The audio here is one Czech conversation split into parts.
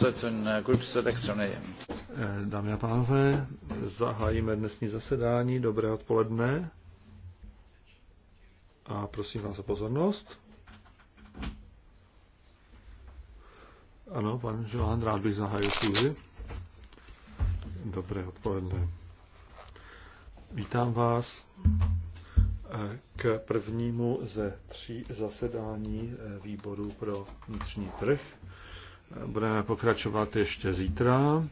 Uh, eh, Dámy a pánové, zahájíme dnesní zasedání. Dobré odpoledne. A prosím vás o pozornost. Ano, pan Žován, rád bych zahájil schůzi. Dobré odpoledne. Vítám vás eh, k prvnímu ze tří zasedání eh, výboru pro vnitřní trh Budeme pokračovat ještě zítra,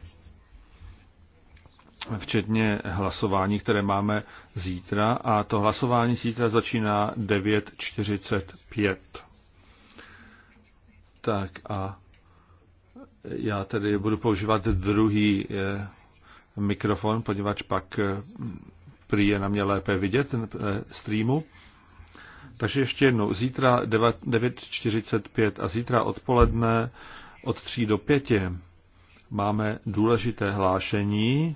včetně hlasování, které máme zítra. A to hlasování zítra začíná 9.45. Tak a já tedy budu používat druhý eh, mikrofon, poněvadž pak eh, prý je na mě lépe vidět eh, streamu. Takže ještě jednou, zítra 9.45 a zítra odpoledne od 3 do 5 máme důležité hlášení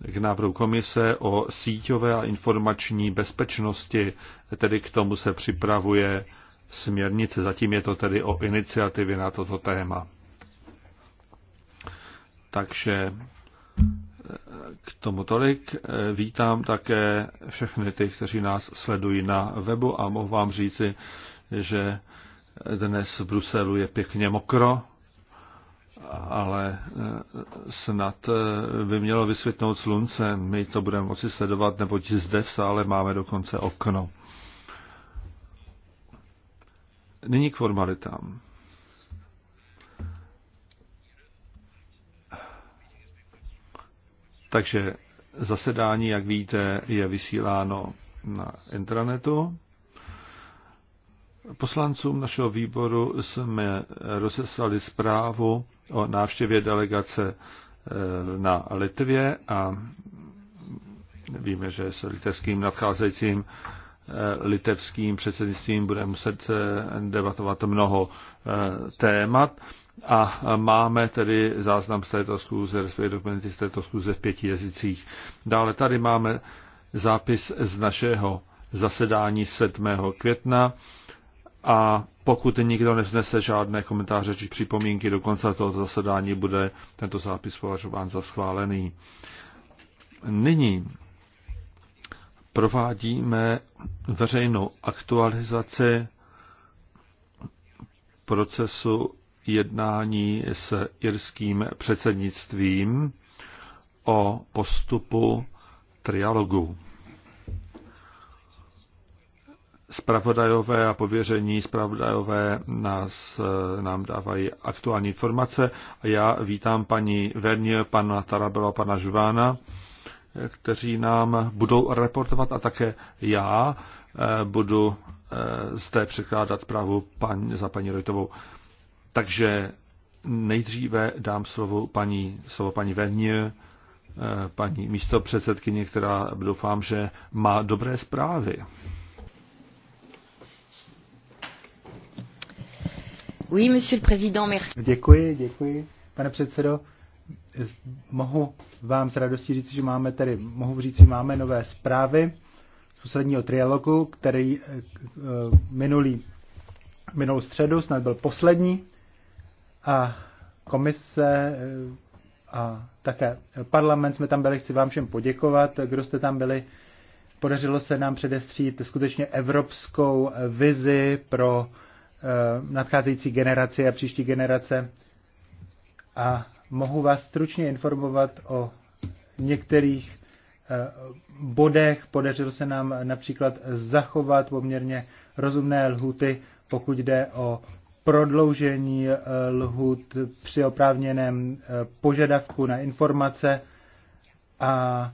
k návrhu komise o síťové a informační bezpečnosti, tedy k tomu se připravuje směrnice. Zatím je to tedy o iniciativě na toto téma. Takže eh, k tomu tolik. Eh, vítám také všechny ty, kteří nás sledují na webu a mohu vám říci, že dnes v Bruselu je pěkně mokro, ale e, snad e, by mělo vysvětnout slunce. My to budeme moci sledovat, neboť zde v sále máme dokonce okno. Nyní k formalitám. Takže zasedání, jak víte, je vysíláno na intranetu. Poslancům našeho výboru jsme rozeslali zprávu o návštěvě delegace e, na Litvě a víme, že s litevským nadcházejícím e, litevským předsednictvím bude muset e, debatovat mnoho témat a máme tedy záznam z této schůze, respektive dokumenty z této schůze v pěti jazycích. Dále tady máme zápis z našeho zasedání 7. května a pokud nikdo neznese žádné komentáře či připomínky do konce tohoto zasedání, bude tento zápis považován za schválený. Nyní provádíme veřejnou aktualizaci procesu jednání s irským předsednictvím o postupu trialogu. Spravodajové a pověření spravodajové nás, eh, nám dávají aktuální informace a já vítám paní Vernier, pana Tarabela, pana Žvána, eh, kteří nám budou reportovat a také já eh, budu zde překládat zprávu za paní Rojtovou. Takže nejdříve dám slovo paní, slovo paní Vernier, paní místo předsedkyně, která doufám, že má dobré zprávy. Oui, monsieur le président, merci. Děkuji, děkuji, pane předsedo. Mohu vám s radostí říct, že máme tady, mohu říct, že máme nové zprávy z posledního trialogu, který eh, eh, minulý, minulou středu snad byl poslední a komise eh, a také parlament jsme tam byli, chci vám všem poděkovat, kdo jste tam byli. Podařilo se nám předestřít skutečně evropskou vizi pro Eh, nadcházející generace a příští generace. A mohu vás stručně informovat o některých eh, bodech. Podařilo se nám například zachovat poměrně rozumné lhuty, pokud jde o prodloužení eh, lhut při oprávněném požadavku na informace a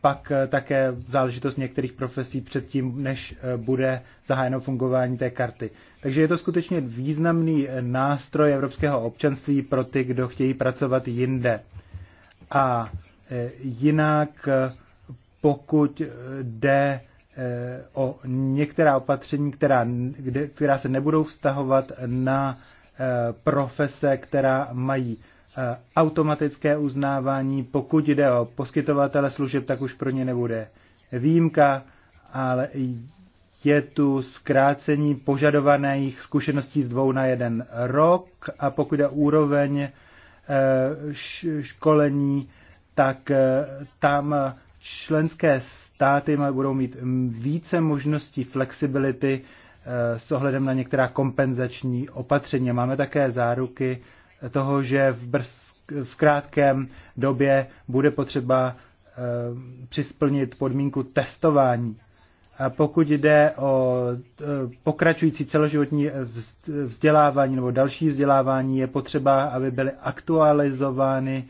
pak také záležitost některých profesí předtím, než eh, bude zahájeno fungování té karty. Takže je to skutečně významný eh, nástroj evropského občanství pro ty, kdo chtějí pracovat jinde. A eh, jinak, pokud jde o některá opatření, která, která se nebudou vztahovat na profese, která mají Eh, automatické uznávání, pokud jde o poskytovatele služeb, tak už pro ně nebude výjimka, ale je tu zkrácení požadovaných zkušeností z dvou na jeden rok a pokud je úroveň eh, školení, tak eh, tam členské státy budou mít více možností flexibility s ohledem na některá kompenzační opatření. Máme také záruky toho, že v, brz, v krátkém době bude potřeba eh, přisplnit podmínku testování. A pokud jde o eh, pokračující celoživotní eh, vzdělávání nebo další vzdělávání, je potřeba, aby byly aktualizovány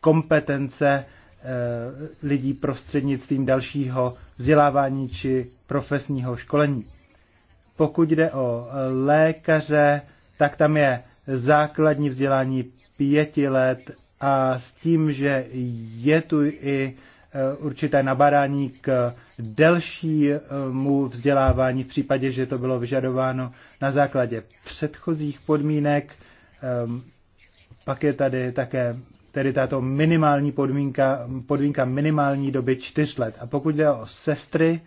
kompetence lidí prostřednictvím dalšího vzdělávání či profesního školení. Pokud jde o lékaře, tak tam je základní vzdělání pěti let a s tím, že je tu i e, určité nabarání k delšímu vzdělávání v případě, že to bylo vyžadováno na základě předchozích podmínek. Ehm, pak je tady také tedy tato minimální podmínka, podmínka minimální doby čtyř let. A pokud jde o sestry,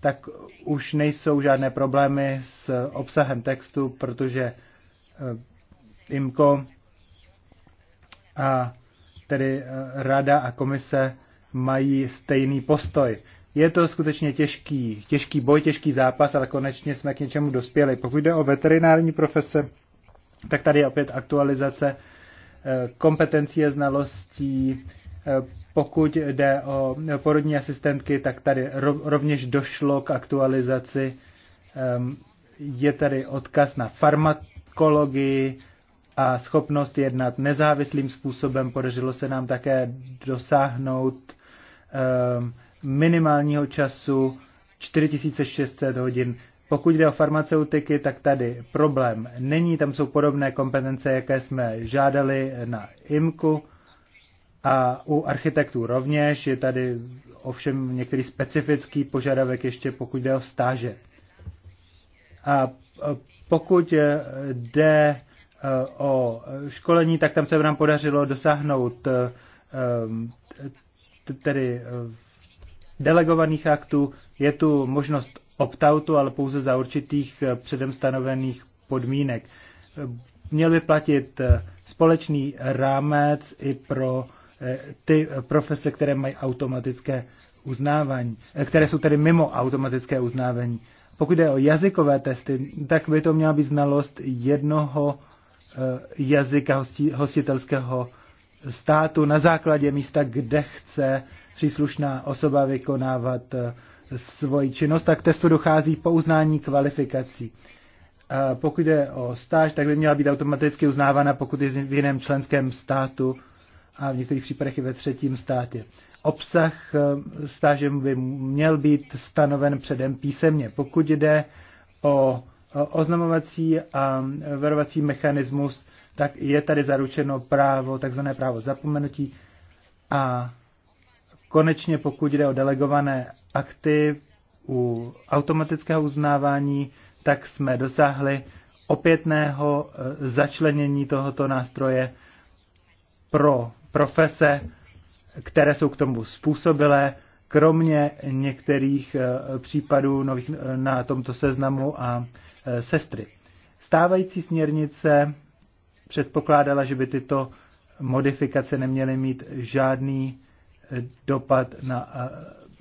tak už nejsou žádné problémy s obsahem textu, protože Eh, IMCO a tedy eh, rada a komise mají stejný postoj. Je to skutečně těžký, těžký boj, těžký zápas, ale konečně jsme k něčemu dospěli. Pokud jde o veterinární profese, tak tady je opět aktualizace eh, kompetencí a znalostí. Pokud jde o porodní asistentky, tak tady rovněž došlo k aktualizaci. Ehm, je tady odkaz na farmat ekologii a schopnost jednat nezávislým způsobem. Podařilo se nám také dosáhnout ehm, minimálního času 4600 hodin. Pokud jde o farmaceutiky, tak tady problém není. Tam jsou podobné kompetence, jaké jsme žádali na IMKU. A u architektů rovněž je tady ovšem některý specifický požadavek ještě, pokud jde o stáže. A pokud jde e, o školení, tak tam se nám podařilo dosáhnout e, e, tedy delegovaných aktů. Je tu možnost opt-outu, ale pouze za určitých předem stanovených podmínek. Měl by platit společný rámec i pro ty profese, které mají automatické uznávání, které jsou tedy mimo automatické uznávání. Pokud jde o jazykové testy, tak by to měla být znalost jednoho eh, jazyka hostitelského státu na základě místa, kde chce příslušná osoba vykonávat eh, svoji činnost, tak testu dochází po uznání kvalifikací. Pokud jde o stáž, tak by měla být automaticky uznávána, pokud je v jiném členském státu a v některých případech i ve třetím státě obsah eh, stáže by měl být stanoven předem písemně. Pokud jde o oznamovací a varovací mechanismus, tak je tady zaručeno právo, takzvané právo zapomenutí. A konečně pokud jde o delegované akty u automatického uznávání, tak jsme dosáhli opětného eh, začlenění tohoto nástroje pro profese, které jsou k tomu způsobilé, kromě některých eh, případů nových eh, na tomto seznamu a eh, sestry. Stávající směrnice předpokládala, že by tyto modifikace neměly mít žádný dopad na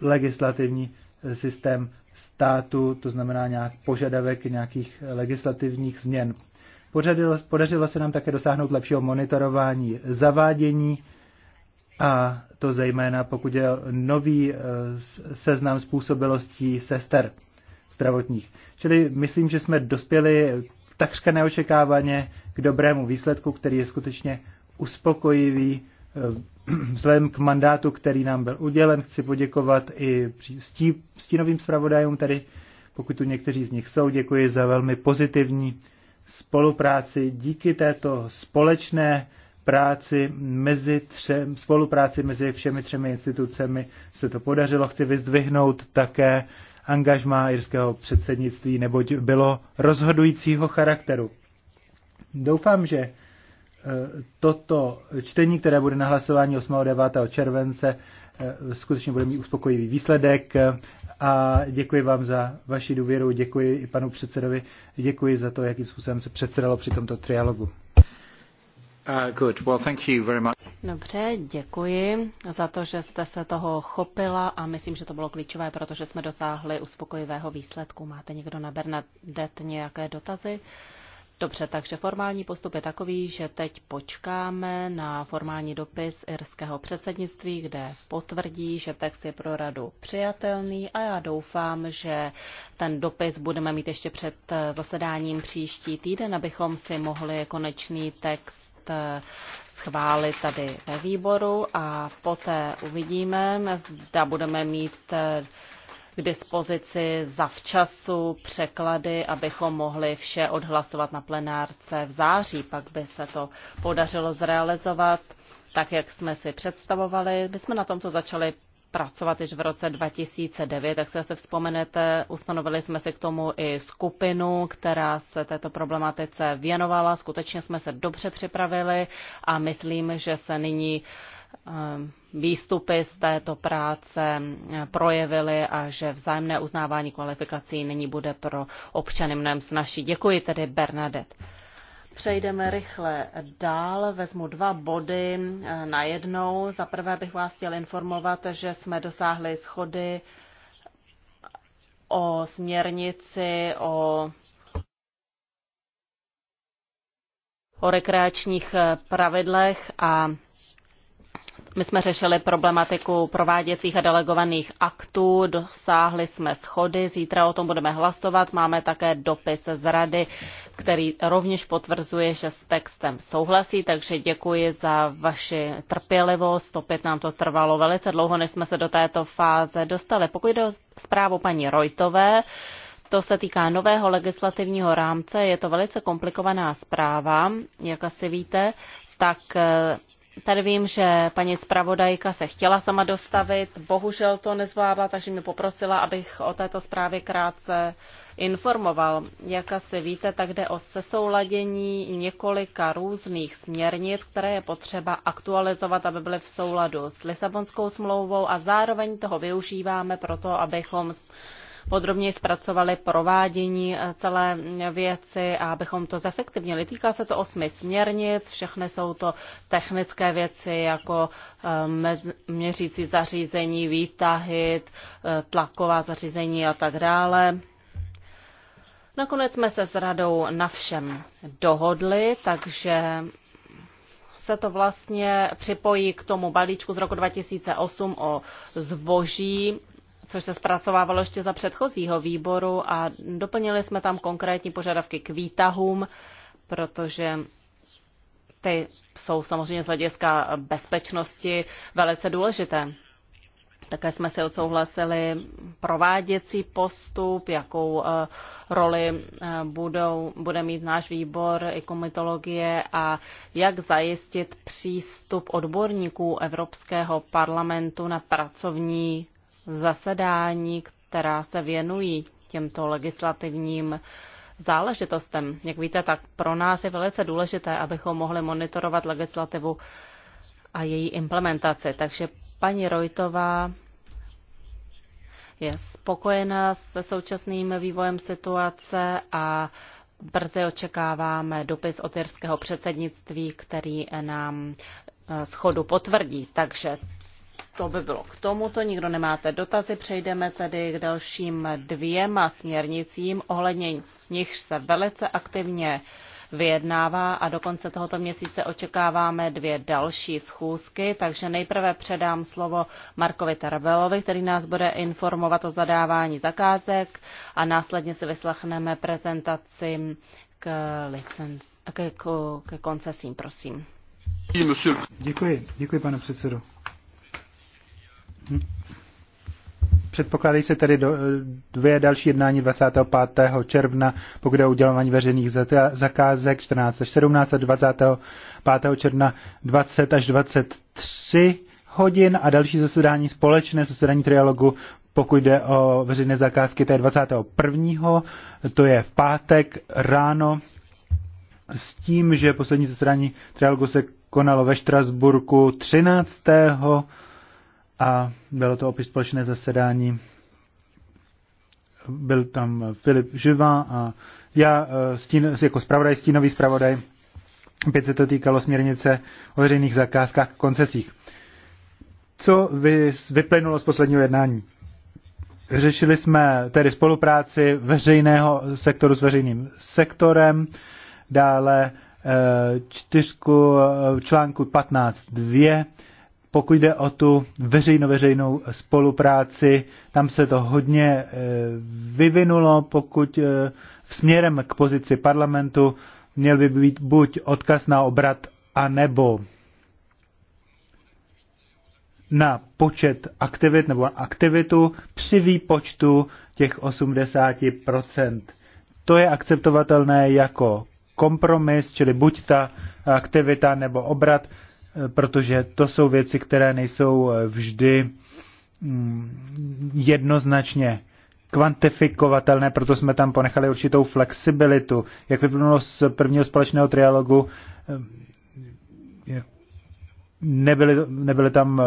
legislativní systém státu, to znamená nějak požadavek nějakých legislativních změn. Podařilo, se nám také dosáhnout lepšího monitorování zavádění a to zejména pokud je nový eh, seznam způsobilostí sester zdravotních. Čili myslím, že jsme dospěli takřka neočekávaně k dobrému výsledku, který je skutečně uspokojivý. Eh, vzhledem k mandátu, který nám byl udělen, chci poděkovat i stínovým zpravodajům, tedy pokud tu někteří z nich jsou, děkuji za velmi pozitivní spolupráci. Díky této společné práci mezi třem, spolupráci mezi všemi třemi institucemi se to podařilo. Chci vyzdvihnout také angažmá jirského předsednictví, neboť bylo rozhodujícího charakteru. Doufám, že e, toto čtení, které bude na hlasování 8. a 9. července, e, skutečně bude mít uspokojivý výsledek a děkuji vám za vaši důvěru, děkuji i panu předsedovi, děkuji za to, jakým způsobem se předsedalo při tomto trialogu. Uh, Dobře, děkuji za to, že jste se toho chopila a myslím, že to bylo klíčové, protože jsme dosáhli uspokojivého výsledku. Máte někdo na Bernadette nějaké dotazy? Dobře, takže formální postup je takový, že teď počkáme na formální dopis irského předsednictví, kde potvrdí, že text je pro radu přijatelný a já doufám, že ten dopis budeme mít ještě před eh, zasedáním příští týden, abychom si mohli konečný text Eh, schválit tady ve výboru a poté uvidíme, zda budeme mít eh, k dispozici zavčasu překlady, abychom mohli vše odhlasovat na plenárce v září. Pak by se to podařilo zrealizovat tak, jak jsme si představovali. My jsme na tomto začali pracovat již v roce 2009, tak se asi vzpomenete, ustanovili jsme si k tomu i skupinu, která se této problematice věnovala. Skutečně jsme se dobře připravili a myslím, že se nyní ehm, výstupy z této práce eh, projevily a že vzájemné uznávání kvalifikací nyní bude pro občany mnohem snažší. Děkuji tedy Bernadette. Přejdeme rychle dál. Vezmu dva body eh, na jednou. Za prvé bych vás chtěl informovat, že jsme dosáhli schody o směrnici o o rekreačních eh, pravidlech a my jsme řešili problematiku prováděcích a delegovaných aktů, dosáhli jsme schody, zítra o tom budeme hlasovat. Máme také dopis z Rady, který rovněž potvrzuje, že s textem souhlasí, takže děkuji za vaši trpělivost. Opět nám to trvalo velice dlouho, než jsme se do této fáze dostali. Pokud jde o zprávu paní Rojtové, to se týká nového legislativního rámce, je to velice komplikovaná zpráva, jak asi víte, tak Tady vím, že paní zpravodajka se chtěla sama dostavit, bohužel to nezvládla, takže mi poprosila, abych o této zprávě krátce informoval. Jak asi víte, tak jde o sesouladění několika různých směrnic, které je potřeba aktualizovat, aby byly v souladu s Lisabonskou smlouvou a zároveň toho využíváme proto, abychom podrobněji zpracovali provádění eh, celé věci a abychom to zefektivnili. Týká se to osmi směrnic, všechny jsou to technické věci jako eh, měřící zařízení, výtahy, eh, tlaková zařízení a tak dále. Nakonec jsme se s radou na všem dohodli, takže se to vlastně připojí k tomu balíčku z roku 2008 o zboží, což se zpracovávalo ještě za předchozího výboru a doplnili jsme tam konkrétní požadavky k výtahům, protože ty jsou samozřejmě z hlediska bezpečnosti velice důležité. Také jsme si odsouhlasili prováděcí postup, jakou eh, roli eh, budou, bude mít náš výbor i komitologie a jak zajistit přístup odborníků Evropského parlamentu na pracovní zasedání, která se věnují těmto legislativním záležitostem. Jak víte, tak pro nás je velice důležité, abychom mohli monitorovat legislativu a její implementaci. Takže paní Rojtová je spokojená se současným vývojem situace a brzy očekáváme dopis od jirského předsednictví, který nám eh, schodu potvrdí. Takže to by bylo k tomuto, nikdo nemáte dotazy, přejdeme tedy k dalším dvěma směrnicím, ohledně nichž se velice aktivně vyjednává a do konce tohoto měsíce očekáváme dvě další schůzky, takže nejprve předám slovo Markovi Tarabelovi, který nás bude informovat o zadávání zakázek a následně si vyslechneme prezentaci k, licen- k, k, k koncesím, prosím. Děkuji, děkuji pane předsedo. Předpokládají se tedy do, dvě další jednání 25. června, pokud je o udělování veřejných zakázek 14 až 17 a 25. června 20 až 23 hodin a další zasedání společné, zasedání trialogu, pokud jde o veřejné zakázky, to je 21. to je v pátek ráno s tím, že poslední zasedání trialogu se konalo ve Štrasburku 13 a bylo to opět společné zasedání. Byl tam Filip Živa a já eh, stín, jako spravodaj, stínový spravodaj. Opět se to týkalo směrnice o veřejných zakázkách a koncesích. Co vy, vyplynulo z posledního jednání? Řešili jsme tedy spolupráci veřejného sektoru s veřejným sektorem, dále eh, čtyřku eh, článku 15.2 pokud jde o tu veřejno-veřejnou spolupráci, tam se to hodně eh, vyvinulo, pokud v eh, směrem k pozici parlamentu měl by být buď odkaz na obrat, anebo na počet aktivit nebo aktivitu při výpočtu těch 80%. To je akceptovatelné jako kompromis, čili buď ta aktivita nebo obrat protože to jsou věci, které nejsou eh, vždy mm, jednoznačně kvantifikovatelné, proto jsme tam ponechali určitou flexibilitu. Jak vyplnulo z prvního společného trialogu, eh, nebyly, nebyly tam eh,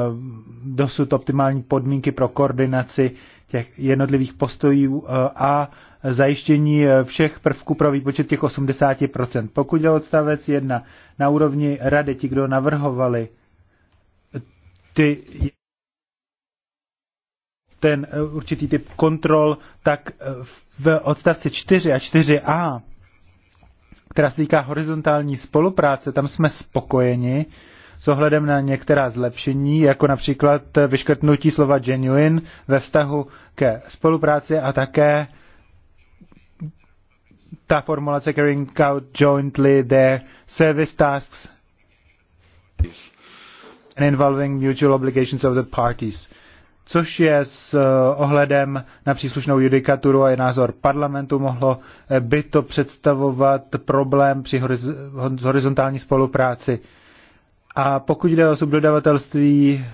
dosud optimální podmínky pro koordinaci těch jednotlivých postojů a zajištění eh, všech prvků pro výpočet těch 80%. Pokud je odstavec 1 na úrovni rady, ti, kdo navrhovali ty, ten eh, určitý typ kontrol, tak eh, v odstavci 4 a 4a, která se týká horizontální spolupráce, tam jsme spokojeni s ohledem na některá zlepšení, jako například vyškrtnutí slova genuine ve vztahu ke spolupráci a také uh, ta formulace carrying out jointly their service tasks and involving mutual obligations of the parties. Což je s eh, ohledem na příslušnou judikaturu a je názor parlamentu, mohlo eh, by to představovat problém při horizontální spolupráci. A pokud jde o subdodavatelství,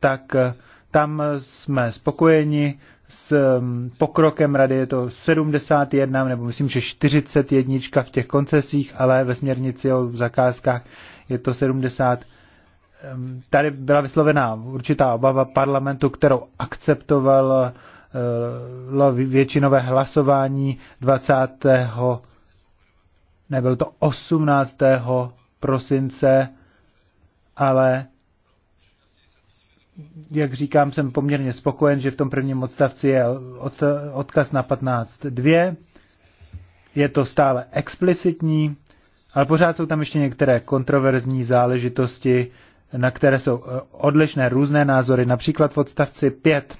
tak eh, tam jsme spokojeni s um, pokrokem rady je to 71, nebo myslím, že 41 v těch koncesích, ale ve směrnici o zakázkách je to 70. Um, tady byla vyslovená určitá obava parlamentu, kterou akceptovalo uh, většinové hlasování 20. nebyl to 18. prosince, ale jak říkám, jsem poměrně spokojen, že v tom prvním odstavci je odkaz na 15.2. Je to stále explicitní, ale pořád jsou tam ještě některé kontroverzní záležitosti, na které jsou eh, odlišné různé názory. Například v odstavci 5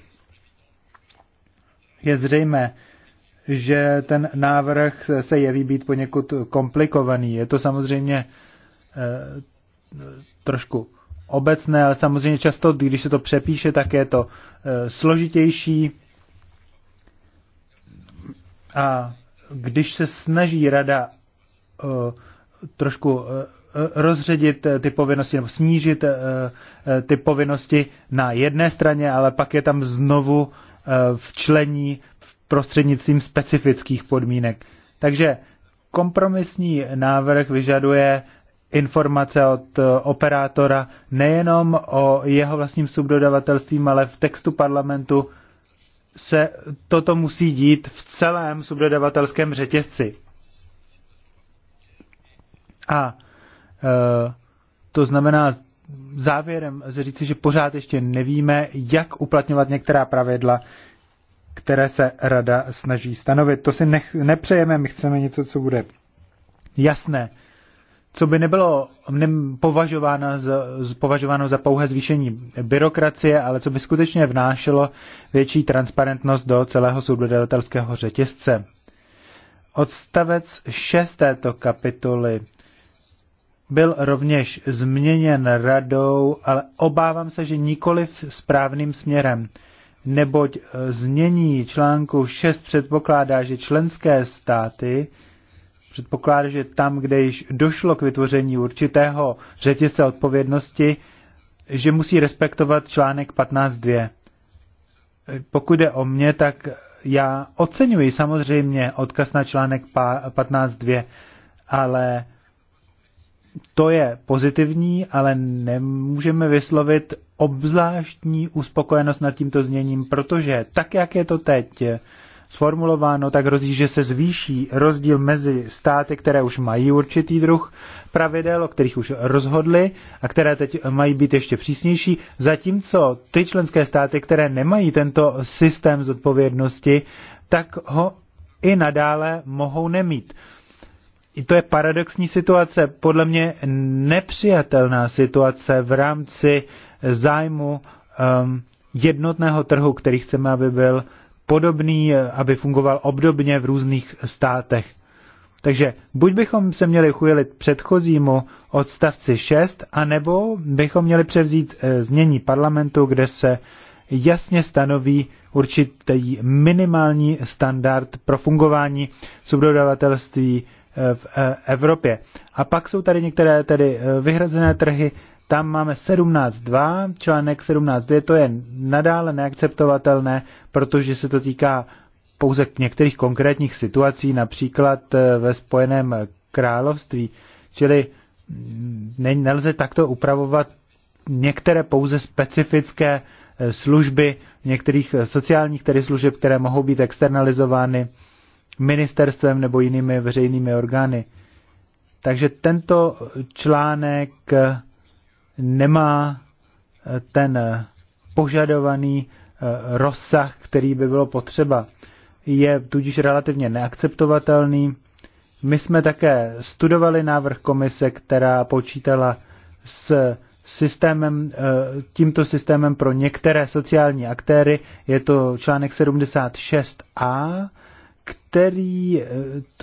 je zřejmé, že ten návrh se jeví být poněkud komplikovaný. Je to samozřejmě eh, trošku obecné, ale samozřejmě často, když se to přepíše, tak je to e, složitější. A když se snaží rada e, trošku e, e rozředit e, ty povinnosti nebo snížit e, ty povinnosti na jedné straně, ale pak je tam znovu včlení prostřednictvím specifických podmínek. Takže kompromisní návrh vyžaduje informace od eh, operátora nejenom o jeho vlastním subdodavatelství, ale v textu parlamentu se toto musí dít v celém subdodavatelském řetězci. A e, to znamená závěrem se říci, že pořád ještě nevíme, jak uplatňovat některá pravidla, které se rada snaží stanovit. To si nech, nepřejeme, my chceme něco, co bude jasné, co by nebylo považováno za, považováno za pouhé zvýšení byrokracie, ale co by skutečně vnášelo větší transparentnost do celého soudodatelského řetězce. Odstavec 6 této kapitoly byl rovněž změněn radou, ale obávám se, že v správným směrem, neboť znění článku 6 předpokládá, že členské státy předpokládá, že tam, kde již došlo k vytvoření určitého řetězce odpovědnosti, že musí respektovat článek 15.2. Pokud jde o mě, tak já oceňuji samozřejmě odkaz na článek 15.2, ale to je pozitivní, ale nemůžeme vyslovit obzvláštní uspokojenost nad tímto zněním, protože tak, jak je to teď, sformulováno, tak hrozí, že se zvýší rozdíl mezi státy, které už mají určitý druh pravidel, o kterých už rozhodly a které teď mají být ještě přísnější, zatímco ty členské státy, které nemají tento systém zodpovědnosti, tak ho i nadále mohou nemít. I to je paradoxní situace, podle mě nepřijatelná situace v rámci zájmu um, jednotného trhu, který chceme, aby byl podobný, aby fungoval obdobně v různých státech. Takže buď bychom se měli chujili předchozímu odstavci 6, anebo bychom měli převzít eh, znění parlamentu, kde se jasně stanoví určitý minimální standard pro fungování subdodavatelství eh, v eh, Evropě. A pak jsou tady některé tedy vyhrazené trhy tam máme 17.2, článek 17.2, to je nadále neakceptovatelné, protože se to týká pouze k některých konkrétních situací, například eh, ve Spojeném království. Čili mm, ne, nelze takto upravovat některé pouze specifické eh, služby, některých eh, sociálních tedy služeb, které mohou být externalizovány ministerstvem nebo jinými veřejnými orgány. Takže tento článek nemá eh, ten eh, požadovaný eh, rozsah, který by bylo potřeba. Je tudíž relativně neakceptovatelný. My jsme také studovali návrh komise, která počítala s systémem, tímto systémem pro některé sociální aktéry. Je to článek 76a, který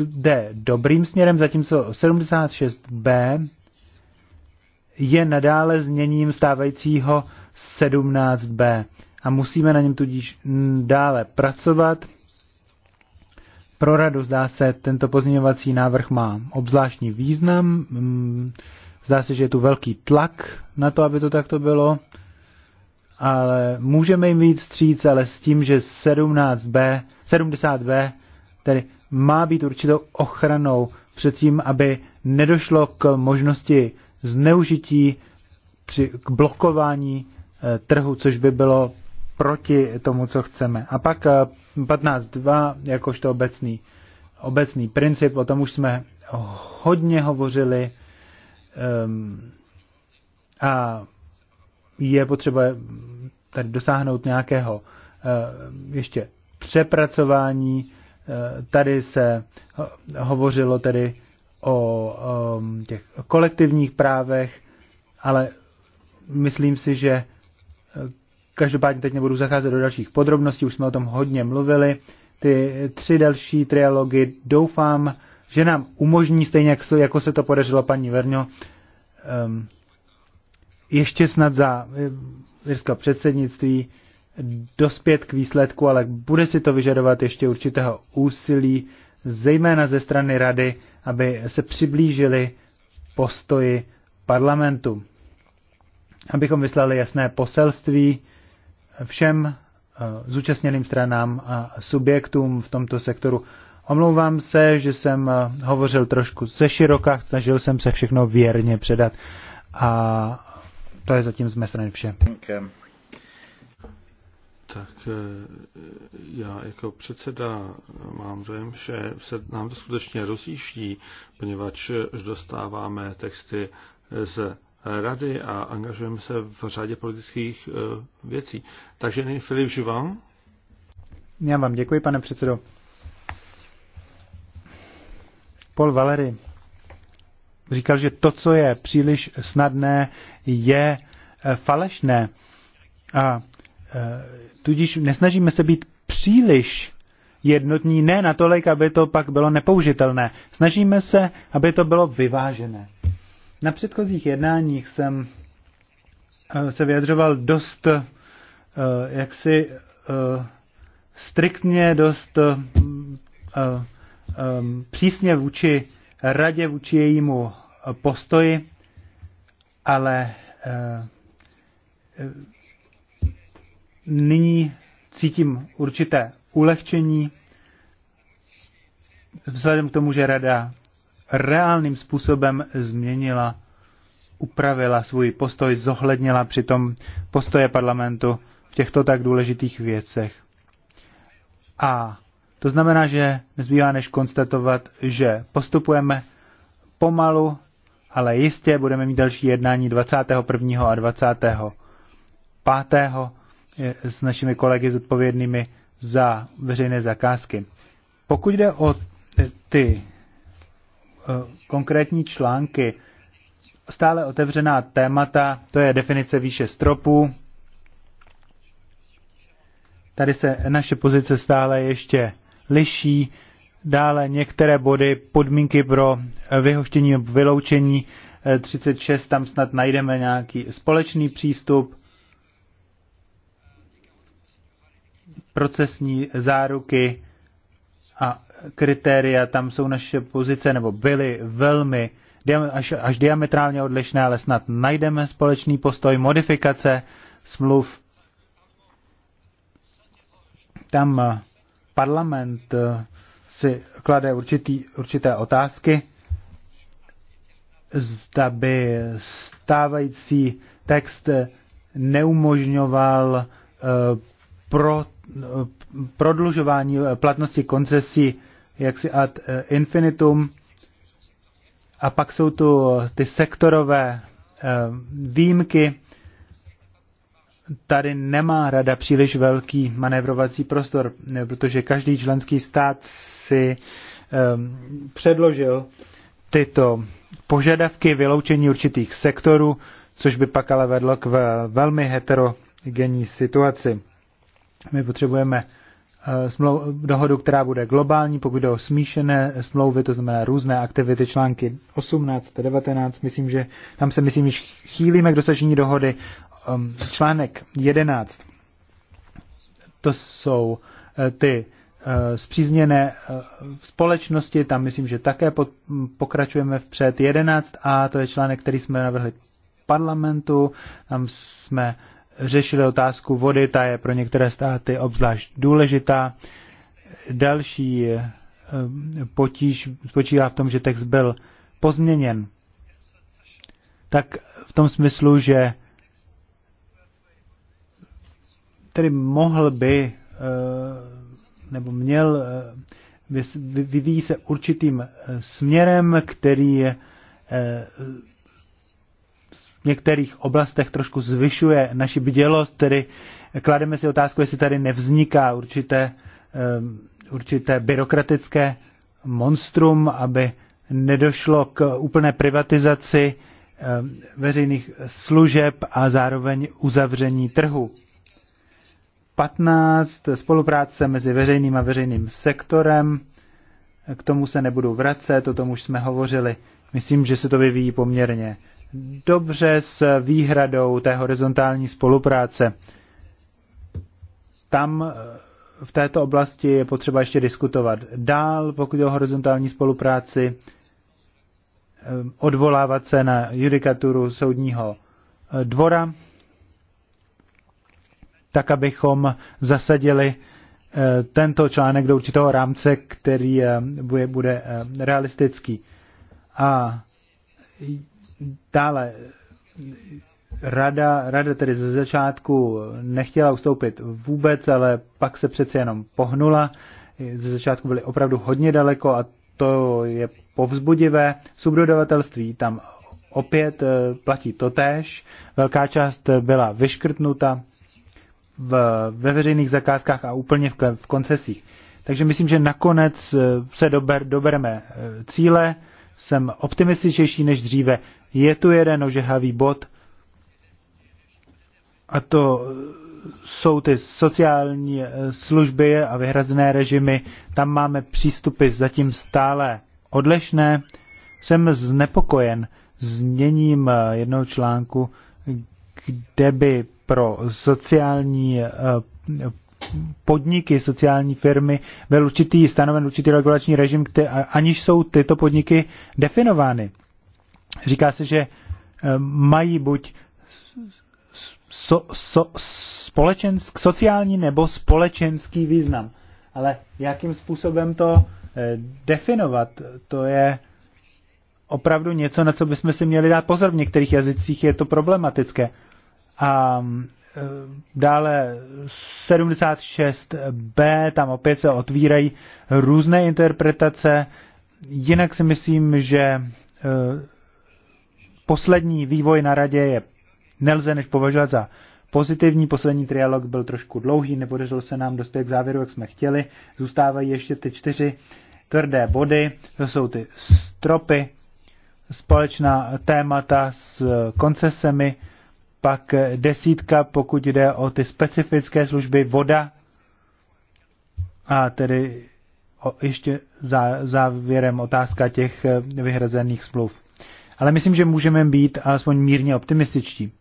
jde dobrým směrem, zatímco 76b je nadále zněním stávajícího 17b. A musíme na něm tudíž dále pracovat. Pro radu zdá se, tento pozměňovací návrh má obzvláštní význam. Mm, zdá se, že je tu velký tlak na to, aby to takto bylo. Ale můžeme jim víc vstříc, ale s tím, že 17b, 70b tedy má být určitou ochranou před tím, aby nedošlo k možnosti zneužití při, k blokování eh, trhu, což by bylo proti tomu, co chceme. A pak 15.2, eh, jakožto obecný, obecný princip, o tom už jsme hodně hovořili um, a je potřeba tady dosáhnout nějakého uh, ještě přepracování. Uh, tady se hovořilo tedy o um, těch kolektivních právech, ale myslím si, že eh, každopádně teď nebudu zacházet do dalších podrobností, už jsme o tom hodně mluvili. Ty tři další trialogy doufám, že nám umožní, stejně jako se to podařilo paní Verňo, um, ještě snad za jirského eh, předsednictví dospět k výsledku, ale bude si to vyžadovat ještě určitého úsilí zejména ze strany rady, aby se přiblížili postoji parlamentu. Abychom vyslali jasné poselství všem eh, zúčastněným stranám a subjektům v tomto sektoru. Omlouvám se, že jsem eh, hovořil trošku ze široka, snažil jsem se všechno věrně předat a to je zatím z mé strany vše. Okay tak eh, já jako předseda mám dojem, že se nám to skutečně rozjíždí, poněvadž dostáváme texty z rady a angažujeme se v řadě politických eh, věcí. Takže nyní Filip Živan. Já vám děkuji, pane předsedo. Paul Valery říkal, že to, co je příliš snadné, je eh, falešné. A Eh, tudíž nesnažíme se být příliš jednotní, ne natolik, aby to pak bylo nepoužitelné. Snažíme se, aby to bylo vyvážené. Na předchozích jednáních jsem eh, se vyjadřoval dost eh, jaksi striktně, dost přísně vůči radě, vůči jejímu postoji, ale nyní cítím určité ulehčení vzhledem k tomu, že rada reálným způsobem změnila, upravila svůj postoj, zohlednila přitom postoje parlamentu v těchto tak důležitých věcech. A to znamená, že nezbývá než konstatovat, že postupujeme pomalu, ale jistě budeme mít další jednání 21. a 25 s našimi kolegy zodpovědnými za veřejné zakázky. Pokud jde o ty eh, konkrétní články, stále otevřená témata, to je definice výše stropů. Tady se naše pozice stále ještě liší. Dále některé body, podmínky pro eh, vyhoštění nebo vyloučení 36, eh, tam snad najdeme nějaký společný přístup. procesní záruky a kritéria, tam jsou naše pozice, nebo byly velmi až, až diametrálně odlišné, ale snad najdeme společný postoj modifikace smluv. Tam eh, parlament eh, si klade určitý, určité otázky, zda by stávající text neumožňoval eh, pro prodlužování eh, platnosti koncesí jaksi ad eh, infinitum. A pak jsou tu eh, ty sektorové výjimky. Tady nemá rada příliš velký manévrovací prostor, protože každý členský stát si ehm, předložil tyto požadavky vyloučení určitých sektorů, což by pak ale vedlo k velmi heterogenní situaci. My potřebujeme eh, smlou, dohodu, která bude globální, pokud jde o smíšené smlouvy, to znamená různé aktivity, články 18 a 19, myslím, že tam se myslím, že chýlíme k dosažení dohody. Ehm, článek 11, to jsou eh, ty eh, zpřízněné společnosti, tam myslím, že také hm, pokračujeme vpřed 11 a to je článek, který jsme navrhli parlamentu, tam jsme řešili otázku vody, ta je pro některé státy obzvlášť důležitá. Další eh, potíž spočívá v tom, že text byl pozměněn. Tak v tom smyslu, že tedy mohl by eh, nebo měl eh, vyvíjí se určitým směrem, který v některých oblastech trošku zvyšuje naši bdělost, tedy klademe si otázku, jestli tady nevzniká určité, určité byrokratické monstrum, aby nedošlo k úplné privatizaci veřejných služeb a zároveň uzavření trhu. 15. Spolupráce mezi veřejným a veřejným sektorem. K tomu se nebudu vracet, o tom už jsme hovořili. Myslím, že se to vyvíjí poměrně dobře s výhradou té horizontální spolupráce. Tam eh, v této oblasti je potřeba ještě diskutovat dál, pokud je o horizontální spolupráci, eh, odvolávat se na judikaturu soudního eh, dvora, tak abychom zasadili tento článek do určitého rámce, který bude, bude realistický. A Dále, rada, rada tedy ze začátku nechtěla ustoupit vůbec, ale pak se přece jenom pohnula. Ze začátku byly opravdu hodně daleko a to je povzbudivé. Subdodavatelství tam opět eh, platí totéž. Velká část byla vyškrtnuta v, ve veřejných zakázkách a úplně v, v koncesích. Takže myslím, že nakonec eh, se dober, dobereme eh, cíle. Jsem optimističtější než dříve je tu jeden ožehavý bod, a to jsou ty sociální eh, služby a vyhrazené režimy. Tam máme přístupy zatím stále odlišné. Jsem znepokojen změním eh, jednoho článku, kde by pro sociální eh, podniky, sociální firmy byl určitý stanoven určitý regulační režim, kde aniž jsou tyto podniky definovány. Říká se, že eh, mají buď so, so, společensk, sociální nebo společenský význam. Ale jakým způsobem to eh, definovat, to je opravdu něco, na co bychom si měli dát pozor. V některých jazycích je to problematické. A eh, dále 76b, tam opět se otvírají různé interpretace. Jinak si myslím, že poslední vývoj na radě je nelze než považovat za pozitivní. Poslední trialog byl trošku dlouhý, nepodařilo se nám dospět k závěru, jak jsme chtěli. Zůstávají ještě ty čtyři tvrdé body, to jsou ty stropy, společná témata s koncesemi, pak desítka, pokud jde o ty specifické služby, voda a tedy ještě závěrem otázka těch vyhrazených smluv ale myslím, že můžeme být alespoň mírně optimističtí.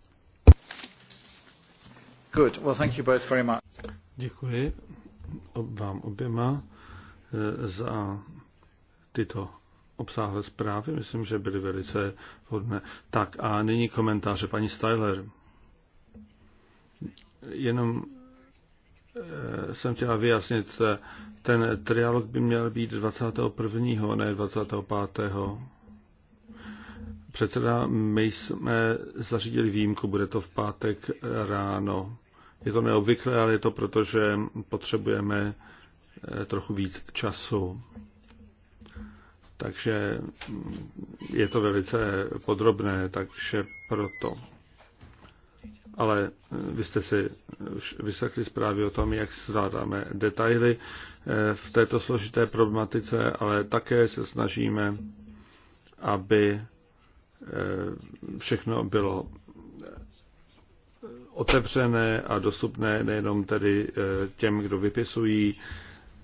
Good. Well, thank you both very much. Děkuji vám oběma eh, za tyto obsáhlé zprávy. Myslím, že byly velice vhodné. Tak a nyní komentáře paní Styler. Jenom eh, jsem chtěla vyjasnit, eh, ten trialog by měl být 21. ne 25 předseda, my jsme zařídili výjimku, bude to v pátek ráno. Je to neobvyklé, ale je to proto, že potřebujeme eh, trochu víc času. Takže mm, je to velice podrobné, takže proto. Ale eh, vy jste si už vysvětli zprávy o tom, jak zvládáme detaily eh, v této složité problematice, ale také se snažíme, aby Eh, všechno bylo otevřené a dostupné nejenom tedy eh, těm, kdo vypisují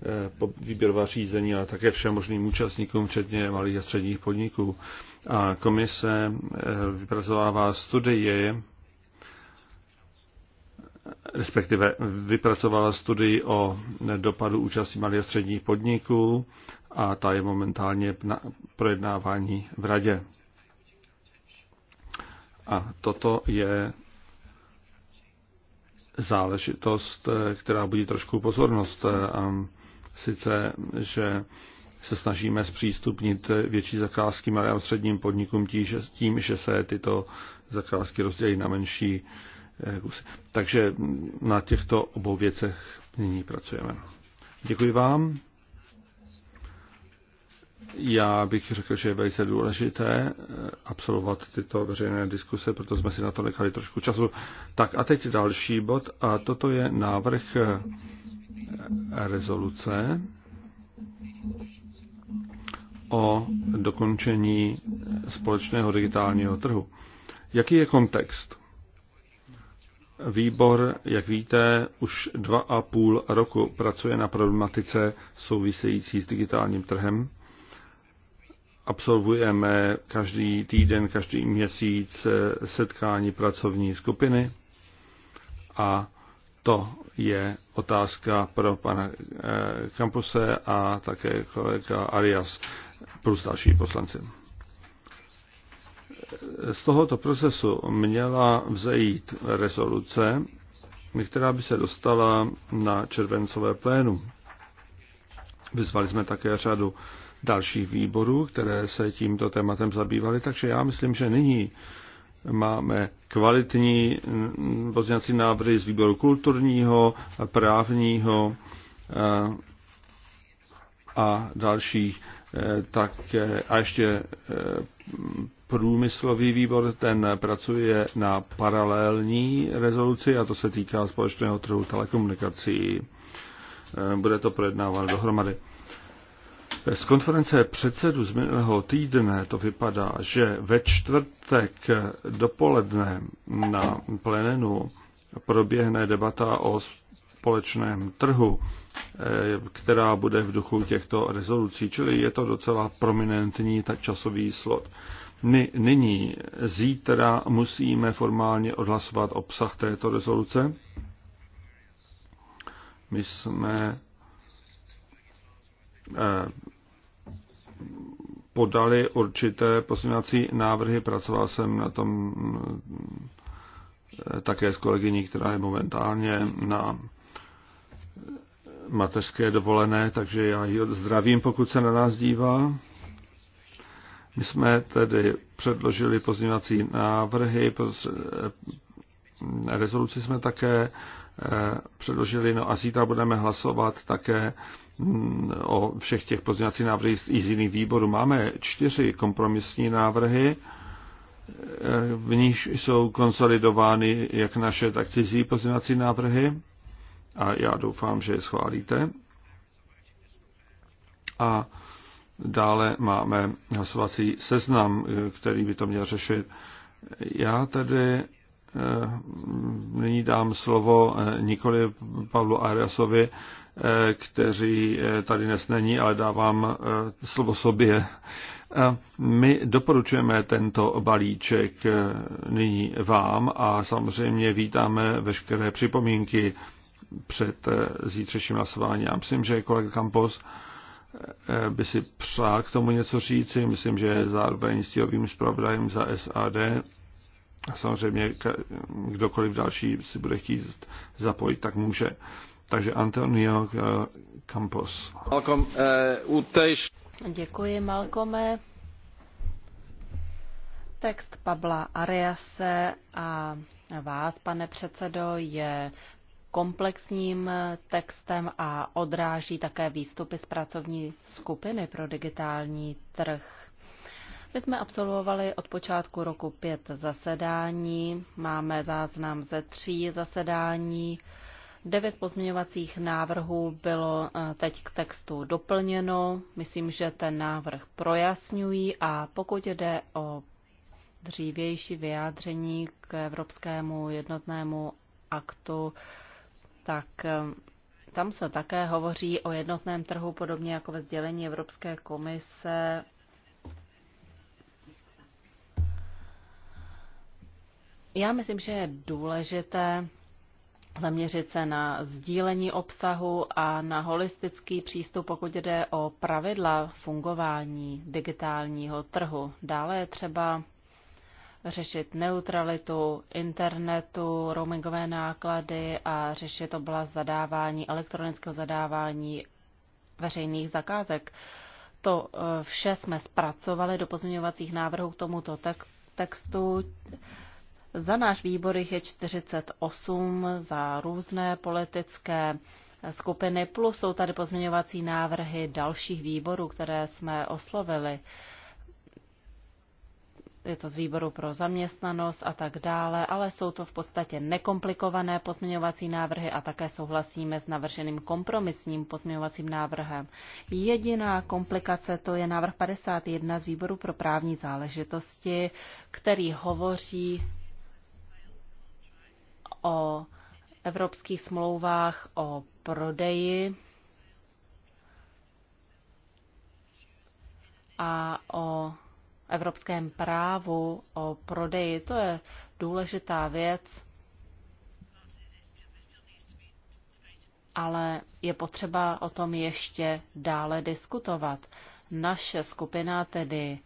eh, výběrová řízení, ale také všem možným účastníkům, včetně malých a středních podniků. A komise vypracovává studie, respektive vypracovala studii o dopadu účasti malých a středních podniků a ta je momentálně na projednávání v radě. A toto je záležitost, která budí trošku pozornost. A sice, že se snažíme zpřístupnit větší zakázky malým a středním podnikům tím, že se tyto zakázky rozdělí na menší eh, kusy. Takže na těchto obou věcech nyní pracujeme. Děkuji vám. Já bych řekl, že je velice důležité eh, absolvovat tyto veřejné diskuse, proto jsme si na to nechali trošku času. Tak a teď další bod a toto je návrh eh, rezoluce o dokončení společného digitálního trhu. Jaký je kontext? Výbor, jak víte, už dva a půl roku pracuje na problematice související s digitálním trhem absolvujeme každý týden, každý měsíc eh, setkání pracovní skupiny a to je otázka pro pana Kampuse eh, a také kolega Arias plus další poslanci. Z tohoto procesu měla vzejít rezoluce, která by se dostala na červencové plénu. Vyzvali jsme také řadu dalších výborů, které se tímto tématem zabývaly, takže já myslím, že nyní máme kvalitní pozměňovací návrhy z výboru kulturního, právního eh, a dalších. Eh, tak a ještě eh, průmyslový výbor, ten pracuje na paralelní rezoluci a to se týká společného trhu telekomunikací. Bude to projednávat dohromady. Z konference předsedu z minulého týdne to vypadá, že ve čtvrtek dopoledne na plenenu proběhne debata o společném trhu, eh, která bude v duchu těchto rezolucí, čili je to docela prominentní tak časový slot. My nyní, zítra musíme formálně odhlasovat obsah této rezoluce. My jsme Eh, podali určité posunací návrhy. Pracoval jsem na tom eh, také s kolegyní, která je momentálně na mateřské dovolené, takže já ji zdravím, pokud se na nás dívá. My jsme tedy předložili pozměňovací návrhy, eh, rezoluci jsme také předložili, no a zítra budeme hlasovat také o všech těch pozměňovacích návrhích z jiných výborů. Máme čtyři kompromisní návrhy, v níž jsou konsolidovány jak naše, tak cizí pozměňovací návrhy a já doufám, že je schválíte. A dále máme hlasovací seznam, který by to měl řešit. Já tedy eh, nyní dám slovo eh, nikoli Pavlu Ariasovi, Eh, kteří eh, tady dnes není, ale dávám eh, slovo sobě. My doporučujeme tento balíček nyní vám a samozřejmě vítáme veškeré připomínky před zítřejším hlasováním. Já myslím, že kolega kampos by si přál k tomu něco říci. Myslím, že je zároveň stíhovým zpravodajem za SAD. A samozřejmě kdokoliv další si bude chtít zapojit, tak může. Takže Antonio Campos. Malcolm, uh, eh, tež... Děkuji, Malkome. Text Pabla Ariase a vás, pane předsedo, je komplexním textem a odráží také výstupy z pracovní skupiny pro digitální trh. My jsme absolvovali od počátku roku pět zasedání, máme záznam ze tří zasedání Devět pozměňovacích návrhů bylo eh, teď k textu doplněno. Myslím, že ten návrh projasňují a pokud jde o dřívější vyjádření k Evropskému jednotnému aktu, tak eh, tam se také hovoří o jednotném trhu, podobně jako ve sdělení Evropské komise. Já myslím, že je důležité zaměřit se na sdílení obsahu a na holistický přístup, pokud jde o pravidla fungování digitálního trhu. Dále je třeba řešit neutralitu internetu, roamingové náklady a řešit oblast zadávání, elektronického zadávání veřejných zakázek. To eh, vše jsme zpracovali do pozměňovacích návrhů k tomuto textu. Za náš výbor je 48 za různé politické skupiny, plus jsou tady pozměňovací návrhy dalších výborů, které jsme oslovili. Je to z výboru pro zaměstnanost a tak dále, ale jsou to v podstatě nekomplikované pozměňovací návrhy a také souhlasíme s navrženým kompromisním pozměňovacím návrhem. Jediná komplikace to je návrh 51 z výboru pro právní záležitosti, který hovoří o evropských smlouvách o prodeji a o evropském právu o prodeji. To je důležitá věc, ale je potřeba o tom ještě dále diskutovat. Naše skupina tedy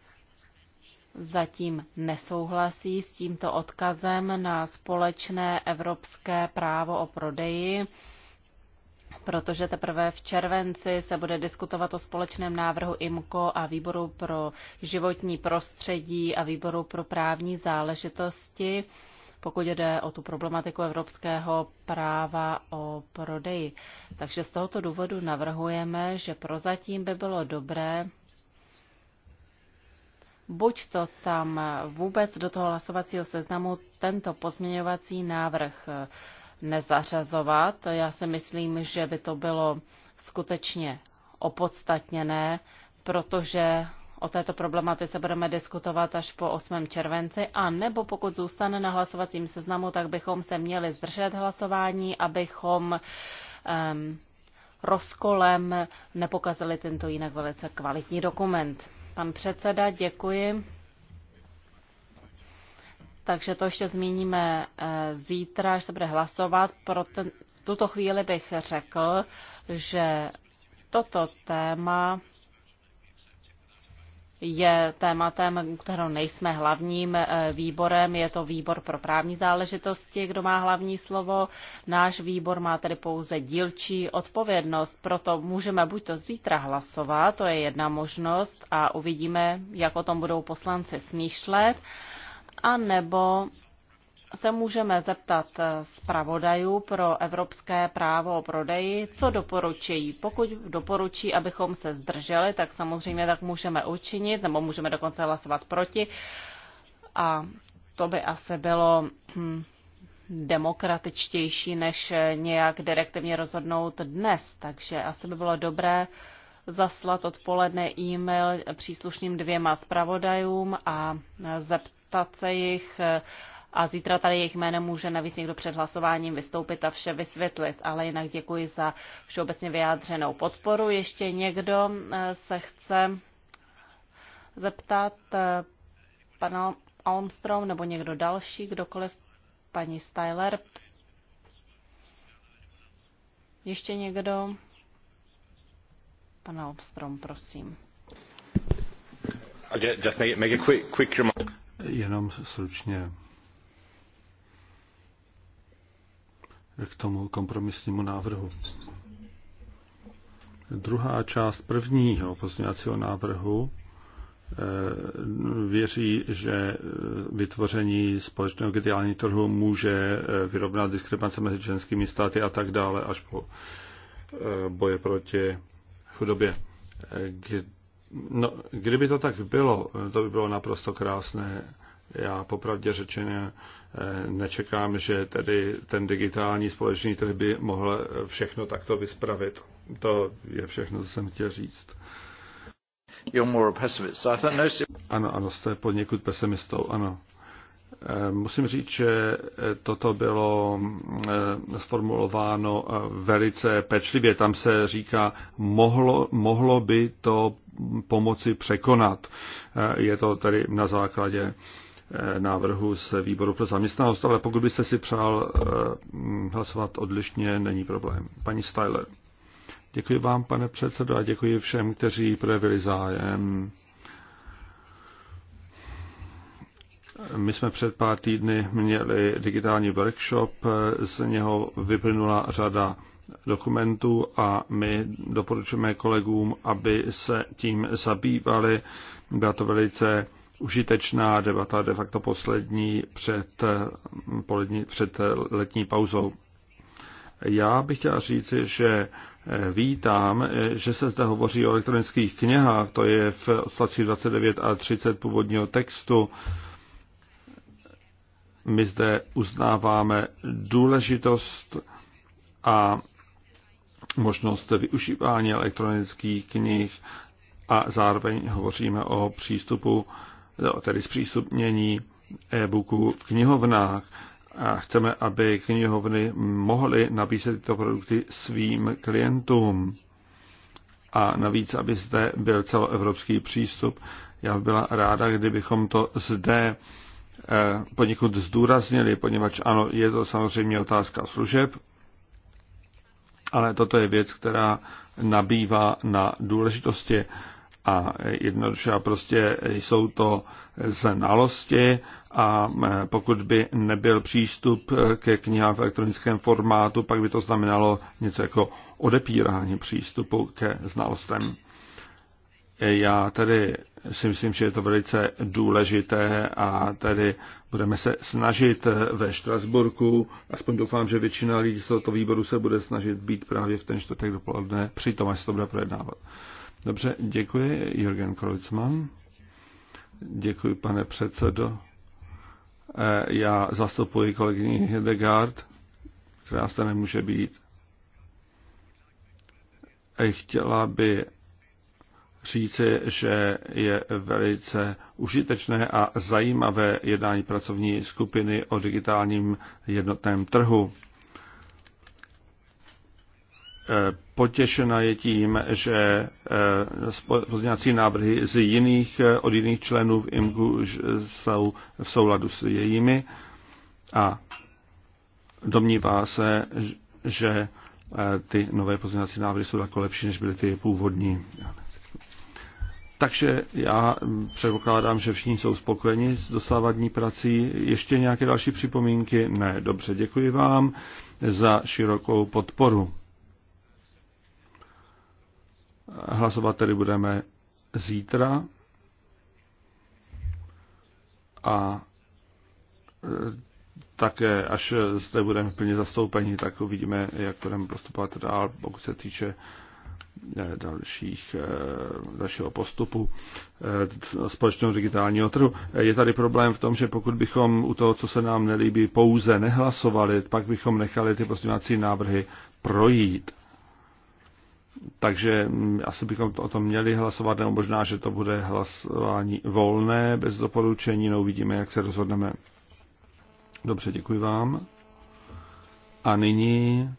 zatím nesouhlasí s tímto odkazem na společné evropské právo o prodeji, protože teprve v červenci se bude diskutovat o společném návrhu IMCO a výboru pro životní prostředí a výboru pro právní záležitosti, pokud jde o tu problematiku evropského práva o prodeji. Takže z tohoto důvodu navrhujeme, že prozatím by bylo dobré buď to tam vůbec do toho hlasovacího seznamu tento pozměňovací návrh nezařazovat. Já si myslím, že by to bylo skutečně opodstatněné, protože o této problematice budeme diskutovat až po 8. červenci, a nebo pokud zůstane na hlasovacím seznamu, tak bychom se měli zdržet hlasování, abychom um, rozkolem nepokazili tento jinak velice kvalitní dokument. Pan předseda, děkuji. Takže to ještě zmíníme eh, zítra, až se bude hlasovat. Pro ten, tuto chvíli bych řekl, že toto téma je tématem, kterého nejsme hlavním eh, výborem. Je to výbor pro právní záležitosti, kdo má hlavní slovo. Náš výbor má tedy pouze dílčí odpovědnost, proto můžeme buď to zítra hlasovat, to je jedna možnost a uvidíme, jak o tom budou poslanci smýšlet, a nebo se můžeme zeptat zpravodajů pro evropské právo o prodeji, co doporučují. Pokud doporučí, abychom se zdrželi, tak samozřejmě tak můžeme učinit, nebo můžeme dokonce hlasovat proti. A to by asi bylo hm, demokratičtější, než nějak direktivně rozhodnout dnes. Takže asi by bylo dobré zaslat odpoledne e-mail příslušným dvěma zpravodajům a zeptat se jich, a zítra tady jejich jménem může navíc někdo před hlasováním vystoupit a vše vysvětlit. Ale jinak děkuji za všeobecně vyjádřenou podporu. Ještě někdo eh, se chce zeptat eh, pana Almstrom nebo někdo další, kdokoliv, paní Styler. Ještě někdo? Pan Almstrom, prosím. Jenom stručně. k tomu kompromisnímu návrhu. Druhá část prvního pozměňovacího návrhu eh, věří, že eh, vytvoření společného digitálního trhu může eh, vyrovnat diskrepance mezi členskými státy a tak dále až po boje proti chudobě. No, kdyby to tak bylo, to by bylo naprosto krásné. Já popravdě řečeně eh, nečekám, že tedy ten digitální společný trh by mohl eh, všechno takto vyspravit. To je všechno, co jsem chtěl říct. You're more pessimist. I no... Ano, ano, jste poněkud pesimistou, ano. Eh, musím říct, že toto bylo sformulováno velice pečlivě. Tam se říká, mohlo, mohlo by to pomoci překonat. Je to tady na základě Eh, návrhu z výboru pro zaměstnanost, ale pokud byste si přál eh, hlasovat odlišně, není problém. Paní Styler. Děkuji vám, pane předsedo, a děkuji všem, kteří projevili zájem. My jsme před pár týdny měli digitální workshop, eh, z něho vyplynula řada dokumentů a my doporučujeme kolegům, aby se tím zabývali. Byla to velice užitečná debata, de facto poslední před, mm, polední, před eh, letní pauzou. Já bych chtěl říci, že eh, vítám, eh, že se zde hovoří o elektronických knihách, to je v odstavci 29 a 30 původního textu. My zde uznáváme důležitost a možnost využívání elektronických knih a zároveň hovoříme o přístupu no, tedy zpřístupnění e-booků v knihovnách a chceme, aby knihovny mohly nabízet tyto produkty svým klientům. A navíc, aby zde byl celoevropský přístup. Já byla ráda, kdybychom to zde eh, poněkud zdůraznili, poněvadž ano, je to samozřejmě otázka služeb, ale toto je věc, která nabývá na důležitosti a jednoduše a prostě jsou to znalosti a e, pokud by nebyl přístup ke knihám v elektronickém formátu, pak by to znamenalo něco jako odepírání přístupu ke znalostem. E, já tedy si myslím, že je to velice důležité a tedy budeme se snažit e, ve Štrasburku, aspoň doufám, že většina lidí z tohoto výboru se bude snažit být právě v ten čtvrtek dopoledne, přitom až se to bude projednávat. Dobře, děkuji, Jürgen Kreuzmann. Děkuji, pane předsedo. E, já zastupuji kolegyni Hedegard, která zde nemůže být. E, chtěla by říci, že je velice užitečné a zajímavé jednání pracovní skupiny o digitálním jednotném trhu. Eh, potěšena je tím, že eh, pozměňovací návrhy z jiných, eh, od jiných členů v IMGU jsou v souladu s jejími a domnívá se, že ty nové pozměňovací návrhy jsou jako lepší, než byly ty původní. Takže já předpokládám, že všichni jsou spokojeni s dosávadní prací. Ještě nějaké další připomínky? Ne, dobře, děkuji vám za širokou podporu. Hlasovat tedy budeme zítra a e, také, až zde budeme plně zastoupeni, tak uvidíme, jak budeme postupovat dál, pokud se týče e, dalších, e, dalšího postupu společného digitálního trhu. Je tady problém v tom, že pokud bychom u toho, co se nám nelíbí, pouze nehlasovali, pak bychom nechali ty pozměňovací návrhy projít. Takže mm, asi bychom to, o tom měli hlasovat, nebo možná, že to bude hlasování volné, bez doporučení, no uvidíme, jak se rozhodneme. Dobře, děkuji vám. A nyní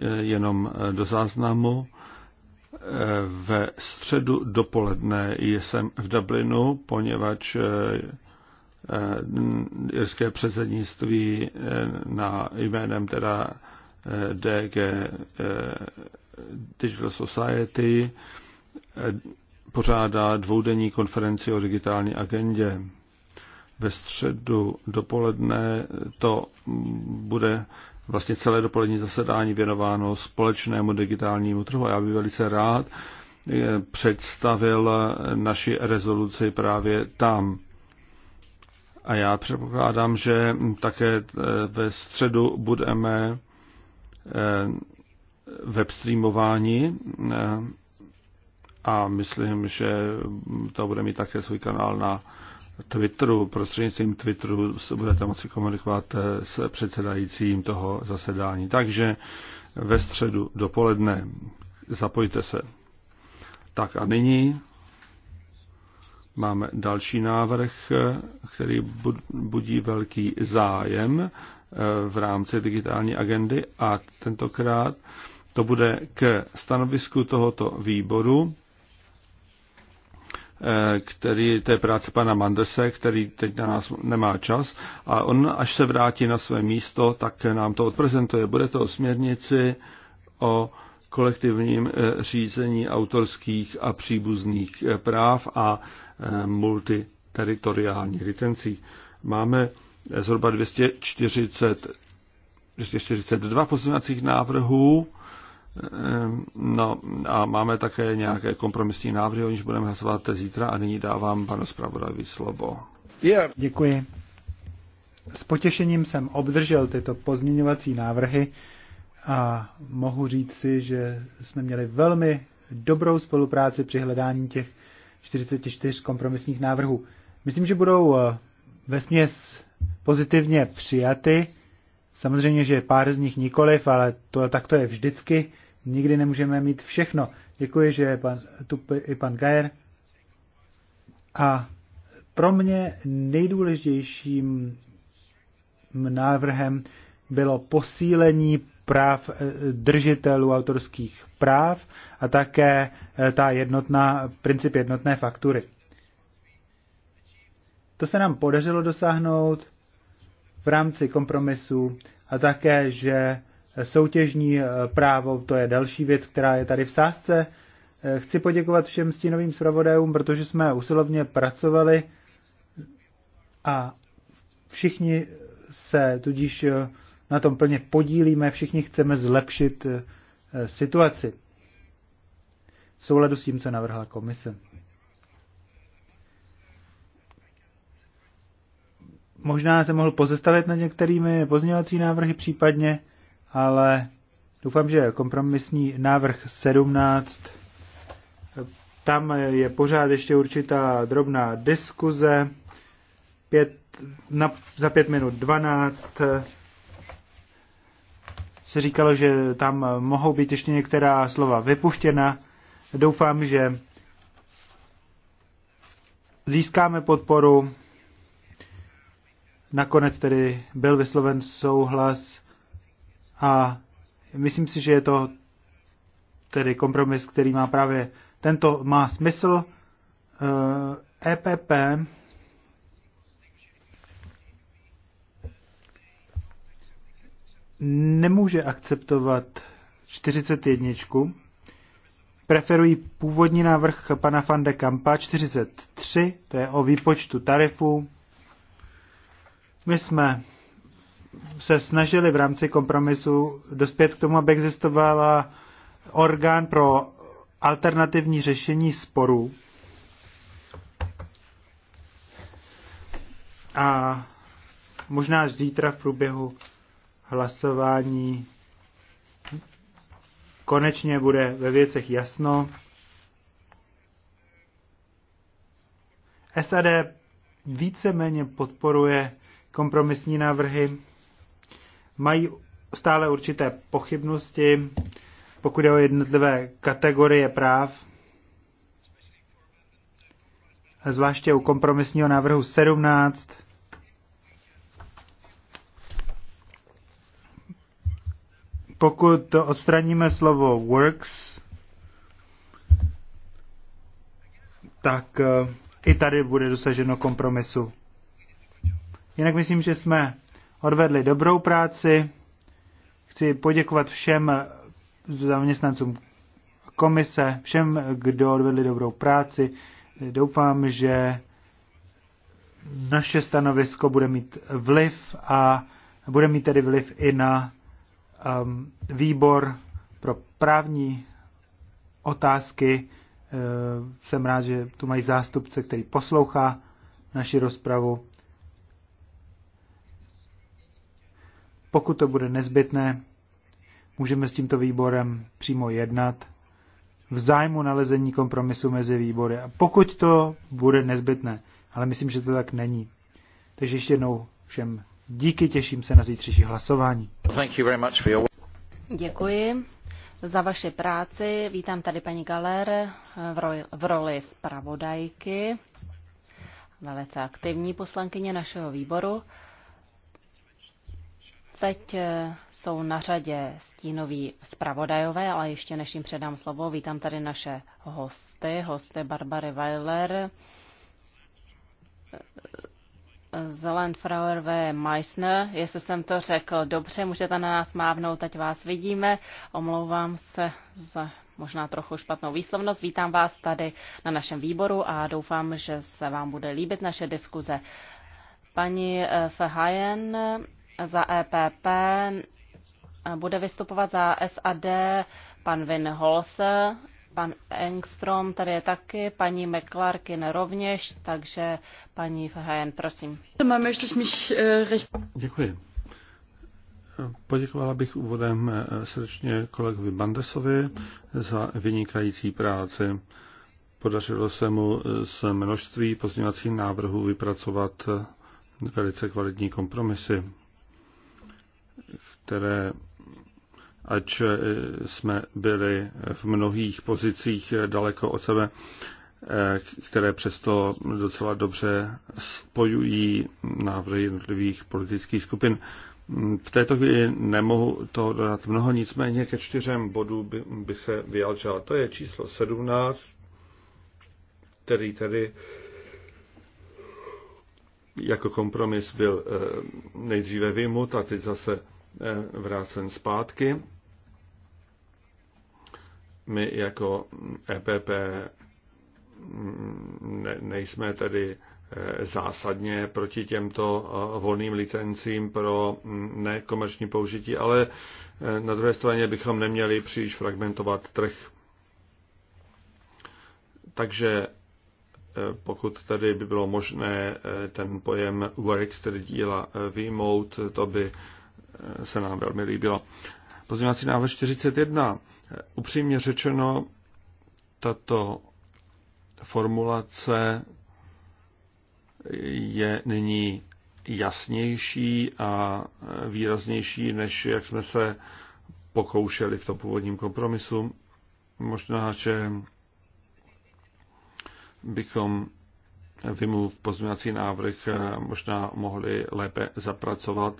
e, jenom e, do záznamu. E, ve středu dopoledne jsem v Dublinu, poněvadž jirské předsednictví na jménem teda DG Digital Society eh, pořádá dvoudenní konferenci o digitální agendě. Ve středu dopoledne to bude vlastně celé dopolední zasedání věnováno společnému digitálnímu trhu. Já bych velice rád eh, představil naši rezoluci právě tam. A já předpokládám, že také eh, ve středu budeme webstreamování eh, a myslím, že to bude mít také svůj kanál na Twitteru. Prostřednictvím Twitteru se budete moci komunikovat eh, s předsedajícím toho zasedání. Takže ve středu dopoledne zapojte se. Tak a nyní máme další návrh, eh, který budí velký zájem v rámci digitální agendy a tentokrát to bude k stanovisku tohoto výboru, eh, který, té práce pana Mandese, který teď na nás nemá čas a on, až se vrátí na své místo, tak nám to odprezentuje. Bude to o směrnici o kolektivním eh, řízení autorských a příbuzných eh, práv a multiteritoriálních licencí. Máme zhruba 240, 242 pozměňovacích návrhů Ehm, no a máme také nějaké kompromisní návrhy, o nich budeme hlasovat zítra a nyní dávám panu zpravodajovi slovo. Yeah. Děkuji. S potěšením jsem obdržel tyto pozměňovací návrhy a mohu říct si, že jsme měli velmi dobrou spolupráci při hledání těch 44 kompromisních návrhů. Myslím, že budou eh, ve směs pozitivně přijaty Samozřejmě, že pár z nich nikoliv, ale to, tak to je vždycky. Nikdy nemůžeme mít všechno. Děkuji, že je pan, tu i pan Gajer. A pro mě nejdůležitějším návrhem bylo posílení práv eh, držitelů autorských práv a také eh, ta jednotná, princip jednotné faktury. To se nám podařilo dosáhnout v rámci kompromisu a také, že soutěžní eh, právo, to je další věc, která je tady v sázce. Eh, chci poděkovat všem stínovým zpravodajům, protože jsme usilovně pracovali a všichni se tudíž eh, na tom plně podílíme, všichni chceme zlepšit situaci v souladu s tím, co navrhla komise. možná se mohl pozastavit na některými pozměňovací návrhy případně, ale doufám, že kompromisní návrh 17, tam je pořád ještě určitá drobná diskuze, pět, na, za pět minut 12 se říkalo, že tam mohou být ještě některá slova vypuštěna. Doufám, že získáme podporu Nakonec tedy byl vysloven souhlas a myslím si, že je to tedy kompromis, který má právě tento má smysl. EPP eh, e nemůže akceptovat 41. Preferují původní návrh pana Fande Kampa 43, to je o výpočtu tarifů my jsme se snažili v rámci kompromisu dospět k tomu, aby existovala orgán pro alternativní řešení sporů. A možná až zítra v průběhu hlasování konečně bude ve věcech jasno. SAD víceméně podporuje kompromisní návrhy mají stále určité pochybnosti, pokud je o jednotlivé kategorie práv, zvláště u kompromisního návrhu 17, pokud odstraníme slovo works, tak eh, i tady bude dosaženo kompromisu. Jinak myslím, že jsme odvedli dobrou práci. Chci poděkovat všem zaměstnancům komise, všem, kdo odvedli dobrou práci. Doufám, že naše stanovisko bude mít vliv a bude mít tedy vliv i na um, výbor pro právní otázky. Uh, jsem rád, že tu mají zástupce, který poslouchá naši rozpravu Pokud to bude nezbytné, můžeme s tímto výborem přímo jednat v zájmu nalezení kompromisu mezi výbory. A pokud to bude nezbytné, ale myslím, že to tak není. Takže ještě jednou všem díky, těším se na zítřejší hlasování. Děkuji za vaše práci. Vítám tady paní Galer v, roli zpravodajky, velice aktivní poslankyně našeho výboru. Teď eh, jsou na řadě stínoví zpravodajové, ale ještě než jim předám slovo, vítám tady naše hosty, hosty Barbary Weiler, Zelenfrauer V. Meissner, jestli jsem to řekl dobře, můžete na nás mávnout, teď vás vidíme. Omlouvám se za možná trochu špatnou výslovnost. Vítám vás tady na našem výboru a doufám, že se vám bude líbit naše diskuze. Paní eh, Fehajen za EPP, bude vystupovat za SAD pan Vin Holse, pan Engstrom tady je taky, paní McClarkin rovněž, takže paní Verheyen, prosím. Äh, Děkuji. Poděkovala bych úvodem äh, srdečně kolegovi Bandesovi za vynikající práci. Podařilo se mu z množství pozměňovacích návrhů vypracovat äh, velice kvalitní kompromisy které ač jsme byli v mnohých pozicích daleko od sebe, eh, které přesto docela dobře spojují návrhy jednotlivých politických skupin. V této chvíli nemohu to dodat mnoho, nicméně ke čtyřem bodů by, by se vyjádřil. To je číslo 17, který tedy jako kompromis byl eh, nejdříve vymut a teď zase Eh, vrácen zpátky. My jako EPP mm, nejsme tedy eh, zásadně proti těmto eh, volným licencím pro mm, nekomerční použití, ale na druhé straně bychom neměli příliš fragmentovat trh. Takže pokud tady by bylo možné ten pojem work, tedy díla výmout, to by se nám velmi líbilo. Pozměňovací návrh 41. Upřímně řečeno, tato formulace je nyní jasnější a výraznější, než jak jsme se pokoušeli v tom původním kompromisu. Možná, že bychom vymluv pozměňovací návrh možná mohli lépe zapracovat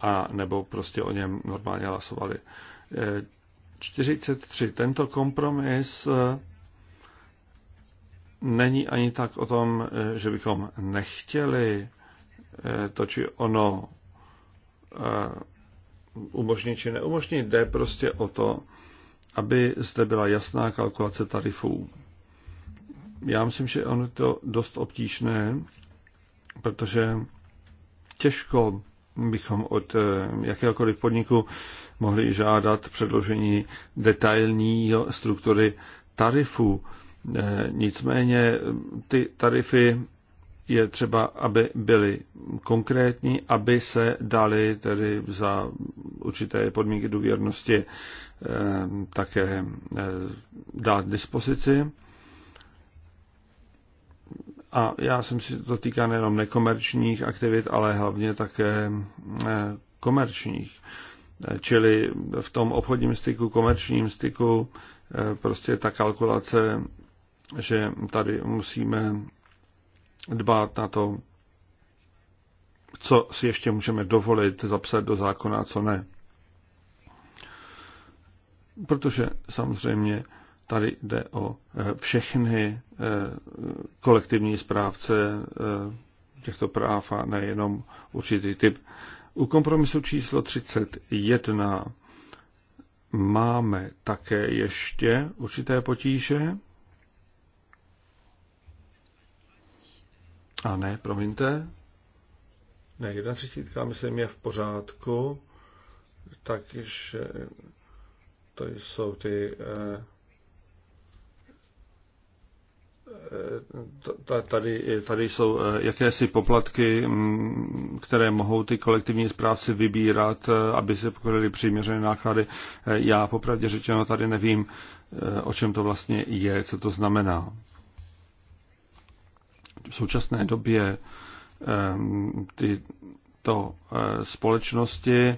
a nebo prostě o něm normálně hlasovali. 43. Eh, Tento kompromis eh, není ani tak o tom, eh, že bychom nechtěli to či ono umožnit či neumožnit. Jde prostě o to, aby zde byla jasná kalkulace tarifů. Já myslím, že ono je to dost obtížné, protože těžko bychom od eh, jakéhokoliv podniku mohli žádat předložení detailní struktury tarifů. Eh, nicméně eh, ty tarify je třeba, aby byly konkrétní, aby se dali tedy za určité podmínky důvěrnosti také dát dispozici. A já jsem si to týká nejenom nekomerčních aktivit, ale hlavně také eh, komerčních. Eh, čili v tom obchodním styku, komerčním styku, eh, prostě ta kalkulace, že tady musíme dbát na to, co si ještě můžeme dovolit zapsat do zákona a co ne. Protože samozřejmě Tady jde o eh, všechny eh, kolektivní správce eh, těchto práv a nejenom určitý typ. U kompromisu číslo 31 máme také ještě určité potíže. A ne, promiňte. Ne, jedna třicítka, myslím, je v pořádku. Takže to jsou ty eh, Eh, tady, tady jsou eh, jakési poplatky, mm, které mohou ty kolektivní správci vybírat, eh, aby se pokryly přiměřené náklady. Já popravdě řečeno tady nevím, o čem to vlastně je, co to znamená. V současné době tyto společnosti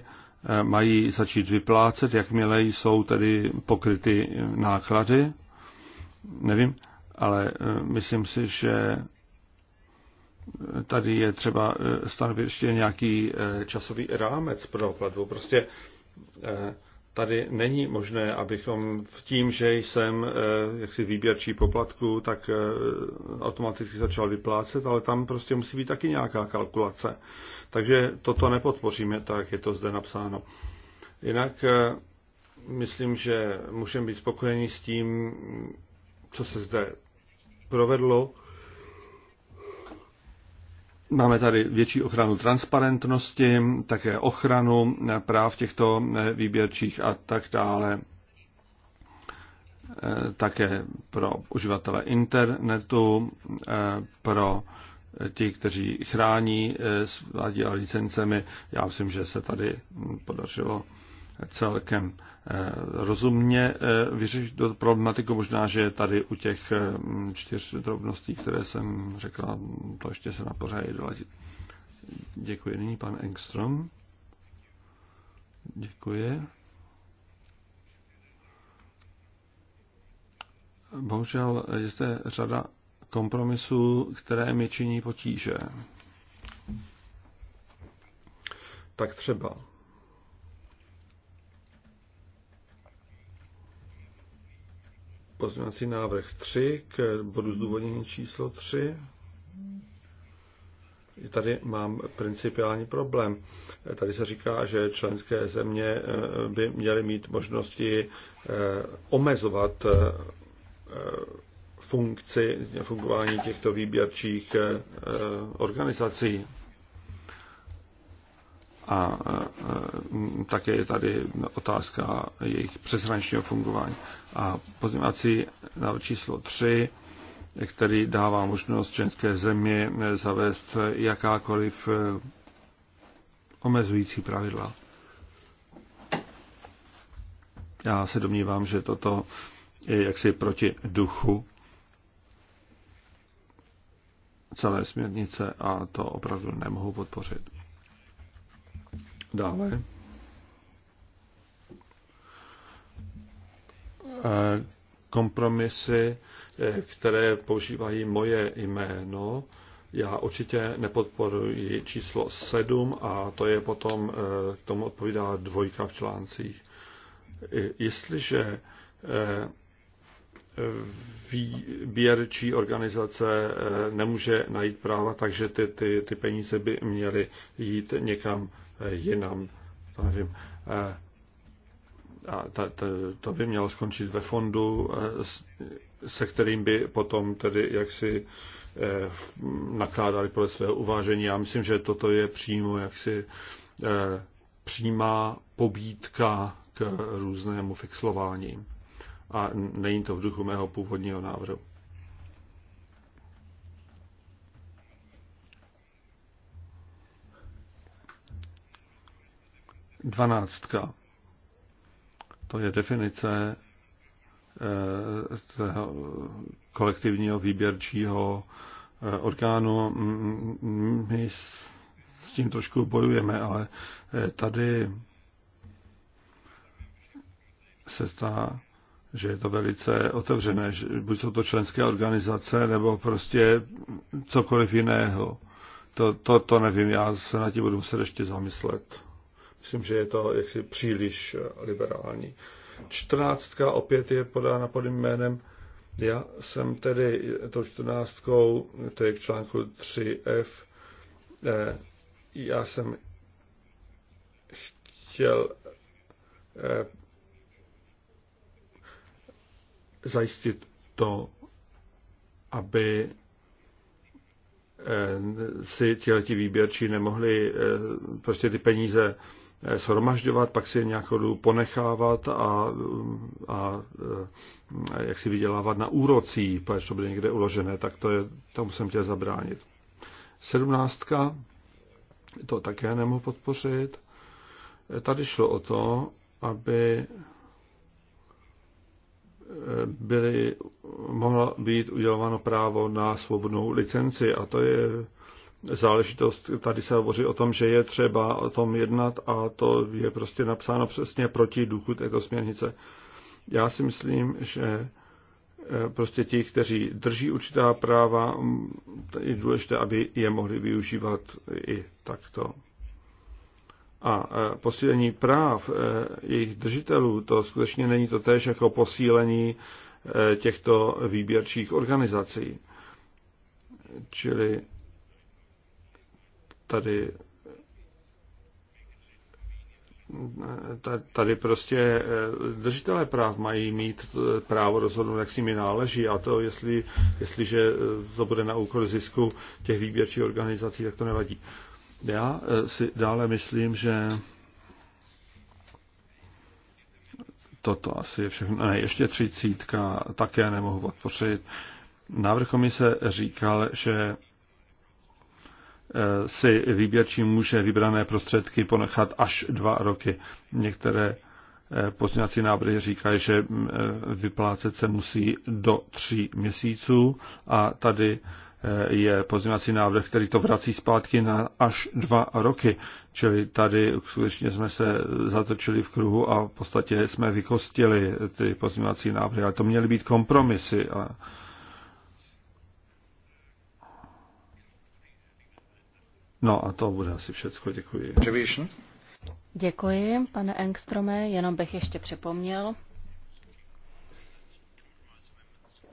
mají začít vyplácet, jakmile jsou tedy pokryty náklady. Nevím, ale eh, myslím si, že tady je třeba eh, stanovit ještě nějaký eh, časový rámec pro platbu. Prostě tady není možné, abychom v tím, že jsem jaksi výběrčí poplatku, tak automaticky začal vyplácet, ale tam prostě musí být taky nějaká kalkulace. Takže toto nepodpoříme, tak je to zde napsáno. Jinak myslím, že můžeme být spokojeni s tím, co se zde provedlo. Máme tady větší ochranu transparentnosti, také ochranu práv těchto výběrčích a tak dále. Eh, také pro uživatele internetu, eh, pro ti, kteří chrání eh, s licencemi. Já myslím, že se tady podařilo celkem Eh, rozumně eh, vyřešit tu problematiku. Možná, že tady u těch eh, čtyř drobností, které jsem řekla, to ještě se na pořádě doladit. Děkuji. Nyní pan Engstrom. Děkuji. Bohužel je zde řada kompromisů, které mi činí potíže. Tak třeba Pozměňovací návrh 3 k bodu zdůvodnění číslo 3. I tady mám principiální problém. Tady se říká, že členské země eh, by měly mít možnosti eh, omezovat eh, funkci fungování těchto výběrčích organizací a e, také je tady otázka jejich přeshraničního fungování. A pozměňovací návrh číslo 3, který dává možnost členské země zavést jakákoliv e, omezující pravidla. Já se domnívám, že toto je jaksi proti duchu celé směrnice a to opravdu nemohu podpořit. Dále. Kompromisy, eh, které používají moje jméno, já určitě nepodporuji číslo 7 a to je potom, eh, k tomu odpovídá dvojka v článcích. Jestliže eh, výběrčí organizace eh, nemůže najít práva, takže ty, ty, ty peníze by měly jít někam eh, jinam. To nevím. Eh, a ta, ta, to by mělo skončit ve fondu, se kterým by potom tedy jaksi nakládali podle svého uvážení. Já myslím, že toto je přímo jaksi přímá pobídka k různému fixlování a není to v duchu mého původního návrhu. Dvanáctka. To je definice eh, kolektivního výběrčího eh, orgánu. My s tím trošku bojujeme, ale eh, tady se zdá, že je to velice otevřené, že buď jsou to členské organizace, nebo prostě cokoliv jiného. To, to, to nevím, já se na tím budu muset ještě zamyslet. Myslím, že je to jaksi příliš eh, liberální. Čtrnáctka opět je podána pod jménem. Já jsem tedy tou čtrnáctkou, to je k článku 3F, eh, já jsem chtěl eh, zajistit to, aby eh, si těleti výběrčí nemohli eh, prostě ty peníze eh, shromažďovat, pak si je nějakou dobu ponechávat a, mm, a, a jak si vydělávat na úrocí, protože to bude někde uložené, tak to je, tomu jsem chtěl zabránit. Sedmnáctka, to také nemohu podpořit. Tady šlo o to, aby byly, mohla být udělováno právo na svobodnou licenci a to je záležitost, tady se hovoří o tom, že je třeba o tom jednat a to je prostě napsáno přesně proti duchu této směrnice. Já si myslím, že eh, prostě ti, kteří drží určitá práva, je důležité, aby je mohli využívat i takto a e, posílení práv e, jejich držitelů, to skutečně není to též jako posílení e, těchto výběrčích organizací. Čili tady tady prostě držitelé práv mají mít právo rozhodnout, jak s nimi náleží a to, jestli, jestliže to bude na úkor zisku těch výběrčích organizací, tak to nevadí. Uh, já eh, si dále myslím, že toto asi je všechno. Ne, ještě třicítka také nemohu podpořit. Návrh komise říkal, že eh, si výběrčí může vybrané prostředky ponechat až dva roky. Některé eh, pozměňovací návrhy říkají, že mm, vyplácet se musí do tří měsíců a tady Eh, je pozměňovací návrh, který to vrací zpátky na až dva roky. Čili tady skutečně jsme se zatočili v kruhu a v podstatě jsme vykostili ty pozměňovací návrhy, ale to měly být kompromisy. A, No a to bude asi všechno. Děkuji. Děkuji, pane Engstrome. Jenom bych ještě připomněl,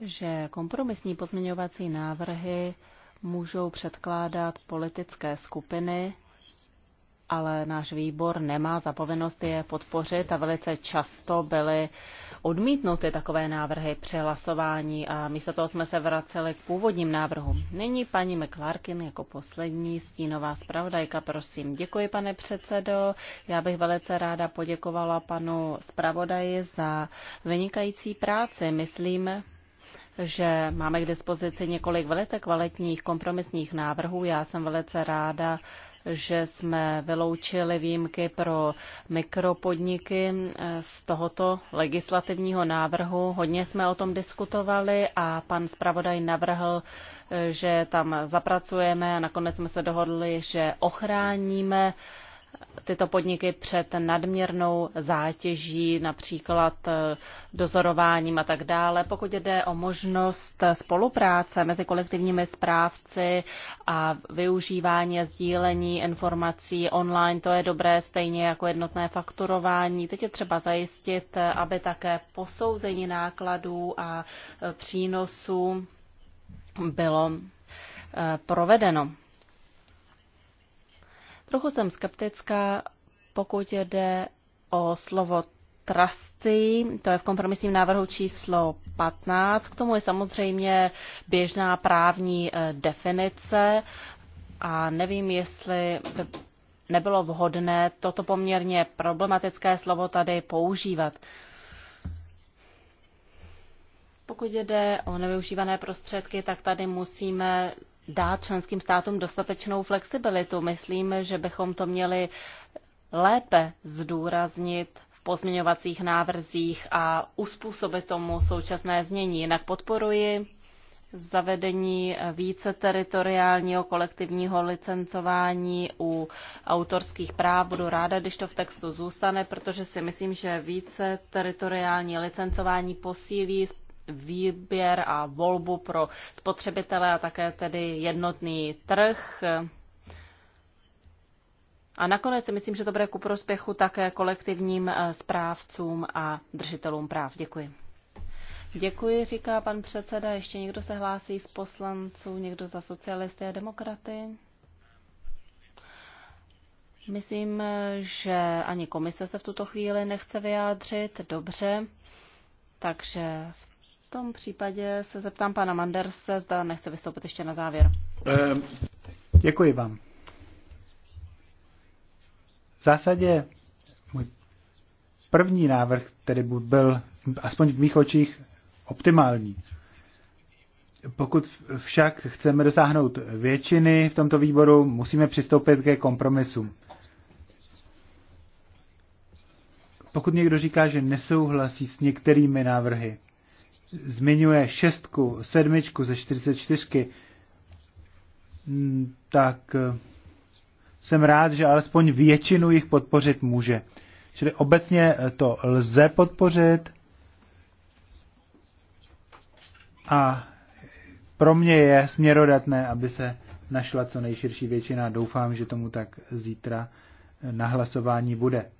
že kompromisní pozměňovací návrhy můžou předkládat politické skupiny, ale náš výbor nemá za povinnost je podpořit a velice často byly odmítnuty takové návrhy při hlasování a místo toho jsme se vraceli k původním návrhům. Nyní paní McClarkin jako poslední stínová zpravodajka, prosím. Děkuji, pane předsedo. Já bych velice ráda poděkovala panu zpravodaji za vynikající práci. Myslím, že máme k dispozici několik velice kvalitních kompromisních návrhů. Já jsem velice ráda, že jsme vyloučili výjimky pro mikropodniky eh, z tohoto legislativního návrhu. Hodně jsme o tom diskutovali a pan zpravodaj navrhl, eh, že tam zapracujeme a nakonec jsme se dohodli, že ochráníme tyto podniky před nadměrnou zátěží, například eh, dozorováním a tak dále. Pokud jde o možnost spolupráce mezi kolektivními správci a využívání a sdílení informací online, to je dobré, stejně jako jednotné fakturování. Teď je třeba zajistit, eh, aby také posouzení nákladů a eh, přínosů bylo provedeno. Trochu jsem skeptická, pokud jde o slovo trusty, to je v kompromisním návrhu číslo 15. K tomu je samozřejmě běžná právní eh, definice a nevím, jestli by nebylo vhodné toto poměrně problematické slovo tady používat. Pokud jde o nevyužívané prostředky, tak tady musíme dát členským státům dostatečnou flexibilitu. Myslím, že bychom to měli lépe zdůraznit v pozměňovacích návrzích a uspůsobit tomu současné znění. Jinak podporuji zavedení více teritoriálního kolektivního licencování u autorských práv. Budu ráda, když to v textu zůstane, protože si myslím, že více teritoriální licencování posílí výběr a volbu pro spotřebitele a také tedy jednotný trh. A nakonec si myslím, že to bude ku prospěchu také kolektivním eh, správcům a držitelům práv. Děkuji. Děkuji, říká pan předseda. Ještě někdo se hlásí z poslanců, někdo za socialisty a demokraty? Myslím, že ani komise se v tuto chvíli nechce vyjádřit. Dobře. Takže v tom případě se zeptám pana Manderse, zda nechce vystoupit ještě na závěr. Ehm. Děkuji vám. V zásadě můj první návrh tedy byl, aspoň v mých očích, optimální. Pokud však chceme dosáhnout většiny v tomto výboru, musíme přistoupit ke kompromisům. Pokud někdo říká, že nesouhlasí s některými návrhy, zmiňuje šestku, sedmičku ze 44, mm, tak eh, jsem rád, že alespoň většinu jich podpořit může. Čili obecně eh, to lze podpořit a pro mě je směrodatné, aby se našla co nejširší většina. Doufám, že tomu tak zítra eh, na hlasování bude.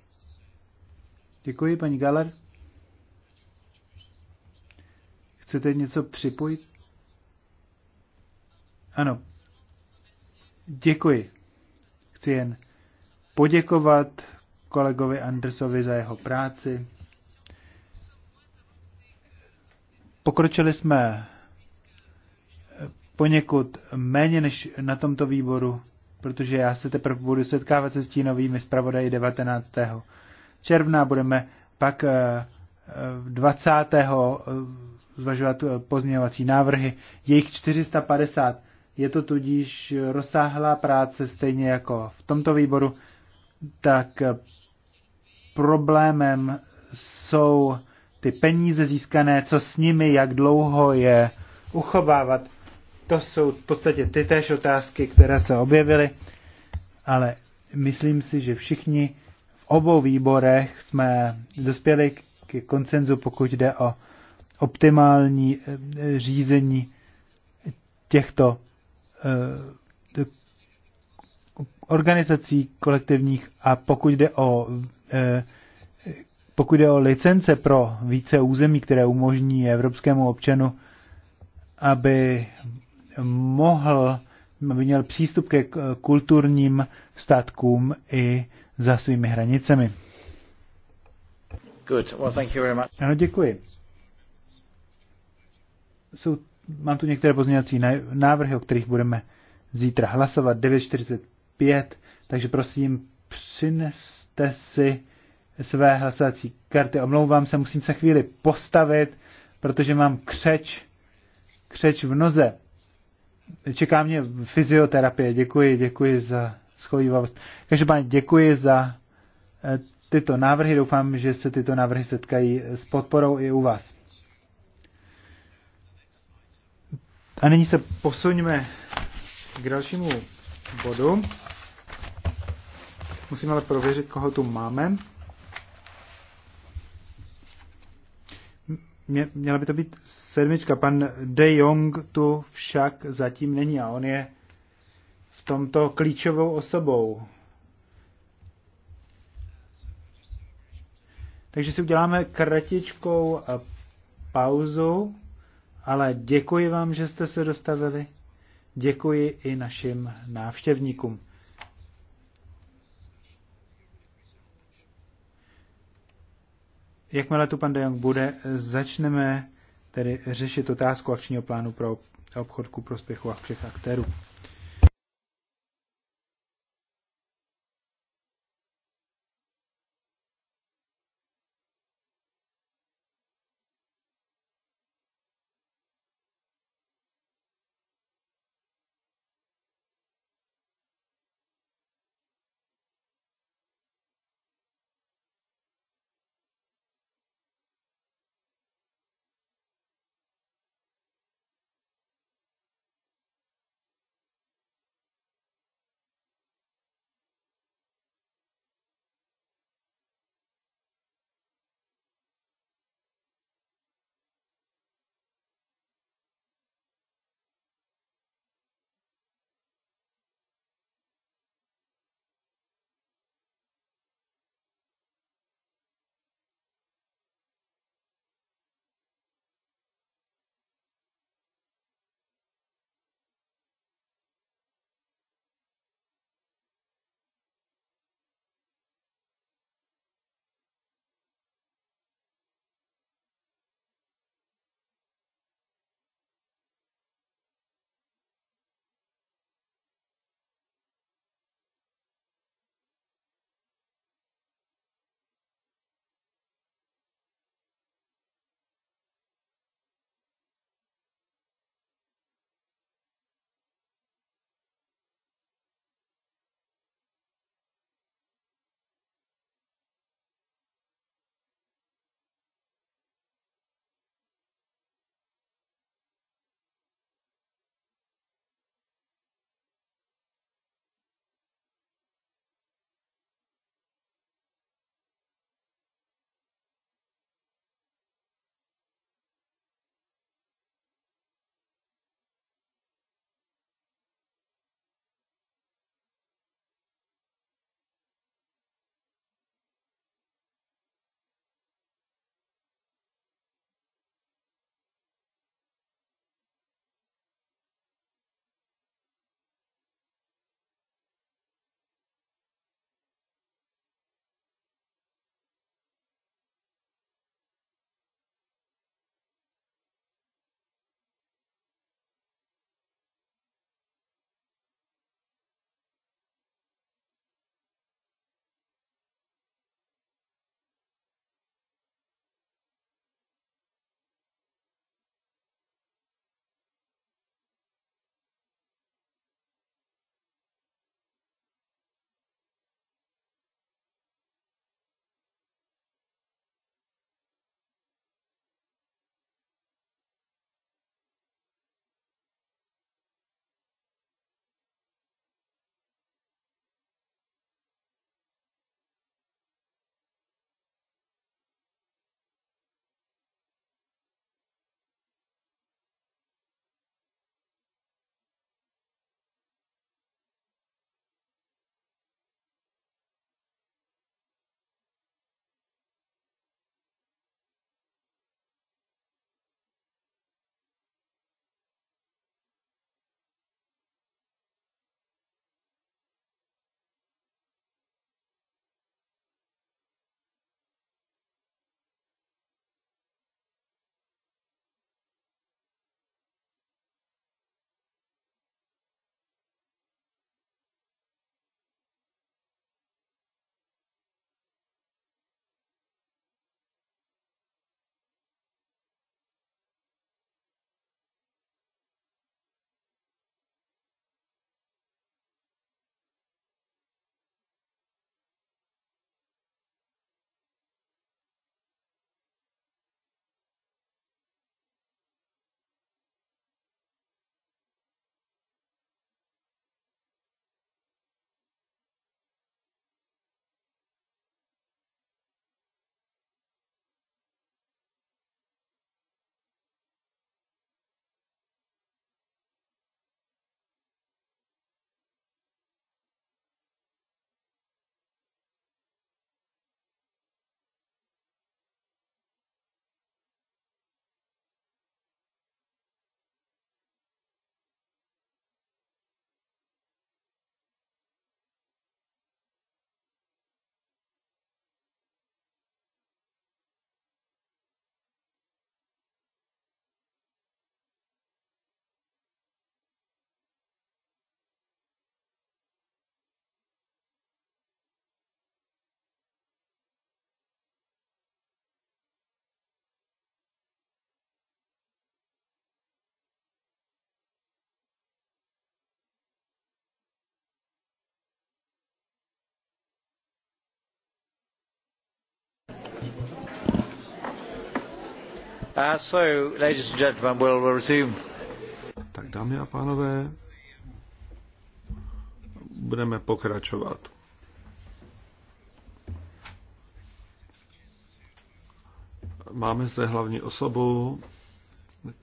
Děkuji, paní Galer. Chcete něco připojit? Ano. Děkuji. Chci jen poděkovat kolegovi Andersovi za jeho práci. Pokročili jsme poněkud méně než na tomto výboru, protože já se teprve budu setkávat se stínovými zpravodaji 19. června. Budeme pak 20. Eh, eh, zvažovat eh, pozměňovací návrhy. Jejich 450. Je to tudíž rozsáhlá práce, stejně jako v tomto výboru, tak eh, problémem jsou ty peníze získané, co s nimi, jak dlouho je uchovávat. To jsou v podstatě ty též otázky, které se objevily, ale myslím si, že všichni v obou výborech jsme dospěli k koncenzu, pokud jde o optimální eh, eh, řízení těchto eh, organizací kolektivních a pokud jde o pokud jde o licence pro více území, které umožní evropskému občanu, aby mohl, aby měl přístup ke kulturním statkům i za svými hranicemi. Good. Well, thank you very much. Ano, děkuji jsou, mám tu některé pozměňovací návrhy, o kterých budeme zítra hlasovat 9.45, takže prosím, přineste si své hlasovací karty. Omlouvám se, musím se chvíli postavit, protože mám křeč, křeč v noze. Čeká mě fyzioterapie. Děkuji, děkuji za schovývavost. Každopádně děkuji za eh, tyto návrhy. Doufám, že se tyto návrhy setkají s podporou i u vás. A nyní se posuňme k dalšímu bodu. musíme ale prověřit, koho tu máme. Mě, měla by to být sedmička. Pan De Jong tu však zatím není a on je v tomto klíčovou osobou. Takže si uděláme kratičkou eh, pauzu. Ale děkuji vám, že jste se dostavili. Děkuji i našim návštěvníkům. Jakmile tu pan De Jong bude, začneme tedy řešit otázku akčního plánu pro obchod ku prospěchu a všech aktérů. Uh, tak dámy a pánové, budeme pokračovat. Máme zde hlavní osobu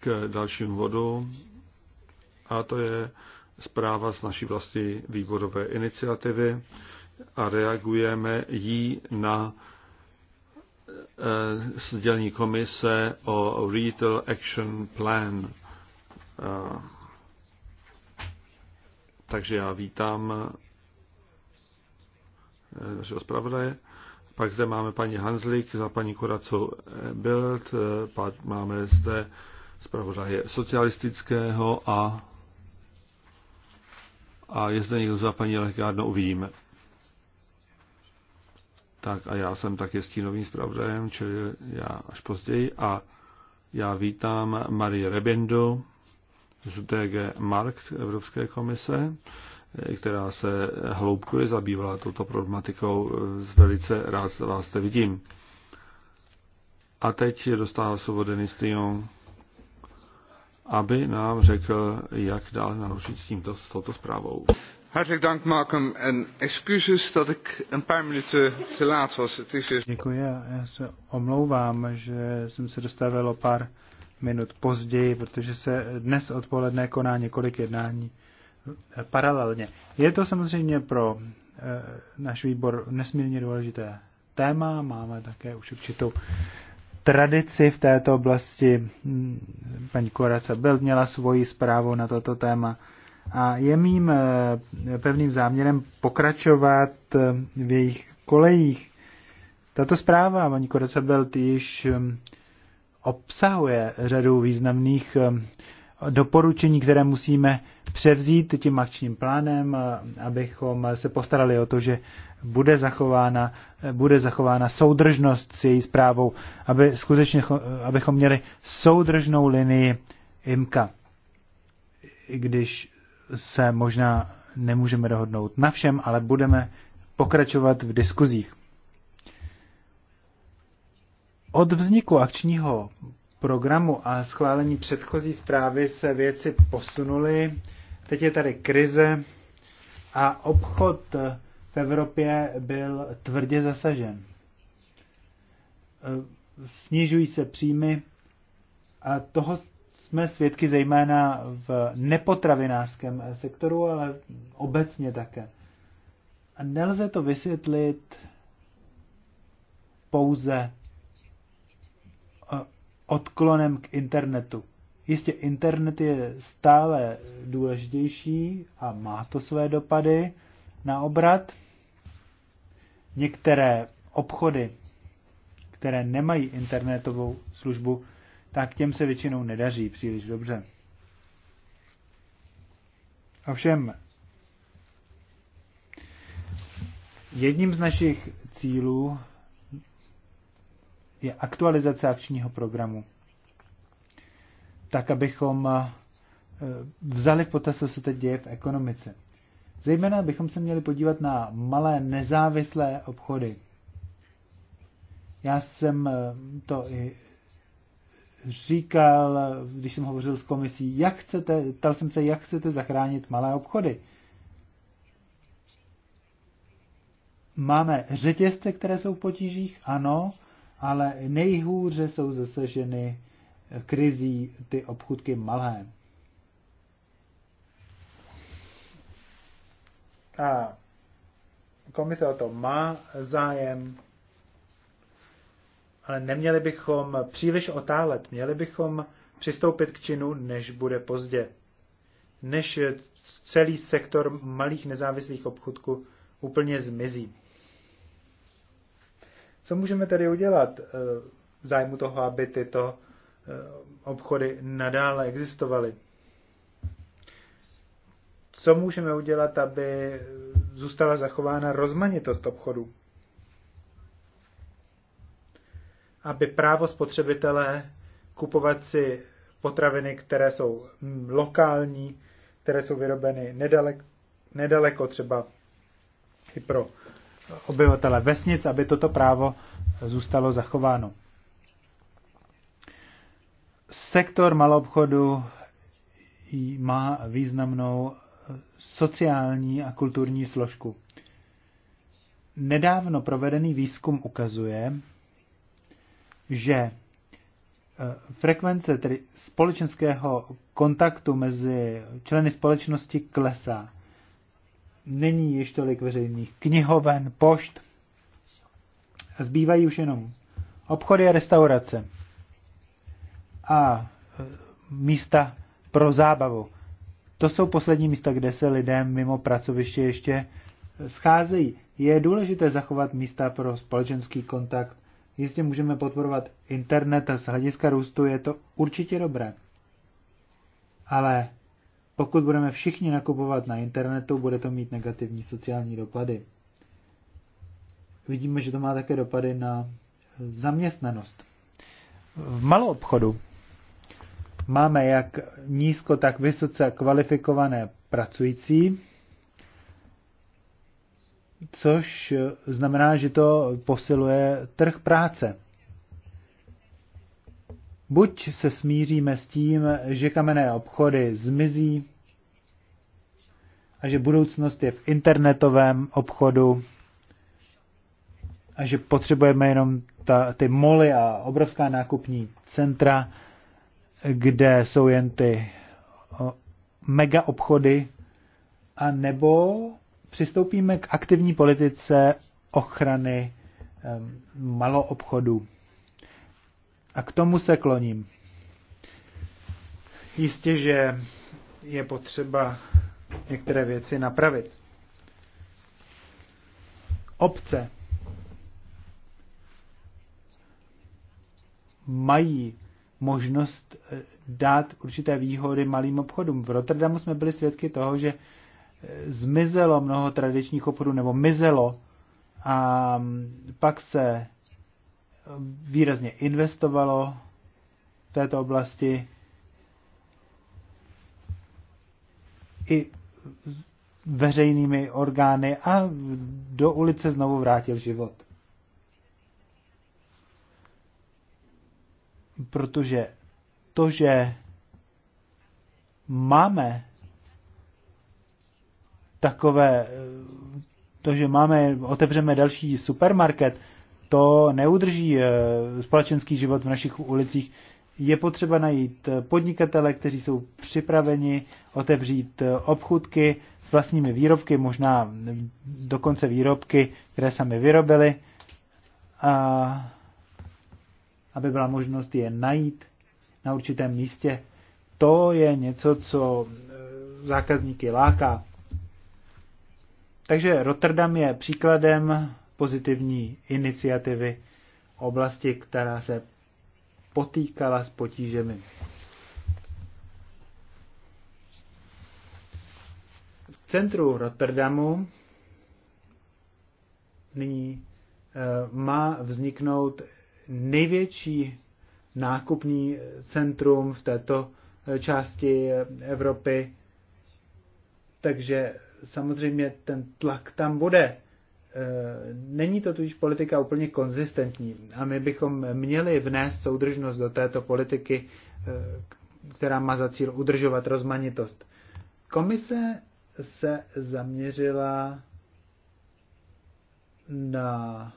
k dalšímu vodu a to je zpráva z naší vlastní výborové iniciativy a reagujeme jí na sdělení eh, komise o Retail Action Plan. Eh, takže já vítám eh, našeho zpravodaje. Pak zde máme paní Hanslik za paní Koracu Bild, pak máme zde zpravodaje socialistického a, a je zde někdo za paní Lekárno, uvidíme. Tak a já jsem také stínovým zpravodajem, čili já až později. A já vítám Marie Rebendo z DG Markt Evropské komise, která se hloubkově zabývala touto problematikou. Velice rád vás zde vidím. A teď dostává slovo Denis Tion, aby nám řekl, jak dále naložit s, tímto, s touto zprávou. Hartelijk dank Malcolm en excuses dat ik een paar minuten te laat was. Het is... Děkuji, já se omlouvám, že jsem se dostavil o pár minut později, protože se dnes odpoledne koná několik jednání eh, paralelně. Je to samozřejmě pro eh, náš výbor nesmírně důležité téma, máme také už určitou tradici v této oblasti. Hmm, paní Koraca byl měla svoji zprávu na toto téma a je mým eh, pevným záměrem pokračovat eh, v jejich kolejích. Tato zpráva, paní Koracabelt, již hm, obsahuje řadu významných hm, doporučení, které musíme převzít tím akčním plánem, abychom se postarali o to, že bude zachována, bude zachována soudržnost s její zprávou, aby skutečně, abychom měli soudržnou linii IMKA. I když se možná nemůžeme dohodnout na všem, ale budeme pokračovat v diskuzích. Od vzniku akčního programu a schválení předchozí zprávy se věci posunuly. Teď je tady krize a obchod v Evropě byl tvrdě zasažen. E, snižují se příjmy a toho jsme svědky zejména v nepotravinářském sektoru, ale obecně také. A nelze to vysvětlit pouze eh, odklonem k internetu. Jistě internet je stále důležitější a má to své dopady na obrat. Některé obchody, které nemají internetovou službu, tak těm se většinou nedaří příliš dobře. Ovšem, jedním z našich cílů je aktualizace akčního programu. Tak, abychom eh, vzali v potaz, co se teď děje v ekonomice. Zejména bychom se měli podívat na malé nezávislé obchody. Já jsem eh, to i říkal, když jsem hovořil s komisí, jak chcete, ptal jsem se, jak chcete zachránit malé obchody. Máme řetězce, které jsou v potížích, ano, ale nejhůře jsou zasaženy krizí ty obchudky malé. A komise o to má zájem, ale neměli bychom příliš otálet, měli bychom přistoupit k činu, než bude pozdě. Než celý sektor malých nezávislých obchodků úplně zmizí. Co můžeme tedy udělat eh, v zájmu toho, aby tyto eh, obchody nadále existovaly? Co můžeme udělat, aby zůstala zachována rozmanitost obchodů? aby právo spotřebitele kupovat si potraviny, které jsou lokální, které jsou vyrobeny nedaleko, nedaleko třeba i pro obyvatele vesnic, aby toto právo zůstalo zachováno. Sektor malobchodu má významnou sociální a kulturní složku. Nedávno provedený výzkum ukazuje, že eh, frekvence tedy společenského kontaktu mezi členy společnosti klesá. Není již tolik veřejných knihoven, pošt. Zbývají už jenom obchody a restaurace. A eh, místa pro zábavu. To jsou poslední místa, kde se lidé mimo pracoviště ještě scházejí. Je důležité zachovat místa pro společenský kontakt Jistě můžeme podporovat internet a z hlediska růstu je to určitě dobré. Ale pokud budeme všichni nakupovat na internetu, bude to mít negativní sociální dopady. Vidíme, že to má také dopady na zaměstnanost. V malou obchodu máme jak nízko, tak vysoce kvalifikované pracující, což znamená, že to posiluje trh práce. Buď se smíříme s tím, že kamenné obchody zmizí a že budoucnost je v internetovém obchodu a že potřebujeme jenom ta, ty moly a obrovská nákupní centra, kde jsou jen ty mega obchody, a nebo přistoupíme k aktivní politice ochrany maloobchodu. A k tomu se kloním. Jistě, že je potřeba některé věci napravit. Obce mají možnost eh, dát určité výhody malým obchodům. V Rotterdamu jsme byli svědky toho, že zmizelo mnoho tradičních obchodů, nebo mizelo a pak se výrazně investovalo v této oblasti. I veřejnými orgány a do ulice znovu vrátil život. Protože to, že máme takové, to, že máme, otevřeme další supermarket, to neudrží eh, společenský život v našich ulicích. Je potřeba najít podnikatele, kteří jsou připraveni otevřít eh, obchudky s vlastními výrobky, možná dokonce výrobky, které sami vyrobili, a aby byla možnost je najít na určitém místě. To je něco, co eh, zákazníky láká. Takže Rotterdam je příkladem pozitivní iniciativy oblasti, která se potýkala s potížemi. V centru Rotterdamu nyní eh, má vzniknout největší nákupní centrum v této eh, části eh, Evropy. Takže samozřejmě ten tlak tam bude. E, není to tudíž politika úplně konzistentní a my bychom měli vnést soudržnost do této politiky, e, která má za cíl udržovat rozmanitost. Komise se zaměřila na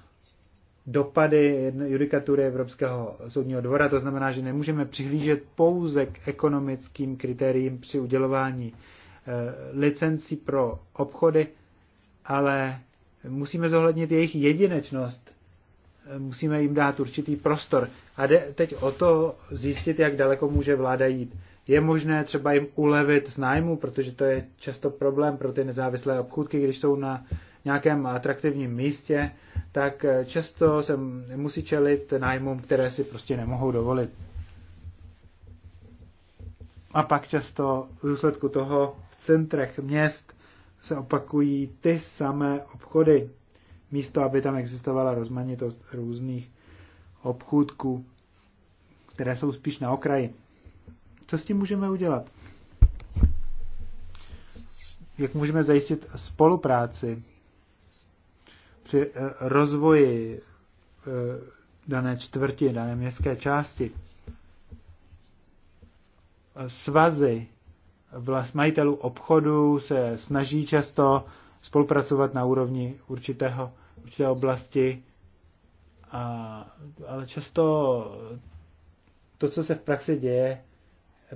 dopady judikatury Evropského soudního dvora. To znamená, že nemůžeme přihlížet pouze k ekonomickým kritériím při udělování Eh, licenci pro obchody, ale musíme zohlednit jejich jedinečnost. Eh, musíme jim dát určitý prostor. A jde teď o to zjistit, jak daleko může vláda jít. Je možné třeba jim ulevit z nájmu, protože to je často problém pro ty nezávislé obchůdky, když jsou na nějakém atraktivním místě, tak eh, často se musí čelit nájmům, které si prostě nemohou dovolit. A pak často v důsledku toho centrech měst se opakují ty samé obchody, místo aby tam existovala rozmanitost různých obchůdků, které jsou spíš na okraji. Co s tím můžeme udělat? Jak můžeme zajistit spolupráci při eh, rozvoji eh, dané čtvrti, dané městské části? Svazy vlast, majitelů obchodu se snaží často spolupracovat na úrovni určitého, určité oblasti, a, ale často to, co se v praxi děje,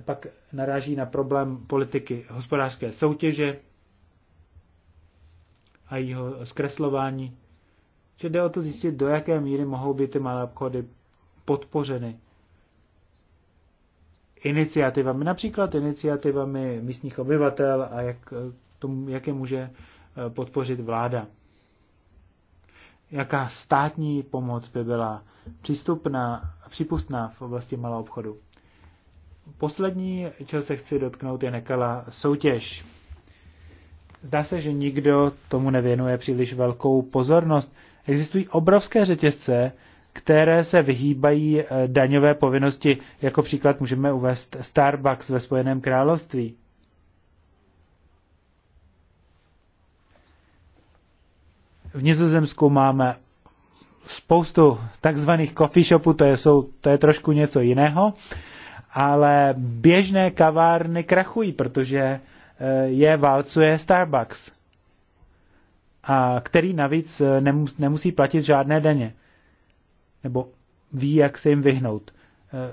pak naráží na problém politiky hospodářské soutěže a jeho zkreslování. Že jde o to zjistit, do jaké míry mohou být ty malé obchody podpořeny iniciativami, například iniciativami místních obyvatel a jak, eh, tomu, jak je může eh, podpořit vláda. Jaká státní pomoc by byla přístupná a přípustná v oblasti malého obchodu? Poslední, čeho se chci dotknout, je nekala soutěž. Zdá se, že nikdo tomu nevěnuje příliš velkou pozornost. Existují obrovské řetězce, které se vyhýbají eh, daňové povinnosti. Jako příklad můžeme uvést Starbucks ve Spojeném království. V Nizozemsku máme spoustu takzvaných coffee shopů, to je, jsou, to je trošku něco jiného, ale běžné kavárny krachují, protože eh, je válcuje Starbucks, a který navíc eh, nemusí platit žádné daně nebo ví, jak se jim vyhnout. Eh,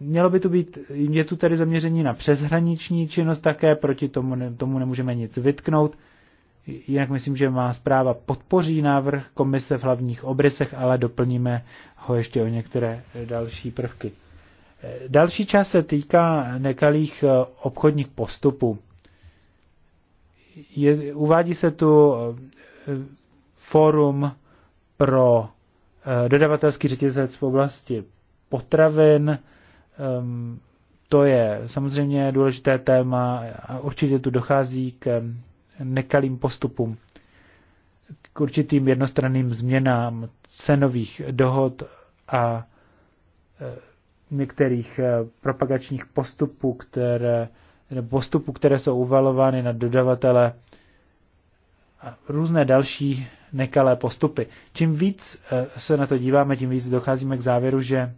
mělo by to být, je tu tady zaměření na přeshraniční činnost také, proti tomu, ne, tomu nemůžeme nic vytknout. Jinak myslím, že má zpráva podpoří návrh komise v hlavních obrysech, ale doplníme ho ještě o některé další prvky. Eh, další část se týká nekalých eh, obchodních postupů. Je, uvádí se tu forum pro Eh, dodavatelský řetězec v oblasti potravin. Ehm, to je samozřejmě důležité téma a určitě tu dochází k eh, nekalým postupům, k určitým jednostranným změnám cenových dohod a eh, některých propagačních postupů, které, postupů, které jsou uvalovány na dodavatele a různé další nekalé postupy. Čím víc eh, se na to díváme, tím víc docházíme k závěru, že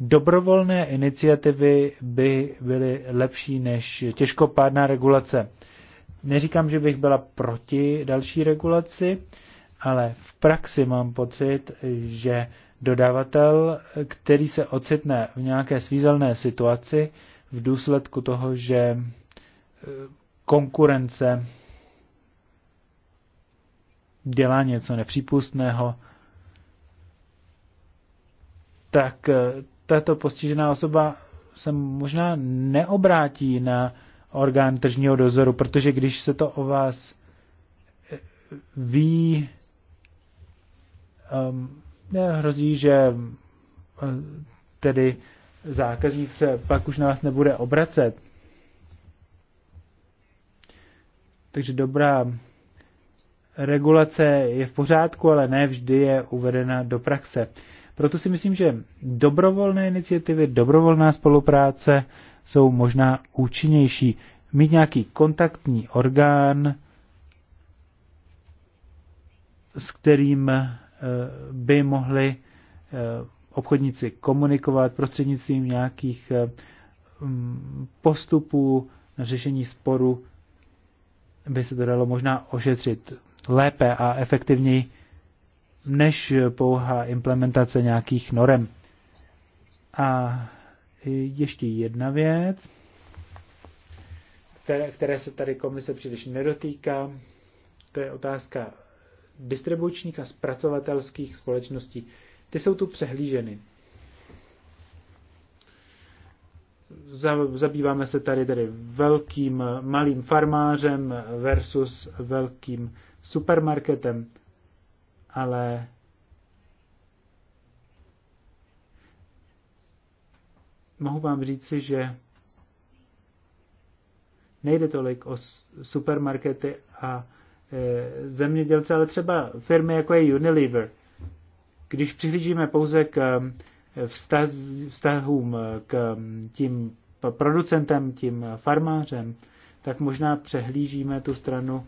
dobrovolné iniciativy by byly lepší než těžkopádná regulace. Neříkám, že bych byla proti další regulaci, ale v praxi mám pocit, že dodavatel, který se ocitne v nějaké svízelné situaci v důsledku toho, že eh, konkurence dělá něco nepřípustného, tak eh, tato postižená osoba se možná neobrátí na orgán tržního dozoru, protože když se to o vás eh, ví, um, ehm, hrozí, že eh, tedy zákazník se pak už na vás nebude obracet. Takže dobrá regulace je v pořádku, ale ne vždy je uvedena do praxe. Proto si myslím, že dobrovolné iniciativy, dobrovolná spolupráce jsou možná účinnější. Mít nějaký kontaktní orgán, s kterým eh, by mohli eh, obchodníci komunikovat prostřednictvím nějakých eh, mm, postupů na řešení sporu, by se to dalo možná ošetřit lépe a efektivněji než pouhá implementace nějakých norem. A ještě jedna věc, které, které se tady komise příliš nedotýká, to je otázka distribučních a zpracovatelských společností. Ty jsou tu přehlíženy. Zabýváme se tady tedy velkým malým farmářem versus velkým supermarketem, ale mohu vám říci, že nejde tolik o supermarkety a e, zemědělce, ale třeba firmy jako je Unilever. Když přihlížíme pouze k e, vztah, vztahům e, k tím producentem, tím farmářem, tak možná přehlížíme tu stranu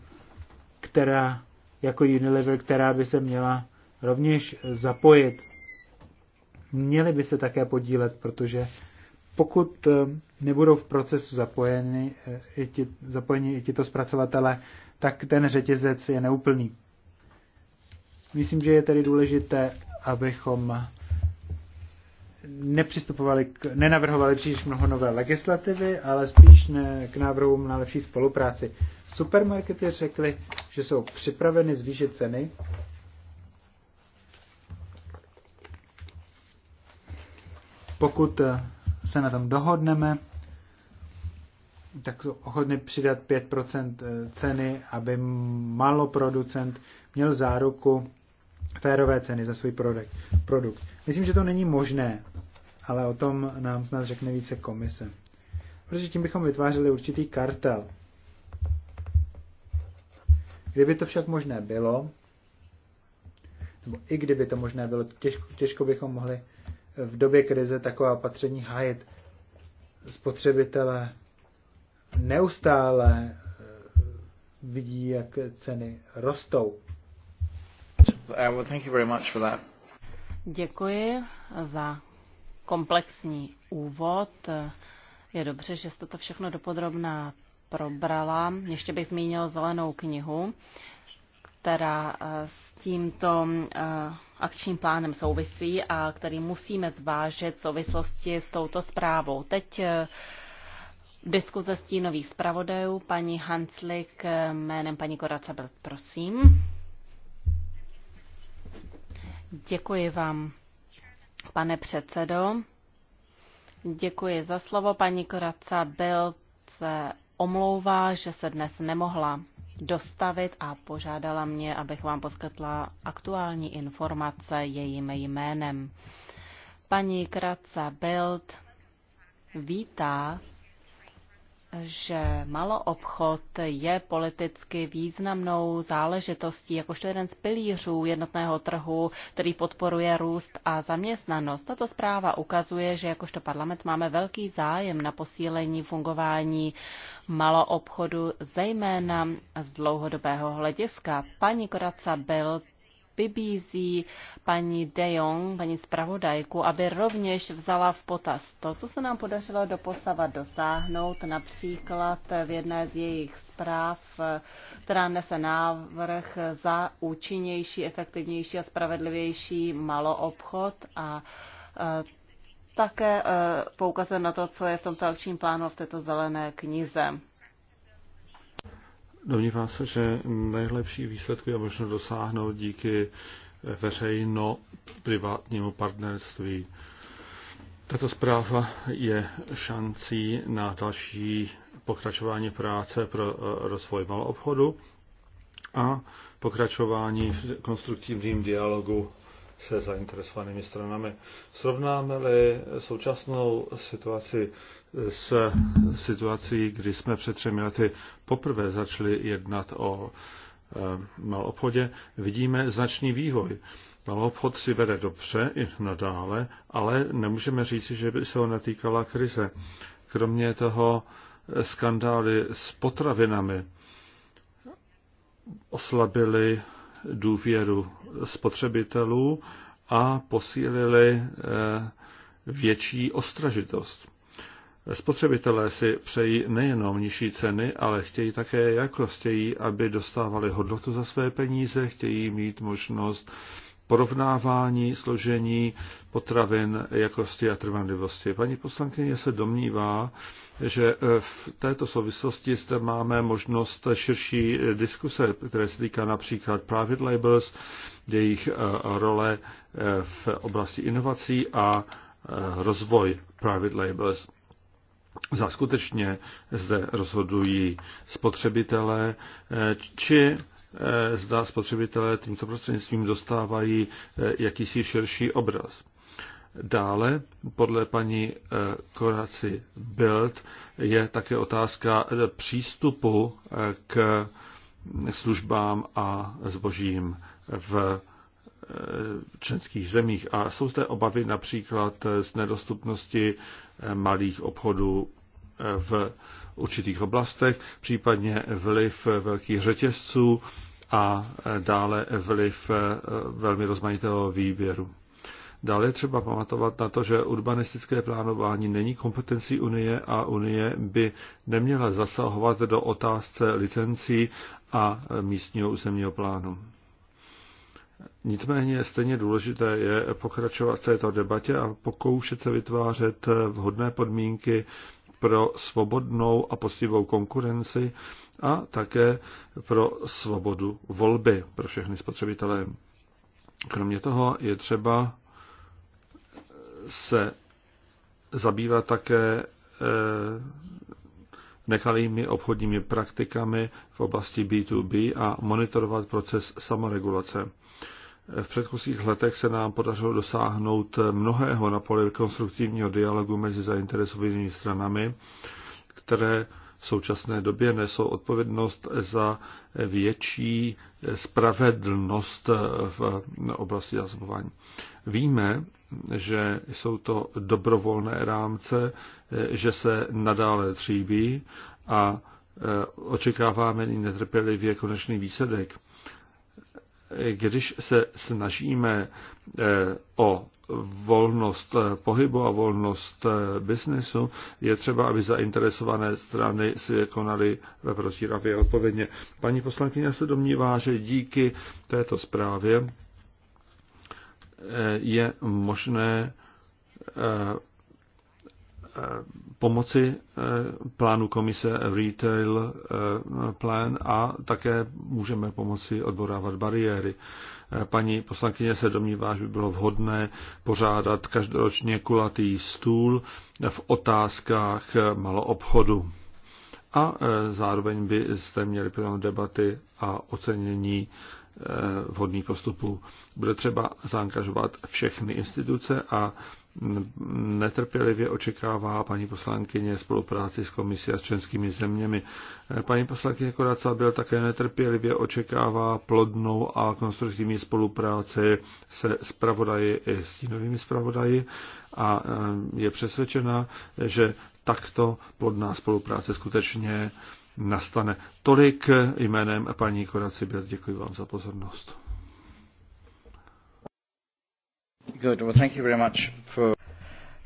která jako Unilever, která by se měla rovněž zapojit. Měly by se také podílet, protože pokud eh, nebudou v procesu zapojeni, eh, i ti, zapojeni i tito zpracovatele, tak ten řetězec je neúplný. Myslím, že je tedy důležité, abychom nepřistupovali, k, nenavrhovali příliš mnoho nové legislativy, ale spíš ne, k návrhům na lepší spolupráci. Supermarkety řekly, že jsou připraveny zvýšit ceny. Pokud eh, se na tom dohodneme, tak jsou ochotny přidat 5% eh, ceny, aby maloproducent měl záruku férové ceny za svůj produkt. Myslím, že to není možné, ale o tom nám snad řekne více komise. Protože tím bychom vytvářeli určitý kartel. Kdyby to však možné bylo, nebo i kdyby to možné bylo, těžko, těžko bychom mohli v době krize taková opatření hájit spotřebitele neustále eh, vidí, jak ceny rostou. Uh, well, thank you very much for that. Děkuji za komplexní úvod. Je dobře, že jste to všechno dopodrobná probrala. Ještě bych zmínil zelenou knihu, která uh, s tímto uh, akčním plánem souvisí a který musíme zvážit v souvislosti s touto zprávou. Teď diskuze stínových zpravodajů. Paní Hanslik jménem paní Koraca, prosím. Děkuji vám, pane předsedo. Děkuji za slovo. Paní Koraca byl se omlouvá, že se dnes nemohla dostavit a požádala mě, abych vám poskytla aktuální informace jejím jménem. Paní Kratza Bild vítá že maloobchod je politicky významnou záležitostí, jakožto jeden z pilířů jednotného trhu, který podporuje růst a zaměstnanost. Tato zpráva ukazuje, že jakožto parlament máme velký zájem na posílení fungování maloobchodu, zejména z dlouhodobého hlediska. Paní Koraca byl vybízí paní De Jong, paní zpravodajku, aby rovněž vzala v potaz to, co se nám podařilo doposavat dosáhnout, například v jedné z jejich zpráv, která nese návrh za účinnější, efektivnější a spravedlivější maloobchod a e, také e, poukazuje na to, co je v tomto akčním plánu v této zelené knize. Domnívám se, že nejlepší výsledky je možno dosáhnout díky veřejno-privátnímu partnerství. Tato zpráva je šancí na další pokračování práce pro eh, rozvoj malou obchodu a pokračování v konstruktivním dialogu se zainteresovanými stranami. Srovnáme-li současnou situaci s situací, kdy jsme před třemi lety poprvé začali jednat o malobchodě, eh, vidíme značný vývoj. Malobchod si vede dobře i nadále, ale nemůžeme říci, že by se ho netýkala krize. Kromě toho eh, skandály s potravinami oslabily důvěru spotřebitelů a posílili eh, větší ostražitost. Spotřebitelé si přejí nejenom nižší ceny, ale chtějí také jako chtějí, aby dostávali hodnotu za své peníze, chtějí mít možnost porovnávání složení potravin, jakosti a trvanlivosti. Paní poslankyně se domnívá, že eh, v této souvislosti zde máme možnost širší eh, diskuse, které se týká například private labels, jejich eh, role v oblasti inovací a rozvoj private labels. Za skutečně zde rozhodují spotřebitelé či Eh, zda spotřebitelé tímto prostřednictvím dostávají eh, jakýsi širší obraz. Dále, podle paní eh, Koraci Bild, je také otázka přístupu k službám a zbožím v členských zemích. A jsou zde obavy například z nedostupnosti malých obchodů v určitých oblastech, případně vliv velkých řetězců a dále vliv velmi rozmanitého výběru. Dále je třeba pamatovat na to, že urbanistické plánování není kompetencí Unie a Unie by neměla zasahovat do otázce licencí a místního územního plánu. Nicméně stejně důležité je pokračovat v této debatě a pokoušet se vytvářet vhodné podmínky pro svobodnou a poctivou konkurenci a také pro svobodu volby pro všechny spotřebitelé. Kromě toho je třeba se zabývat také eh, nekalými obchodními praktikami v oblasti B2B a monitorovat proces samoregulace. V předchozích letech se nám podařilo dosáhnout mnohého na poli konstruktivního dialogu mezi zainteresovanými stranami, které v současné době nesou odpovědnost za větší spravedlnost v oblasti zásobování. Víme, že jsou to dobrovolné rámce, že se nadále tříbí a očekáváme netrpělivě konečný výsledek když se snažíme eh, o volnost eh, pohybu a volnost eh, biznesu, je třeba, aby zainteresované strany si je konaly ve protiravě odpovědně. Paní poslankyně se domnívá, že díky této zprávě je možné Eh, pomoci eh, plánu komise Retail eh, Plan a také můžeme pomoci odborávat bariéry. Paní poslankyně se domnívá, že by bylo vhodné pořádat každoročně kulatý stůl v otázkách maloobchodu. A zároveň by zde měli plnou debaty a ocenění vhodných postupů. Bude třeba zaangažovat všechny instituce a netrpělivě očekává paní poslankyně spolupráci s komisí a s členskými zeměmi. Paní poslankyně Koraca byl také netrpělivě očekává plodnou a konstruktivní spolupráci se spravodaji i stínovými spravodaji a eh, je přesvědčena, že takto plodná spolupráce skutečně nastane. Tolik jménem paní Koraci byl. Děkuji vám za pozornost.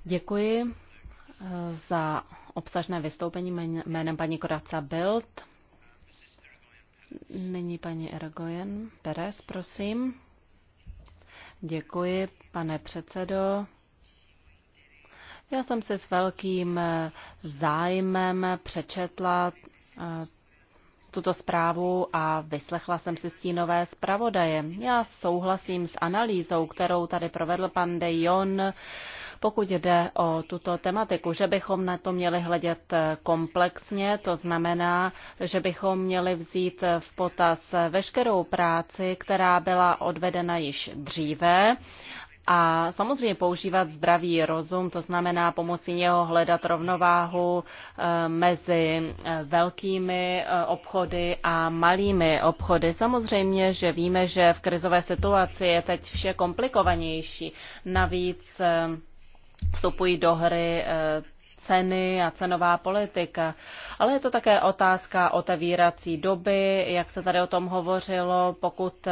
Děkuji eh, za obsažné vystoupení jménem paní Koraca Bild. Nyní paní Ergojen Perez, prosím. Děkuji, pane předsedo. Já jsem se s velkým eh, zájmem přečetla eh, tuto zprávu a vyslechla jsem si stínové zpravodaje. Já souhlasím s analýzou, kterou tady provedl pan De Jon, pokud jde o tuto tematiku, že bychom na to měli hledět komplexně, to znamená, že bychom měli vzít v potaz veškerou práci, která byla odvedena již dříve a samozřejmě používat zdravý rozum, to znamená pomocí něho hledat rovnováhu eh, mezi eh, velkými eh, obchody a malými obchody. Samozřejmě, že víme, že v krizové situaci je teď vše komplikovanější. Navíc vstupují do hry ceny a cenová politika. Ale je to také otázka otevírací doby, jak se tady o tom hovořilo, pokud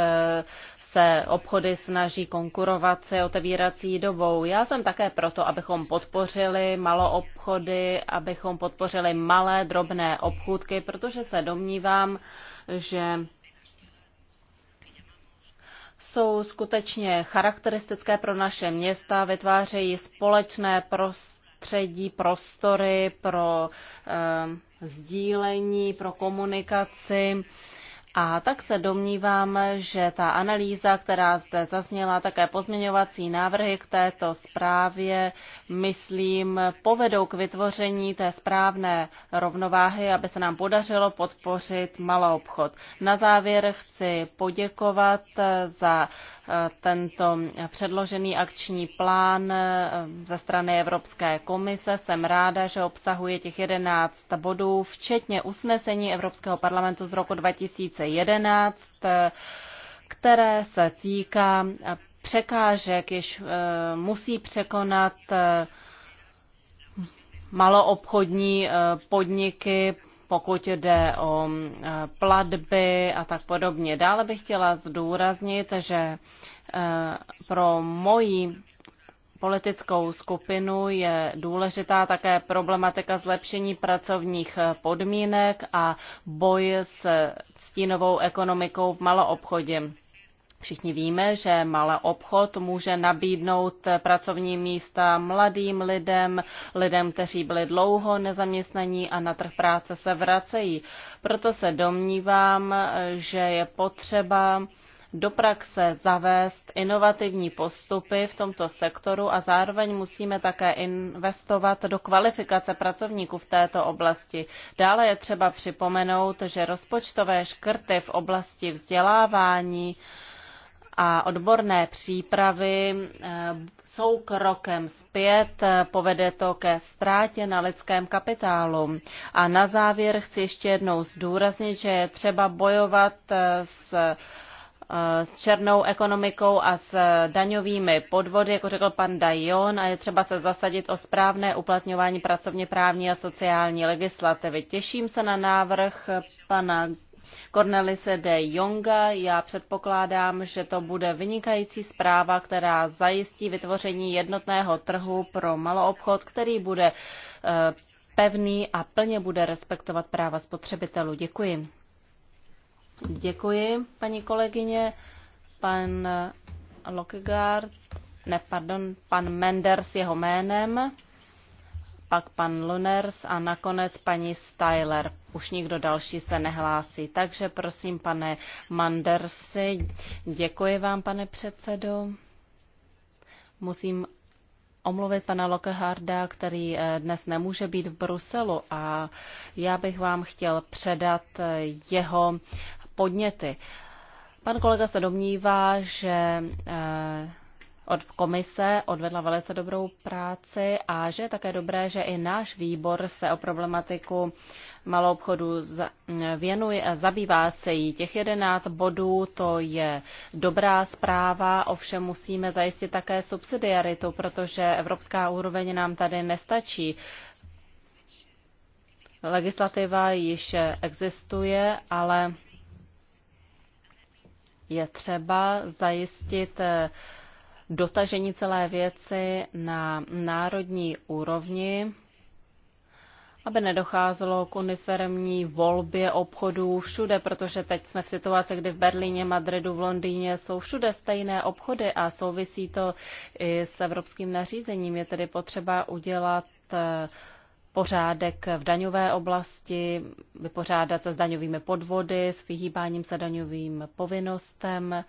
se obchody snaží konkurovat se otevírací dobou. Já jsem také proto, abychom podpořili maloobchody, abychom podpořili malé drobné obchůdky, protože se domnívám, že jsou skutečně charakteristické pro naše města, vytvářejí společné prostředí, prostory pro eh, sdílení, pro komunikaci. Eh, a tak se domnívám, že ta analýza, která zde zazněla, také pozměňovací návrhy k této zprávě, myslím, povedou k vytvoření té správné rovnováhy, aby se nám podařilo podpořit malou obchod. Na závěr chci poděkovat za Eh, tento předložený akční plán eh, ze strany Evropské komise. Jsem ráda, že obsahuje těch 11 bodů, včetně usnesení Evropského parlamentu z roku 2011, eh, které se týká překážek, jež musí překonat maloobchodní podniky pokud jde o e, platby a tak podobně. Dále bych chtěla zdůraznit, že e, pro moji politickou skupinu je důležitá také problematika zlepšení pracovních podmínek a boj s stínovou ekonomikou v maloobchodě. Všichni víme, že malý obchod může nabídnout pracovní místa mladým lidem, lidem, kteří byli dlouho nezaměstnaní a na trh práce se vracejí. Proto se domnívám, že je potřeba do praxe zavést inovativní postupy v tomto sektoru a zároveň musíme také investovat do kvalifikace pracovníků v této oblasti. Dále je třeba připomenout, že rozpočtové škrty v oblasti vzdělávání a odborné přípravy eh, jsou krokem zpět, eh, povede to ke ztrátě na lidském kapitálu. A na závěr chci ještě jednou zdůraznit, že je třeba bojovat eh, s s černou ekonomikou a s daňovými podvody, jako řekl pan Dajon, a je třeba se zasadit o správné uplatňování pracovně právní a sociální legislativy. Těším se na návrh pana Cornelise de Jonga. Já předpokládám, že to bude vynikající zpráva, která zajistí vytvoření jednotného trhu pro maloobchod, který bude eh, pevný a plně bude respektovat práva spotřebitelů. Děkuji. Děkuji, paní kolegyně. Pan Lockegaard, ne, pardon, pan Menders jeho jménem pak pan Luners a nakonec paní Styler. Už nikdo další se nehlásí. Takže prosím, pane Mandersi, děkuji vám, pane předsedo. Musím omluvit pana Lockeharda, který eh, dnes nemůže být v Bruselu a já bych vám chtěl předat eh, jeho podněty. Pan kolega se domnívá, že eh, od komise odvedla velice dobrou práci a že je také dobré, že i náš výbor se o problematiku malou obchodu věnuje a zabývá se jí. Těch 11 bodů to je dobrá zpráva, ovšem musíme zajistit také subsidiaritu, protože evropská úroveň nám tady nestačí. Legislativa již existuje, ale je třeba zajistit eh, dotažení celé věci na národní úrovni, aby nedocházelo k uniformní volbě obchodů všude, protože teď jsme v situaci, kdy v Berlíně, Madridu, v Londýně jsou všude stejné obchody a souvisí to i s evropským nařízením. Je tedy potřeba udělat eh, pořádek v daňové oblasti, vypořádat se s daňovými podvody, s vyhýbáním se daňovým povinnostem,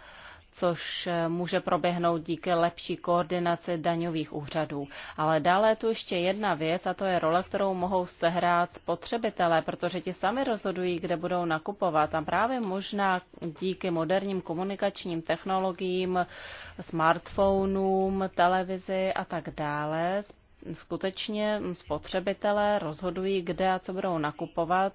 což eh, může proběhnout díky lepší koordinaci daňových úřadů. Ale dále je tu ještě jedna věc a to je role, kterou mohou sehrát spotřebitelé, protože ti sami rozhodují, kde budou nakupovat. A právě možná díky moderním komunikačním technologiím, smartphonům, televizi a tak dále, skutečně spotřebitelé rozhodují, kde a co budou nakupovat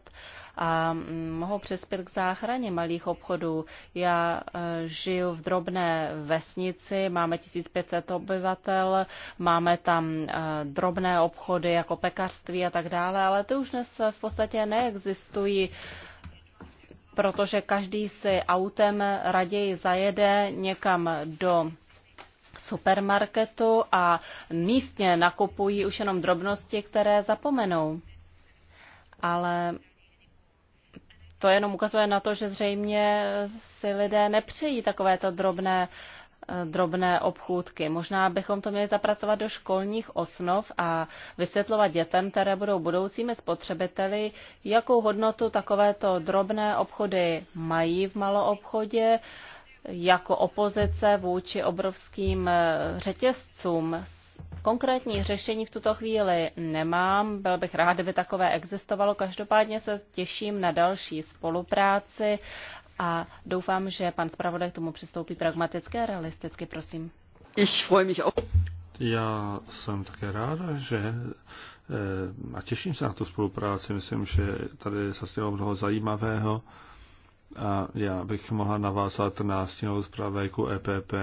a mohou přispět k záchraně malých obchodů. Já eh, žiju v drobné vesnici, máme 1500 obyvatel, máme tam eh, drobné obchody jako pekařství a tak dále, ale ty už dnes v podstatě neexistují protože každý si autem raději zajede někam do supermarketu a místně nakupují už jenom drobnosti, které zapomenou. Ale to jenom ukazuje na to, že zřejmě si lidé nepřejí takovéto drobné, eh, drobné obchůdky. Možná bychom to měli zapracovat do školních osnov a vysvětlovat dětem, které budou budoucími spotřebiteli, jakou hodnotu takovéto drobné obchody mají v maloobchodě, obchodě jako opozice vůči obrovským eh, řetězcům. Konkrétní řešení v tuto chvíli nemám, byl bych rád, kdyby takové existovalo. Každopádně se těším na další spolupráci a doufám, že pan zpravodaj k tomu přistoupí pragmaticky a realisticky, prosím. Ich mich auch. Já jsem také ráda, že eh, a těším se na tu spolupráci. Myslím, že tady se stalo mnoho zajímavého a já bych mohla navázat na stínovou zpravodajku EPP.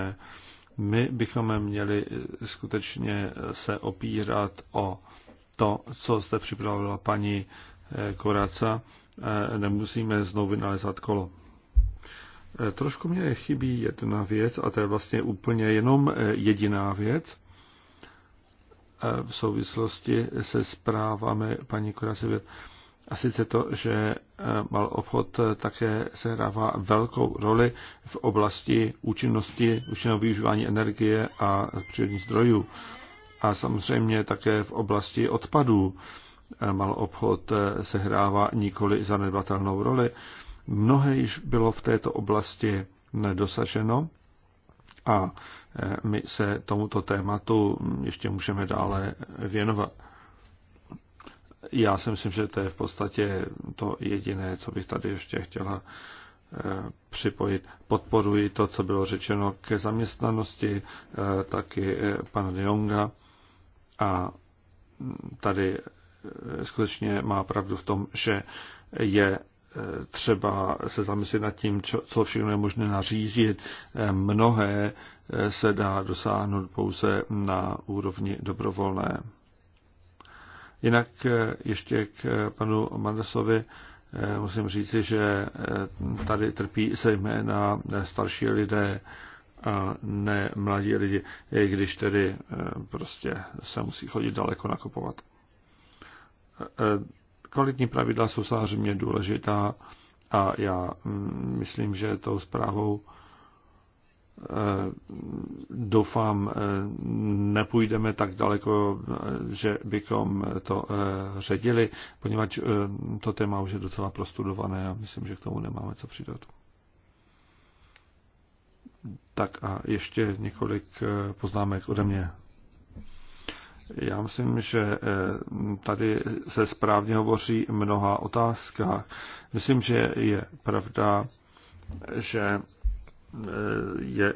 My bychom měli skutečně se opírat o to, co zde připravila paní eh, Koraca. Eh, nemusíme znovu vynalezat kolo. Eh, trošku mě chybí jedna věc, a to je vlastně úplně jenom jediná věc v souvislosti se zprávami paní Koracevět a sice to, že eh, mal obchod eh, také sehrává velkou roli v oblasti účinnosti, účinného využívání energie a přírodních zdrojů. A samozřejmě také v oblasti odpadů eh, mal obchod sehrává nikoli zanedbatelnou roli. Mnohé již bylo v této oblasti nedosaženo a my se tomuto tématu ještě můžeme dále věnovat. Já si myslím, že to je v podstatě to jediné, co bych tady ještě chtěla eh, připojit. Podporuji to, co bylo řečeno ke zaměstnanosti, eh, taky eh, pana Dionga. A tady skutečně má pravdu v tom, že je třeba se zamyslet nad tím, co všechno je možné nařízit. Mnohé se dá dosáhnout pouze na úrovni dobrovolné. Jinak eh, ještě k eh, panu Mandasovi eh, musím říci, že tady trpí zejména starší lidé a ne mladí lidi, i když tedy prostě se musí chodit daleko nakupovat. Kvalitní pravidla jsou samozřejmě důležitá a já mm, myslím, že tou zprávou Eh, doufám, eh, nepůjdeme tak daleko, eh, že bychom to ředili, poněvadž to téma už je docela prostudované a myslím, že k tomu nemáme co přidat. Tak a ještě několik poznámek ode mě. Já myslím, že tady se správně hovoří mnoha otázkách. Myslím, že je pravda, že je,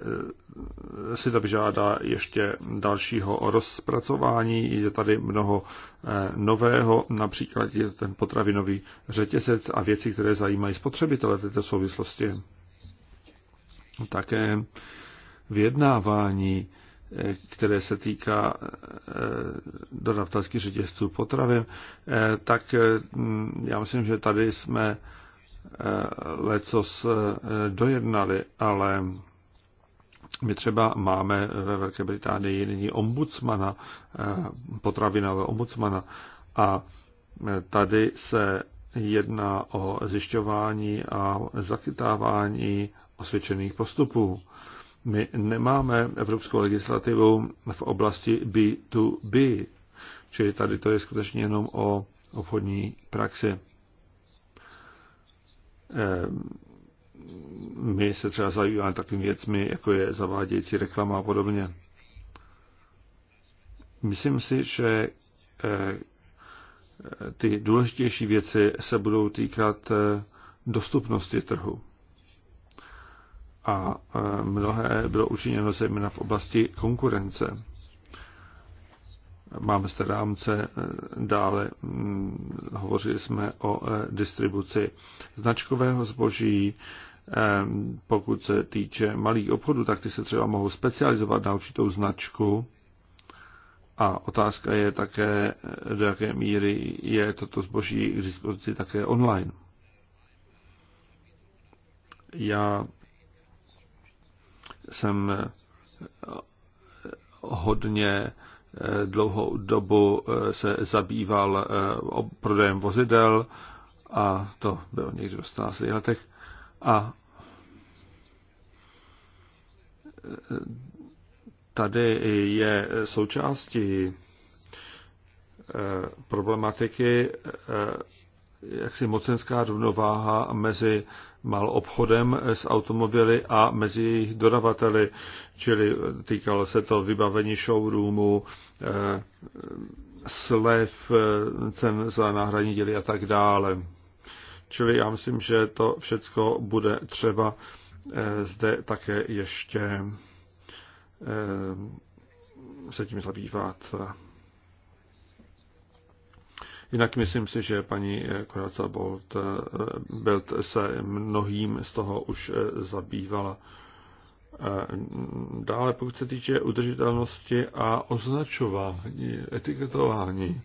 si to vyžádá ještě dalšího rozpracování. Je tady mnoho eh, nového, například je ten potravinový řetězec a věci, které zajímají spotřebitele v této souvislosti. Také vyjednávání, eh, které se týká eh, dodavatelských řetězců potravin, tak já myslím, že tady jsme Eh, lecos eh, dojednali, ale my třeba máme ve Velké Británii nyní ombudsmana, eh, potravinového ombudsmana a tady se jedná o zjišťování a zachytávání osvědčených postupů. My nemáme evropskou legislativu v oblasti B2B, čili tady to je skutečně jenom o obchodní praxi. Eh, my se třeba zabýváme takovými věcmi, jako je zavádějící reklama a podobně. Myslím si, že eh, ty důležitější věci se budou týkat eh, dostupnosti trhu. A mnohé bylo učiněno zejména v oblasti konkurence máme zde rámce, eh, dále mm, hovořili jsme o eh, distribuci značkového zboží, eh, pokud se týče malých obchodů, tak ty se třeba mohou specializovat na určitou značku. A otázka je také, do jaké míry je toto zboží k dispozici také online. Já jsem hodně Eh, dlouhou dobu eh, se zabýval eh, prodejem vozidel a to bylo někdy v 18 letech a tady je součástí problematiky jaksi mocenská rovnováha mezi mal obchodem s automobily a mezi jejich dodavateli, čili týkalo se to vybavení showroomu, eh, slev, eh, cen za náhradní díly a tak dále. Čili já myslím, že to všechno bude třeba eh, zde také ještě se tím zabývat. Jinak myslím si, že paní eh, Koraca Bolt eh, Belt se mnohým z toho už eh, zabývala. Dále, pokud se týče udržitelnosti a označování, etiketování,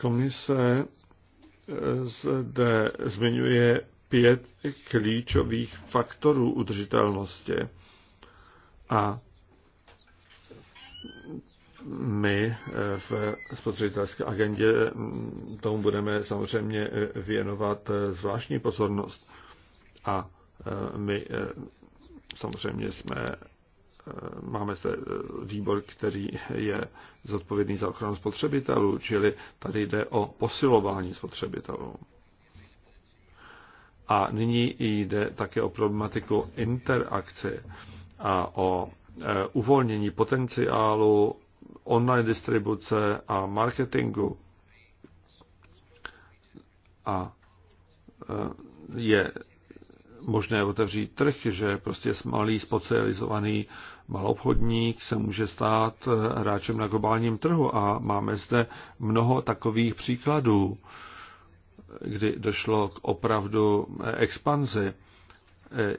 komise zde zmiňuje pět klíčových faktorů udržitelnosti. A my eh, v spotřebitelské agendě mm, tomu budeme samozřejmě eh, věnovat eh, zvláštní pozornost. A my samozřejmě jsme, máme se výbor, který je zodpovědný za ochranu spotřebitelů, čili tady jde o posilování spotřebitelů. A nyní jde také o problematiku interakce a o uvolnění potenciálu online distribuce a marketingu. A e, je možné otevřít trh, že prostě malý specializovaný malobchodník se může stát e, hráčem na globálním trhu a máme zde mnoho takových příkladů, kdy došlo k opravdu e, expanzi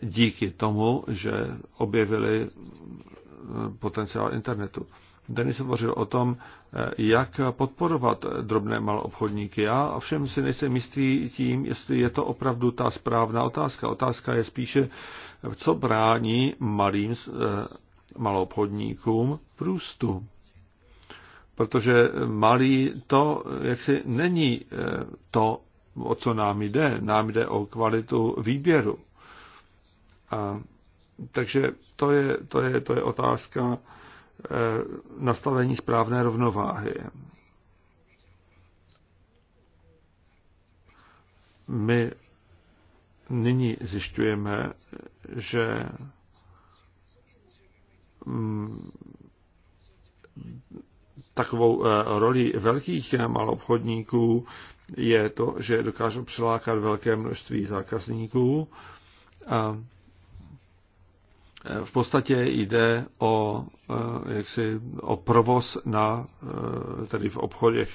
díky tomu, že objevili potenciál internetu. Denis hovořil o tom, eh, jak podporovat drobné maloobchodníky. Já ovšem si nejsem jistý tím, jestli je to opravdu ta správná otázka. Otázka je spíše, co brání malým eh, maloobchodníkům v růstu. Protože malý to, jak si není eh, to, o co nám jde. Nám jde o kvalitu výběru. A, takže to je, to, je, to je otázka, Eh, nastavení správné rovnováhy. My nyní zjišťujeme, že mm, takovou eh, roli velkých malobchodníků je to, že dokážou přilákat velké množství zákazníků a Eh, v podstatě jde o, eh, jaksi, o provoz na, eh, tedy v obchodech,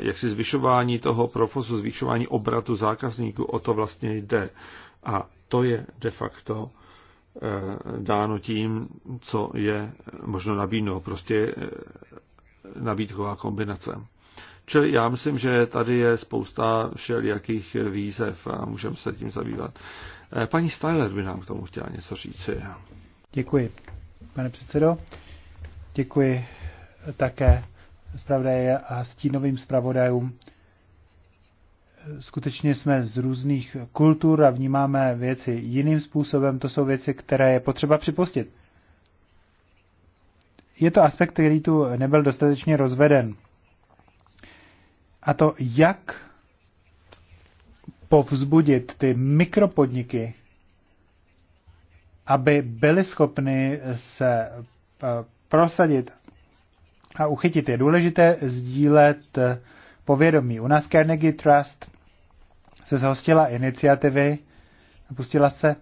jaksi zvyšování toho provozu, zvyšování obratu zákazníků, o to vlastně jde. A to je de facto dáno tím, co je možno nabídnout, prostě nabídková kombinace. Čili já myslím, že tady je spousta všelijakých výzev a můžeme se tím zabývat. Eh, paní Styler by nám k tomu chtěla něco říci. Děkuji, pane předsedo. Děkuji také zpravodaje a stínovým zpravodajům. Skutečně jsme z různých kultur a vnímáme věci jiným způsobem. To jsou věci, které je potřeba připustit. Je to aspekt, který tu nebyl dostatečně rozveden. A to, jak povzbudit ty mikropodniky, aby byly schopny se eh, prosadit a uchytit. Je důležité sdílet eh, povědomí. U nás Carnegie Trust se zhostila iniciativy, pustila se eh,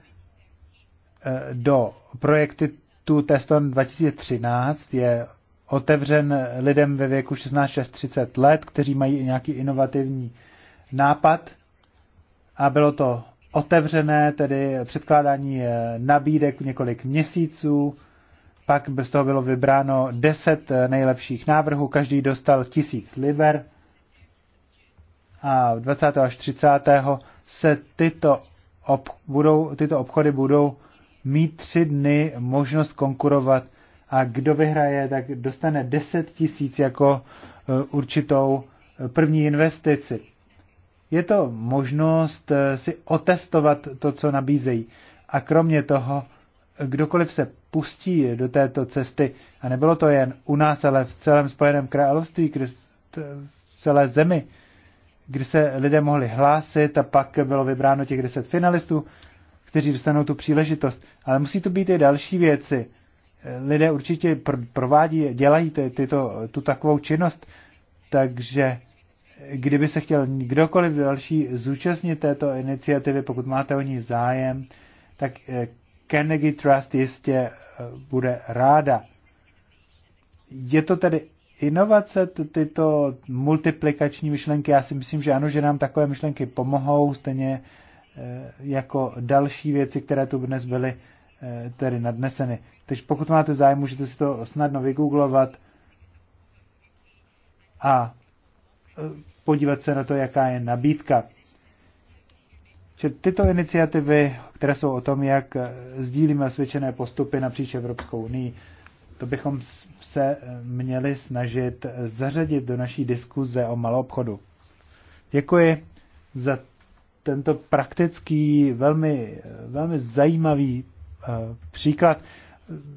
do projekty tu Teston 2013 je otevřen lidem ve věku 16 30 let, kteří mají nějaký inovativní nápad a bylo to otevřené, tedy předkládání eh, nabídek několik měsíců, pak z toho bylo vybráno 10 eh, nejlepších návrhů, každý dostal 1000 liber a 20. až 30. se tyto, ob, budou, tyto obchody budou mít tři dny možnost konkurovat a kdo vyhraje, tak dostane 10 tisíc jako eh, určitou první investici. Je to možnost eh, si otestovat to, co nabízejí. A kromě toho, kdokoliv se pustí do této cesty, a nebylo to jen u nás, ale v celém Spojeném království, kde, v celé zemi, kdy se lidé mohli hlásit a pak bylo vybráno těch deset finalistů, kteří dostanou tu příležitost. Ale musí to být i další věci. Lidé určitě provádí, dělají ty, tyto, tu takovou činnost, takže kdyby se chtěl kdokoliv další zúčastnit této iniciativy, pokud máte o ní zájem, tak eh, Carnegie Trust jistě eh, bude ráda. Je to tedy inovace, tyto multiplikační myšlenky, já si myslím, že ano, že nám takové myšlenky pomohou, stejně eh, jako další věci, které tu dnes byly tedy nadneseny. Takže pokud máte zájem, můžete si to snadno vygooglovat a podívat se na to, jaká je nabídka. Že tyto iniciativy, které jsou o tom, jak sdílíme osvědčené postupy napříč Evropskou unii, to bychom se měli snažit zařadit do naší diskuze o malobchodu. Děkuji za tento praktický, velmi, velmi zajímavý eh, příklad.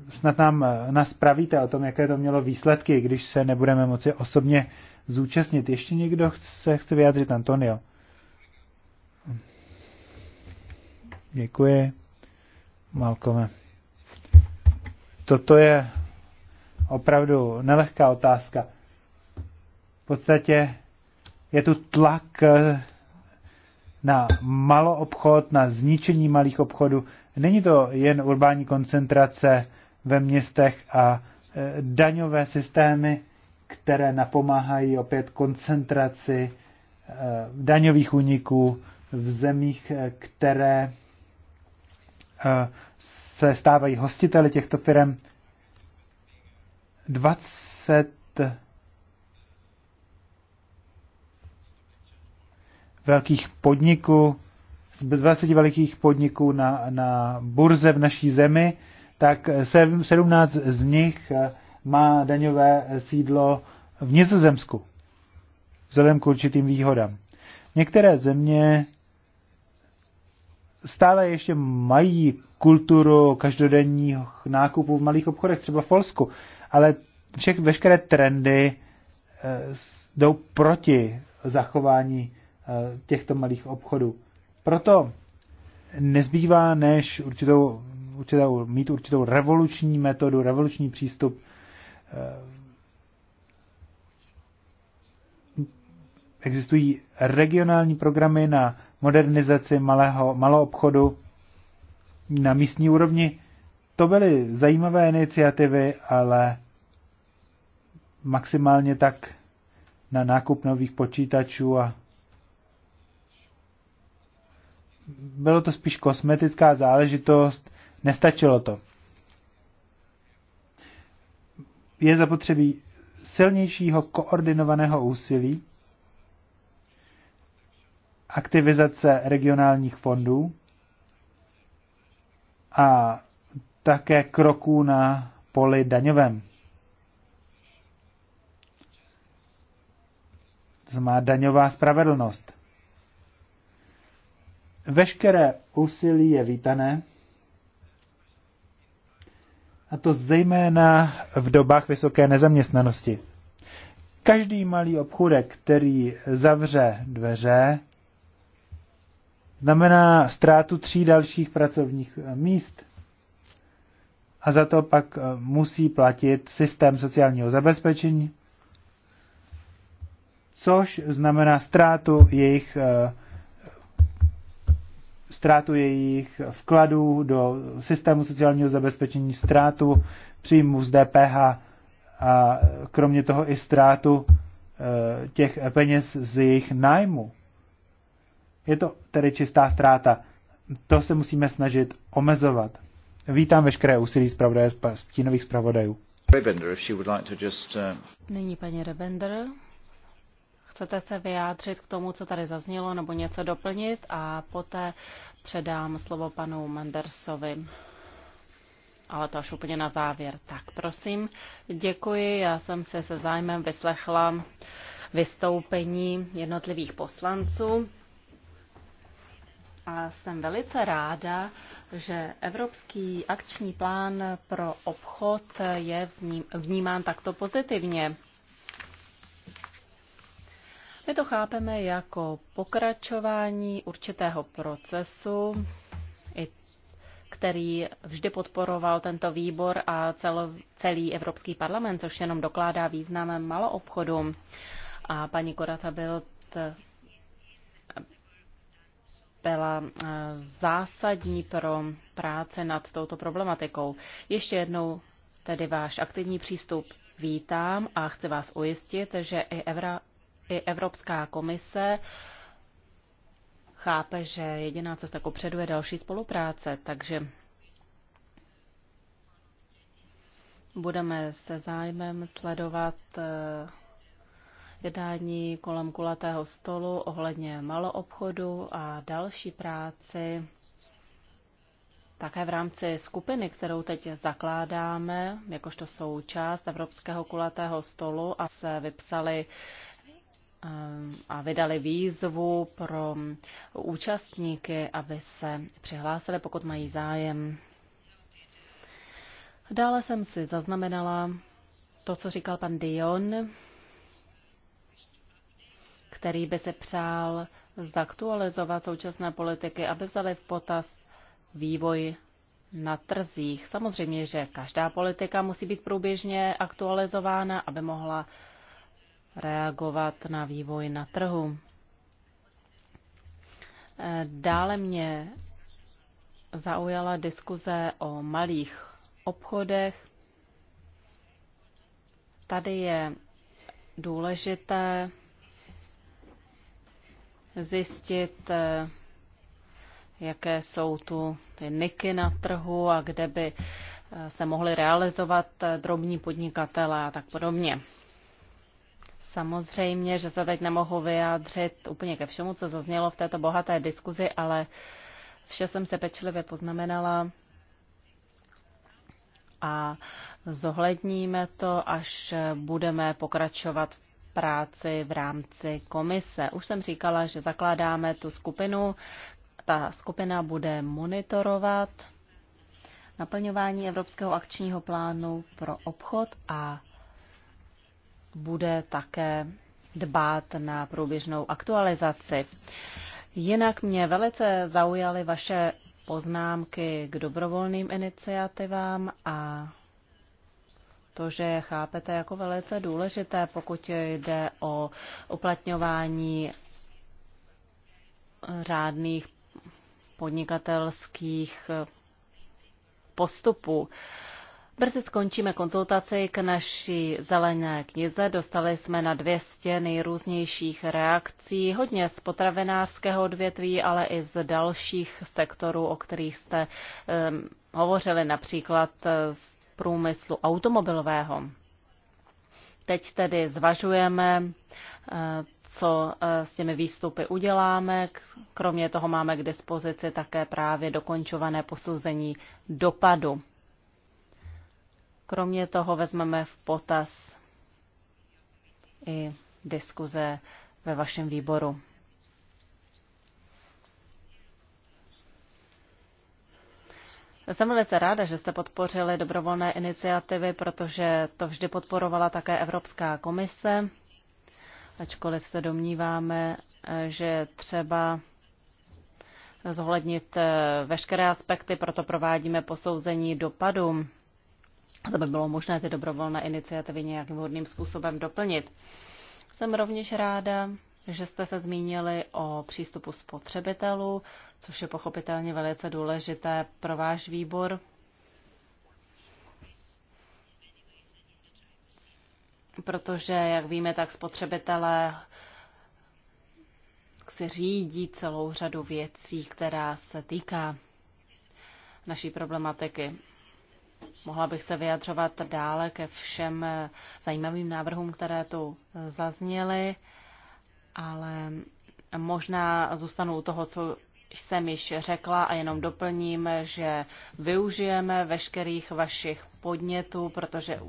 Snad nám eh, nás pravíte o tom, jaké to mělo výsledky, když se nebudeme moci osobně zúčastnit. Ještě někdo se chce vyjádřit, Antonio? Děkuji, Malkome. Toto je opravdu nelehká otázka. V podstatě je tu tlak eh, na maloobchod, na zničení malých obchodů. Není to jen urbání koncentrace ve městech a eh, daňové systémy které napomáhají opět koncentraci eh, daňových úniků v zemích, eh, které eh, se stávají hostiteli těchto firm. 20 velkých podniků, z 20 velkých podniků na, na burze v naší zemi, tak 17 z nich má daňové sídlo v Nizozemsku, vzhledem k určitým výhodám. Některé země stále ještě mají kulturu každodenních nákupů v malých obchodech, třeba v Polsku, ale všech, veškeré trendy eh, jdou proti zachování eh, těchto malých obchodů. Proto nezbývá, než určitou, určitou, mít určitou revoluční metodu, revoluční přístup Eh, existují regionální programy na modernizaci malého, malou obchodu na místní úrovni. To byly zajímavé iniciativy, ale maximálně tak na nákup nových počítačů a bylo to spíš kosmetická záležitost, nestačilo to. je zapotřebí silnějšího koordinovaného úsilí, aktivizace regionálních fondů a také kroků na poli daňovém. To má daňová spravedlnost. Veškeré úsilí je vítané a to zejména v dobách vysoké nezaměstnanosti. Každý malý obchůdek, který zavře dveře, znamená ztrátu tří dalších pracovních eh, míst a za to pak eh, musí platit systém sociálního zabezpečení, což znamená ztrátu jejich eh, ztrátu jejich vkladů do systému sociálního zabezpečení, ztrátu příjmů z DPH a kromě toho i ztrátu eh, těch peněz z jejich nájmu. Je to tedy čistá ztráta. To se musíme snažit omezovat. Vítám veškeré úsilí zpravodaje stínových zpravodajů. Uh, Nyní paní Rebender, Chcete se vyjádřit k tomu, co tady zaznělo, nebo něco doplnit a poté předám slovo panu Mandersovi. Ale to až úplně na závěr. Tak prosím, děkuji. Já jsem se se zájmem vyslechla vystoupení jednotlivých poslanců. A jsem velice ráda, že Evropský akční plán pro obchod je vnímán takto pozitivně. My to chápeme jako pokračování určitého procesu, který vždy podporoval tento výbor a celo, celý Evropský parlament, což jenom dokládá význam maloobchodu. A paní Korata byl eh, byla eh, zásadní pro práce nad touto problematikou. Ještě jednou tedy váš aktivní přístup vítám a chci vás ujistit, že i Evra, i Evropská komise chápe, že jediná cesta kopředu je další spolupráce, takže budeme se zájmem sledovat eh, jednání kolem kulatého stolu ohledně maloobchodu a další práci také v rámci skupiny, kterou teď zakládáme, jakožto součást Evropského kulatého stolu a se vypsali a vydali výzvu pro účastníky, aby se přihlásili, pokud mají zájem. Dále jsem si zaznamenala to, co říkal pan Dion, který by se přál zaktualizovat současné politiky, aby vzali v potaz vývoj na trzích. Samozřejmě, že každá politika musí být průběžně aktualizována, aby mohla reagovat na vývoj na trhu. Dále mě zaujala diskuze o malých obchodech. Tady je důležité zjistit, jaké jsou tu ty niky na trhu a kde by se mohli realizovat drobní podnikatelé a tak podobně. Samozřejmě, že se teď nemohu vyjádřit úplně ke všemu, co zaznělo v této bohaté diskuzi, ale vše jsem se pečlivě poznamenala a zohledníme to, až budeme pokračovat v práci v rámci komise. Už jsem říkala, že zakládáme tu skupinu. Ta skupina bude monitorovat naplňování Evropského akčního plánu pro obchod a bude také dbát na průběžnou aktualizaci. Jinak mě velice zaujaly vaše poznámky k dobrovolným iniciativám a to, že je chápete jako velice důležité, pokud jde o uplatňování řádných podnikatelských postupů. Brzy skončíme konzultaci k naší zelené knize. Dostali jsme na dvě stěny nejrůznějších reakcí, hodně z potravinářského odvětví, ale i z dalších sektorů, o kterých jste um, hovořili, například eh, z průmyslu automobilového. Teď tedy zvažujeme, eh, co eh, s těmi výstupy uděláme. Kromě toho máme k dispozici také právě dokončované posouzení dopadu. Kromě toho vezmeme v potaz i diskuze ve vašem výboru. Jsem velice ráda, že jste podpořili dobrovolné iniciativy, protože to vždy podporovala také Evropská komise, ačkoliv se domníváme, že třeba zohlednit veškeré aspekty, proto provádíme posouzení dopadu to by bylo možné ty dobrovolné iniciativy nějakým vhodným způsobem doplnit. Jsem rovněž ráda, že jste se zmínili o přístupu spotřebitelů, což je pochopitelně velice důležité pro váš výbor. Protože, jak víme, tak spotřebitelé si řídí celou řadu věcí, která se týká naší problematiky. Mohla bych se vyjadřovat dále ke všem zajímavým návrhům, které tu zazněly, ale možná zůstanu u toho, co jsem již řekla a jenom doplním, že využijeme veškerých vašich podnětů, protože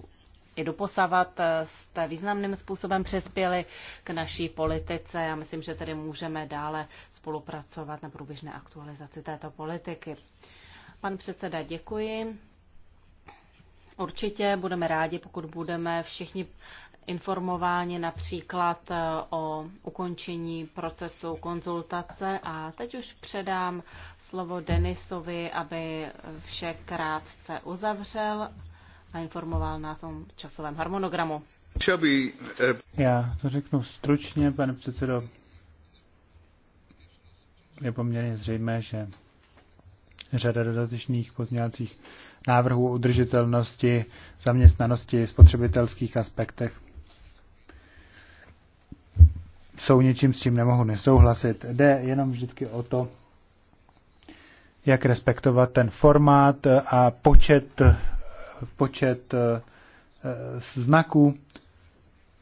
i doposavat jste významným způsobem přispěli k naší politice Já myslím, že tedy můžeme dále spolupracovat na průběžné aktualizaci této politiky. Pan předseda, děkuji. Určitě budeme rádi, pokud budeme všichni informováni například eh, o ukončení procesu konzultace. A teď už předám slovo Denisovi, aby vše krátce uzavřel a informoval nás o časovém harmonogramu. Já to řeknu stručně, pane předsedo. Je poměrně zřejmé, že řada dodatečných pozměňovacích návrhů o udržitelnosti, zaměstnanosti, spotřebitelských aspektech. Jsou něčím, s čím nemohu nesouhlasit. Jde jenom vždycky o to, jak respektovat ten formát a počet, počet eh, znaků,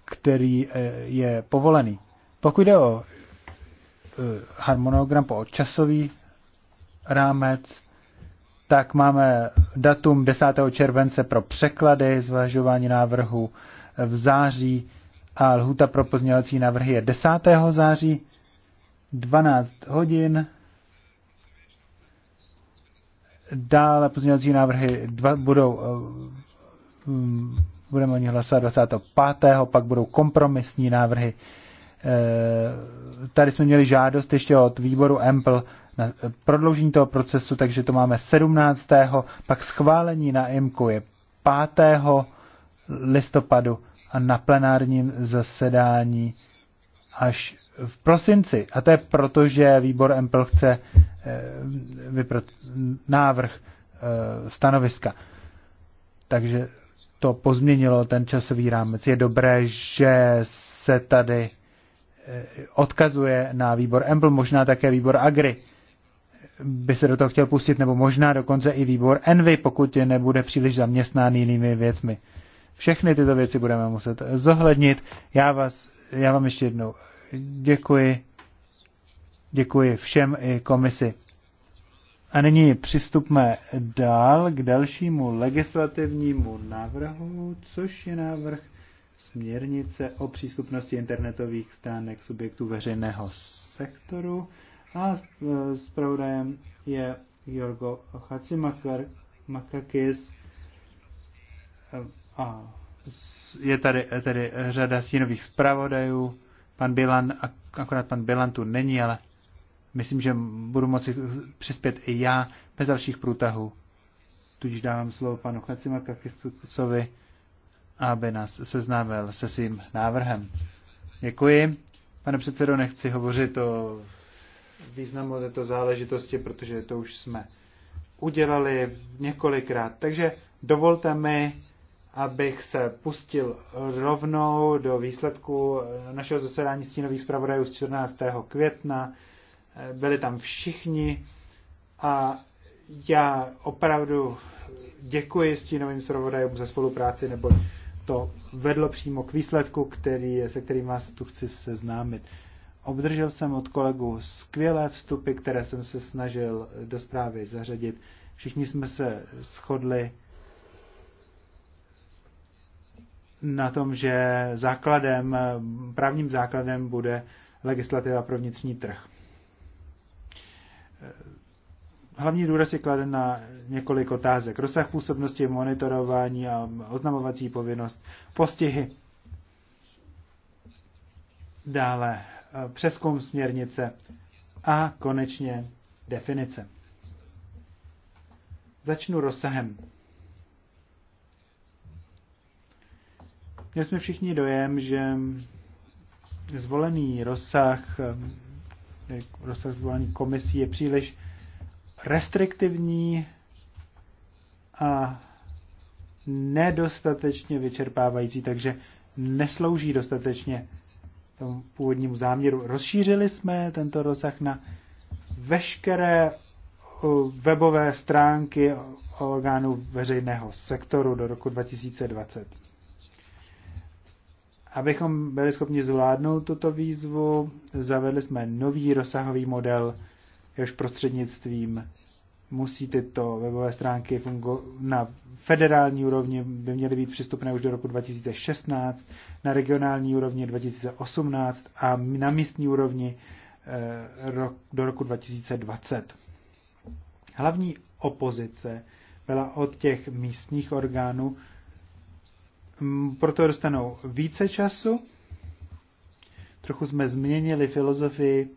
který eh, je povolený. Pokud jde o eh, harmonogram, o časový rámec, tak máme datum 10. července pro překlady, zvažování návrhu v září a lhuta pro pozměňovací návrhy je 10. září 12 hodin. Dále pozměňovací návrhy dva, budou, eh, budeme o nich hlasovat 25. pak budou kompromisní návrhy. Eh, tady jsme měli žádost ještě od výboru Ample na eh, prodloužení toho procesu, takže to máme 17. Pak schválení na IMKU je 5. listopadu a na plenárním zasedání až v prosinci. A to je proto, že výbor MPL chce eh, vyprat, návrh eh, stanoviska. Takže to pozměnilo ten časový rámec. Je dobré, že se tady odkazuje na výbor Empl, možná také výbor Agri by se do toho chtěl pustit, nebo možná dokonce i výbor Envy, pokud je nebude příliš zaměstnán jinými věcmi. Všechny tyto věci budeme muset zohlednit. Já, vás, já vám ještě jednou děkuji. Děkuji všem i komisi. A nyní přistupme dál k dalšímu legislativnímu návrhu, což je návrh směrnice o přístupnosti internetových stránek subjektů veřejného sektoru. A e, zpravodajem je Jorgo Chacimakakis. A je tady, e, tady řada stínových zpravodajů. Pan Bilan, akorát pan Bilan tu není, ale myslím, že budu moci přispět i já bez dalších průtahů. Tudíž dávám slovo panu Chacimakakisovi, aby nás seznámil se svým návrhem. Děkuji. Pane předsedo, nechci hovořit o významu této záležitosti, protože to už jsme udělali několikrát. Takže dovolte mi, abych se pustil rovnou do výsledku našeho zasedání stínových zpravodajů z 14. května. Byli tam všichni a já opravdu děkuji stínovým zpravodajům za spolupráci, nebo to vedlo přímo k výsledku, který, se kterým vás tu chci seznámit. Obdržel jsem od kolegů skvělé vstupy, které jsem se snažil do zprávy zařadit. Všichni jsme se shodli na tom, že základem, právním základem bude legislativa pro vnitřní trh. Hlavní důraz je kladen na několik otázek. Rozsah působnosti, monitorování a oznamovací povinnost, postihy. Dále Eh, přeskum směrnice a konečně definice. Začnu rozsahem. Měli jsme všichni dojem, že zvolený rozsah, eh, rozsah zvolený komisí je příliš restriktivní a nedostatečně vyčerpávající, takže neslouží dostatečně tomu původnímu záměru. Rozšířili jsme tento rozsah na veškeré eh, webové stránky orgánů veřejného sektoru do roku 2020. Abychom byli schopni zvládnout tuto výzvu, zavedli jsme nový rozsahový model, jehož prostřednictvím musí tyto webové stránky fungo- na federální úrovni by měly být přistupné už do roku 2016, na regionální úrovni 2018 a na místní úrovni eh, do roku 2020. Hlavní opozice byla od těch místních orgánů, mm, proto dostanou více času. Trochu jsme změnili filozofii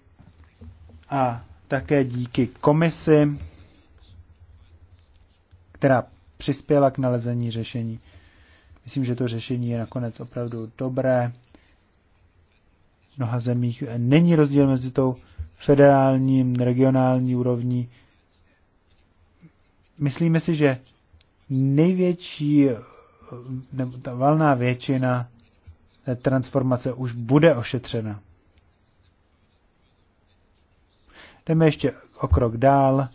a také díky komisi která přispěla k nalezení řešení. Myslím, že to řešení je nakonec opravdu dobré. V mnoha zemích není rozdíl mezi tou federálním, regionální úrovní. Myslíme si, že největší, nebo ta valná většina transformace už bude ošetřena. Jdeme ještě o krok dál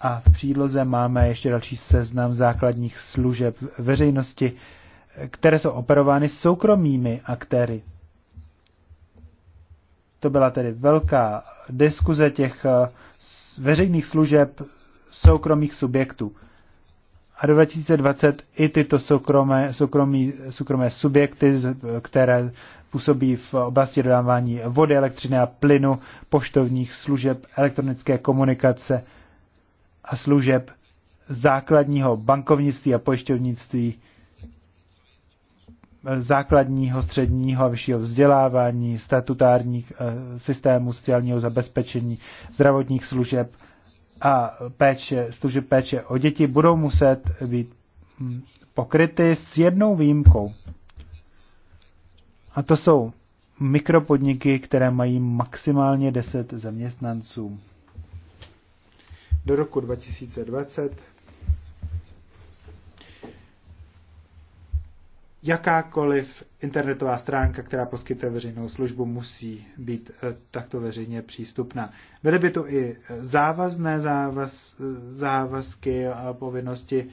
a v příloze máme ještě další seznam základních služeb veřejnosti, které jsou operovány soukromými aktéry. To byla tedy velká diskuze těch eh, veřejných služeb soukromých subjektů. A do 2020 i tyto soukromé, soukromí, soukromé subjekty, které působí v oblasti dodávání vody, elektřiny a plynu, poštovních služeb, elektronické komunikace, a služeb základního bankovnictví a pojišťovnictví, základního, středního a vyššího vzdělávání, statutárních eh, systémů sociálního zabezpečení, zdravotních služeb a péče, služeb péče o děti budou muset být hm, pokryty s jednou výjimkou. A to jsou mikropodniky, které mají maximálně 10 zaměstnanců do roku 2020 jakákoliv internetová stránka, která poskytuje veřejnou službu, musí být eh, takto veřejně přístupná. Byly by to i závazné závaz, závazky a povinnosti,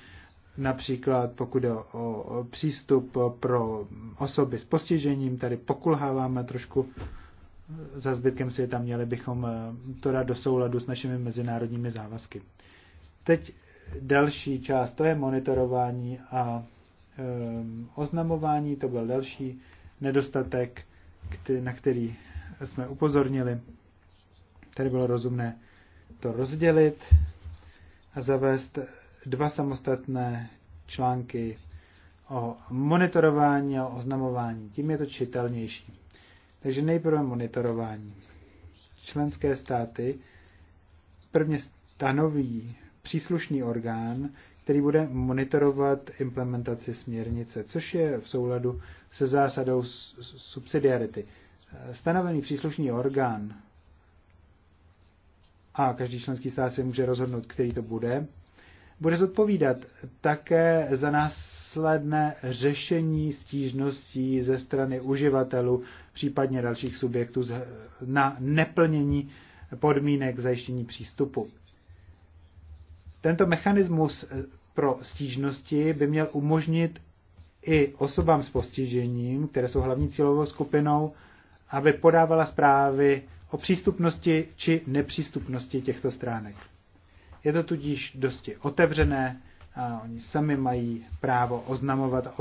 například pokud je o přístup pro osoby s postižením, tady pokulháváme trošku za zbytkem světa, měli bychom eh, to dát do souladu s našimi mezinárodními závazky. Teď další část, to je monitorování a um, oznamování, to byl další nedostatek, který, na který jsme upozornili. Tady bylo rozumné to rozdělit a zavést dva samostatné články o monitorování a oznamování. Tím je to čitelnější. Takže nejprve monitorování. Členské státy prvně stanoví příslušný orgán, který bude monitorovat implementaci směrnice, což je v souladu se zásadou subsidiarity. Stanovený příslušný orgán a každý členský stát si může rozhodnout, který to bude, bude zodpovídat také za následné řešení stížností ze strany uživatelů, případně dalších subjektů na neplnění podmínek zajištění přístupu. Tento mechanismus eh, pro stížnosti by měl umožnit i osobám s postižením, které jsou hlavní cílovou skupinou, aby podávala zprávy o přístupnosti či nepřístupnosti těchto stránek. Je to tudíž dosti otevřené a oni sami mají právo oznamovat a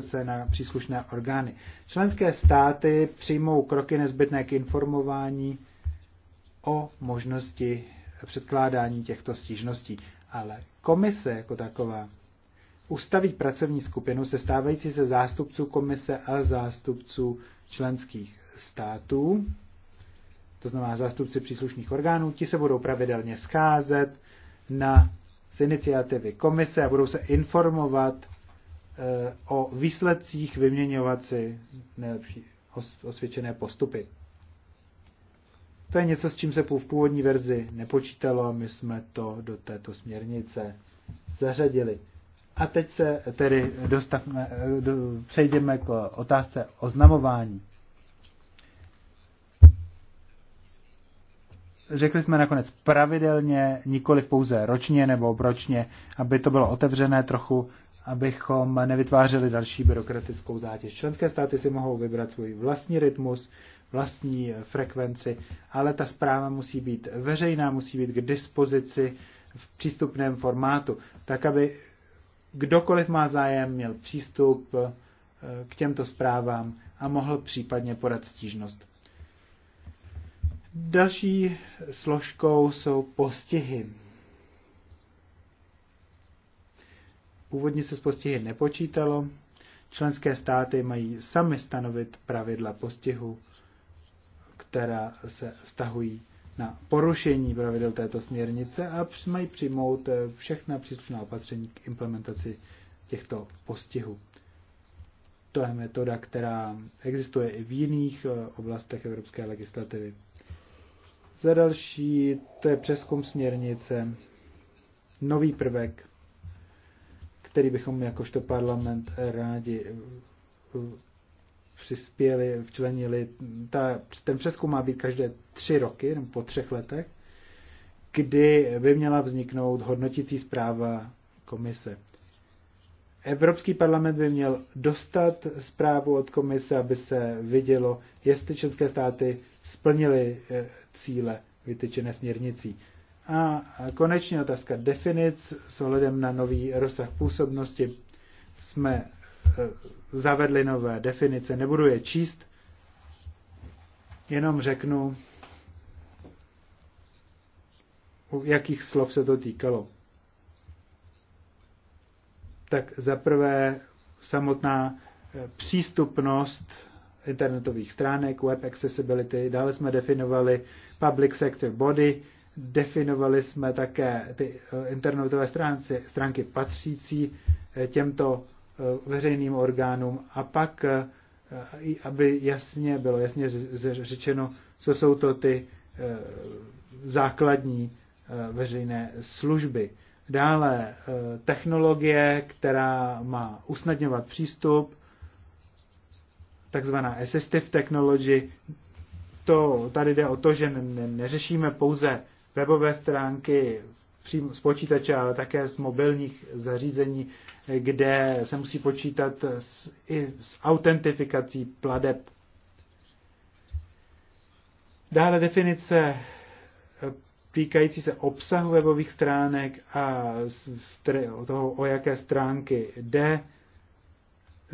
se na příslušné orgány. Členské státy přijmou kroky nezbytné k informování o možnosti předkládání těchto stížností. Ale komise jako taková ustaví pracovní skupinu sestávající se zástupců komise a zástupců členských států, to znamená zástupci příslušných orgánů, ti se budou pravidelně scházet, na, z iniciativy komise a budou se informovat eh, o výsledcích vyměňovat si nejlepší osvědčené postupy. To je něco, s čím se v původní verzi nepočítalo a my jsme to do této směrnice zařadili. A teď se tedy dostavme, eh, přejdeme k otázce oznamování. řekli jsme nakonec pravidelně, nikoli pouze ročně nebo obročně, aby to bylo otevřené trochu, abychom nevytvářeli další byrokratickou zátěž. Členské státy si mohou vybrat svůj vlastní rytmus, vlastní eh, frekvenci, ale ta zpráva musí být veřejná, musí být k dispozici v přístupném formátu, tak aby kdokoliv má zájem měl přístup eh, k těmto zprávám a mohl případně podat stížnost. Další složkou jsou postihy. Původně se s postihy nepočítalo. Členské státy mají sami stanovit pravidla postihu, která se vztahují na porušení pravidel této směrnice a mají přijmout eh, všechna příslušná opatření k implementaci těchto postihů. To je metoda, která existuje i v jiných eh, oblastech evropské legislativy. Za další, to je přeskum směrnice. Nový prvek, který bychom jakožto parlament rádi přispěli, včlenili. Ta, ten přeskum má být každé tři roky, nebo po třech letech, kdy by měla vzniknout hodnotící zpráva komise. Evropský parlament by měl dostat zprávu od komise, aby se vidělo, jestli české státy splnily eh, cíle vytyčené směrnicí. A konečně otázka definic s ohledem na nový rozsah působnosti. Jsme e, zavedli nové definice, nebudu je číst, jenom řeknu, u jakých slov se to týkalo. Tak zaprvé samotná e, přístupnost internetových stránek, web accessibility, dále jsme definovali public sector body, definovali jsme také ty eh, internetové stránky, stránky patřící eh, těmto eh, veřejným orgánům a pak, aby jasně bylo jasně řečeno, co jsou to ty základní veřejné služby. Dále technologie, která má usnadňovat přístup, takzvaná assistive technology. To, tady jde o to, že ne, neřešíme pouze webové stránky přímo z počítače, ale také z mobilních zařízení, kde se musí počítat s, i s autentifikací pladeb. Dále definice eh, týkající se obsahu webových stránek a toho, o jaké stránky jde,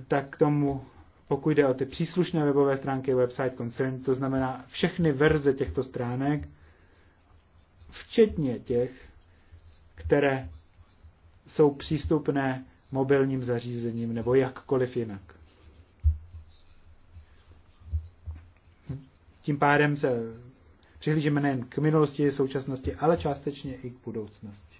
tak tomu pokud jde o ty příslušné webové stránky Website Concern, to znamená všechny verze těchto stránek, včetně těch, které jsou přístupné mobilním zařízením nebo jakkoliv jinak. Tím pádem se přihlížíme nejen k minulosti, současnosti, ale částečně i k budoucnosti.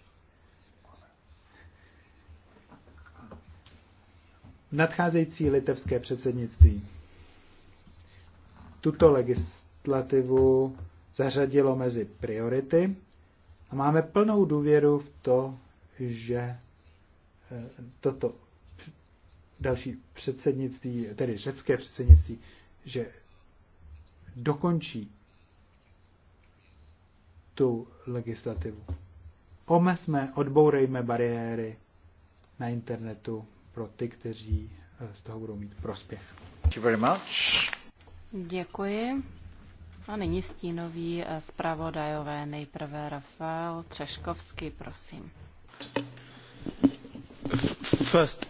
nadcházející litevské předsednictví tuto legislativu zařadilo mezi priority a máme plnou důvěru v to, že eh, toto další předsednictví, tedy řecké předsednictví, že dokončí tu legislativu. Omezme, odbourejme bariéry na internetu pro ty, kteří eh, z toho budou mít prospěch. Děkuji. A nyní stínový eh, zpravodajové nejprve Rafael Třeškovský, prosím. First,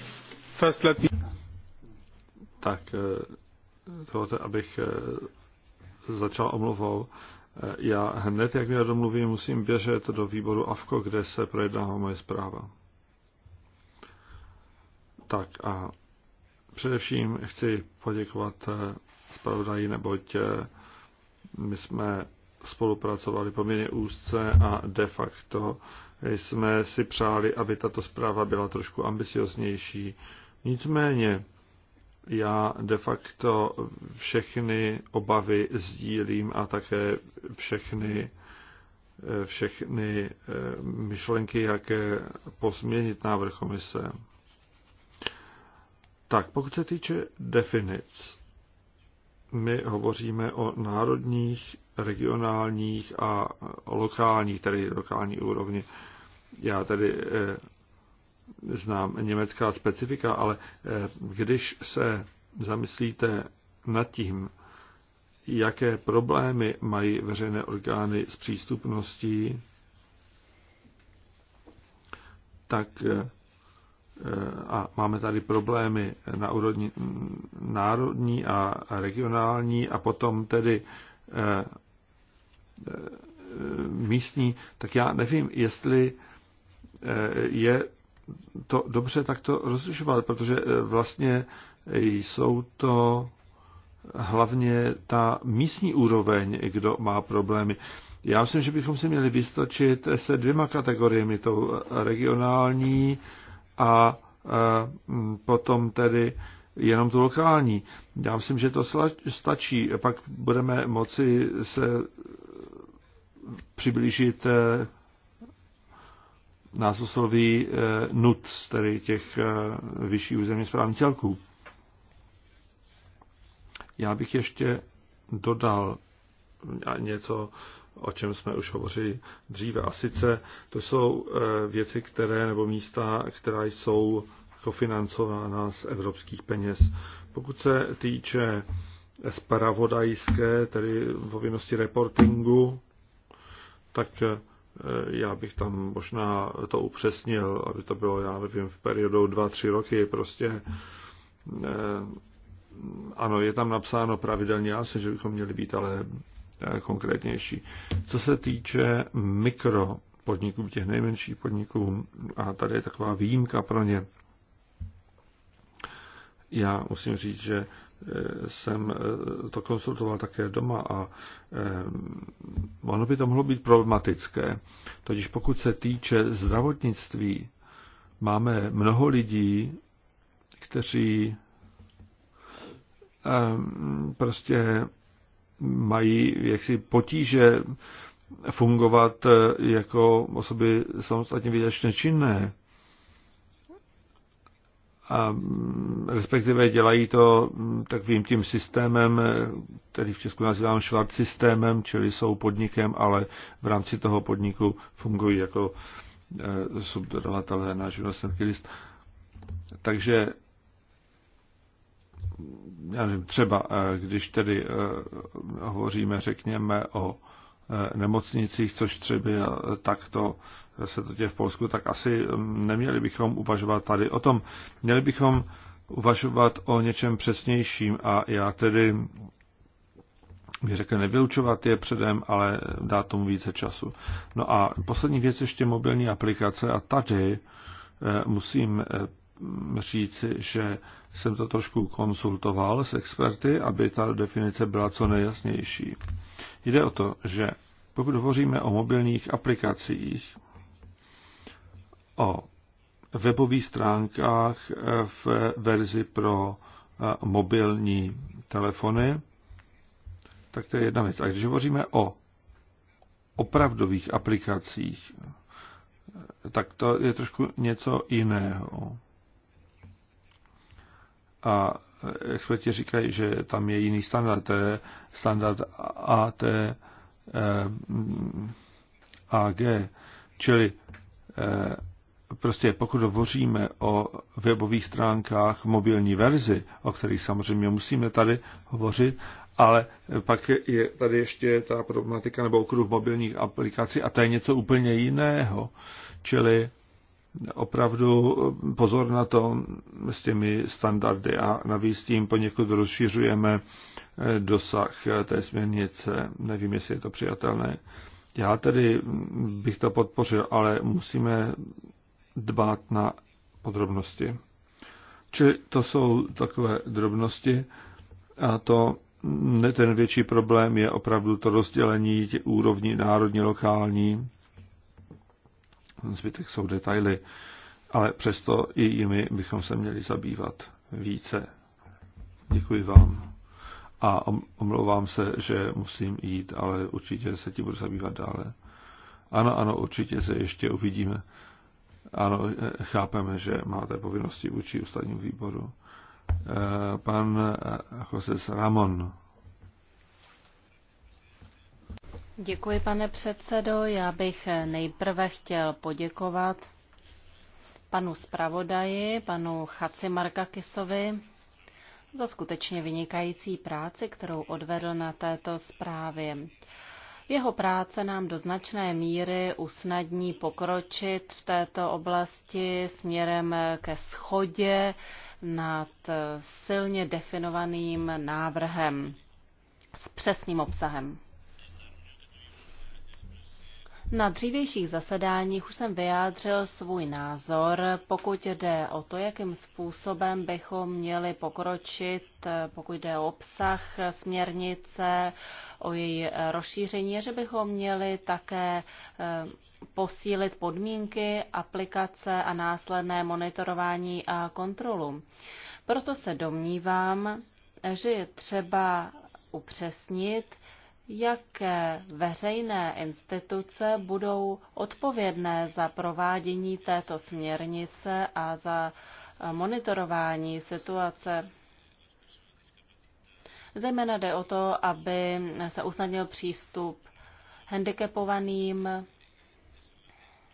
first let me... Tak, eh, dovolte, abych začal omluvou. Já hned, jak mě domluvím, musím běžet do výboru AFKO, kde se projednává moje zpráva. Tak a především chci poděkovat eh, zpravodaji, neboť eh, my jsme spolupracovali poměrně úzce a de facto jsme si přáli, aby tato zpráva byla trošku ambicioznější. Nicméně já de facto všechny obavy sdílím a také všechny, eh, všechny myšlenky, jaké pozměnit návrh komise. Tak, pokud se týče definic, my hovoříme o národních, regionálních a lokálních, tedy lokální úrovni. Já tedy eh, znám německá specifika, ale eh, když se zamyslíte nad tím, jaké problémy mají veřejné orgány s přístupností, tak eh, a máme tady problémy na úrovni národní a regionální a potom tedy eh, místní, tak já nevím, jestli eh, je to dobře takto rozlišovat, protože eh, vlastně jsou to hlavně ta místní úroveň, kdo má problémy. Já myslím, že bychom si měli vystačit se dvěma kategoriemi, tou regionální, a e, potom tedy jenom tu lokální. Já myslím, že to stačí. Pak budeme moci se přiblížit e, názvosloví e, nut tedy těch vyšších územně správních celků. Já bych ještě dodal něco o čem jsme už hovořili dříve. A sice to jsou eh, věci, které nebo místa, která jsou kofinancována z evropských peněz. Pokud se týče spravodajské, tedy povinnosti reportingu, tak eh, já bych tam možná to upřesnil, aby to bylo, já nevím, v periodu 2-3 roky, prostě eh, ano, je tam napsáno pravidelně, já si, že bychom měli být ale konkrétnější. Co se týče mikro podniků, těch nejmenších podniků, a tady je taková výjimka pro ně, já musím říct, že eh, jsem eh, to konsultoval také doma a eh, ono by to mohlo být problematické. Totiž pokud se týče zdravotnictví, máme mnoho lidí, kteří prostě mají jaksi potíže fungovat eh, jako osoby samostatně výdačně činné. A mm, respektive dělají to mm, takovým tím systémem, eh, který v Česku nazývám švart systémem, čili jsou podnikem, ale v rámci toho podniku fungují jako eh, subdodavatelé na živnostenský list. Takže já nevím, třeba eh, když tedy eh, hovoříme, řekněme, o eh, nemocnicích, což třeba takto se to děje v Polsku, tak asi mm, neměli bychom uvažovat tady o tom. Měli bychom uvažovat o něčem přesnějším a já tedy bych řekl, nevylučovat je předem, ale dát tomu více času. No a poslední věc ještě mobilní aplikace a tady musím říci, že jsem to trošku konsultoval s experty, aby ta definice byla co nejjasnější. Jde o to, že pokud hovoříme o mobilních aplikacích, o webových stránkách v verzi pro eh, mobilní telefony, tak to je jedna věc. A když hovoříme o opravdových aplikacích, tak to je trošku něco jiného a experti říkají, že tam je jiný standard, to je standard AT, eh, AG, čili eh, prostě pokud hovoříme o webových stránkách mobilní verzi, o kterých samozřejmě musíme tady hovořit, ale pak je tady ještě ta problematika nebo okruh mobilních aplikací a to je něco úplně jiného. Čili opravdu pozor na to s těmi standardy a navíc tím poněkud rozšiřujeme eh, dosah eh, té směrnice. Nevím, jestli je to přijatelné. Já tedy bych to podpořil, ale musíme dbát na podrobnosti. Či to jsou takové drobnosti a to ne ten větší problém je opravdu to rozdělení úrovní národní, lokální zbytek jsou detaily, ale přesto i jimi bychom se měli zabývat více. Děkuji vám. A omlouvám se, že musím jít, ale určitě se ti budu zabývat dále. Ano, ano, určitě se ještě uvidíme. Ano, chápeme, že máte povinnosti vůči ústavnímu výboru. Eh, pan eh, Jose Ramon. Děkuji, pane předsedo. Já bych nejprve chtěl poděkovat panu zpravodaji, panu Chaci Markakisovi, za skutečně vynikající práci, kterou odvedl na této zprávě. Jeho práce nám do značné míry usnadní pokročit v této oblasti směrem ke schodě nad silně definovaným návrhem s přesným obsahem. Na dřívějších zasedáních už jsem vyjádřil svůj názor, pokud jde o to, jakým způsobem bychom měli pokročit, pokud jde o obsah směrnice, o její rozšíření, že bychom měli také eh, posílit podmínky, aplikace a následné monitorování a kontrolu. Proto se domnívám, že je třeba upřesnit, jaké veřejné instituce budou odpovědné za provádění této směrnice a za eh, monitorování situace. Zejména jde o to, aby se usnadnil přístup handicapovaným,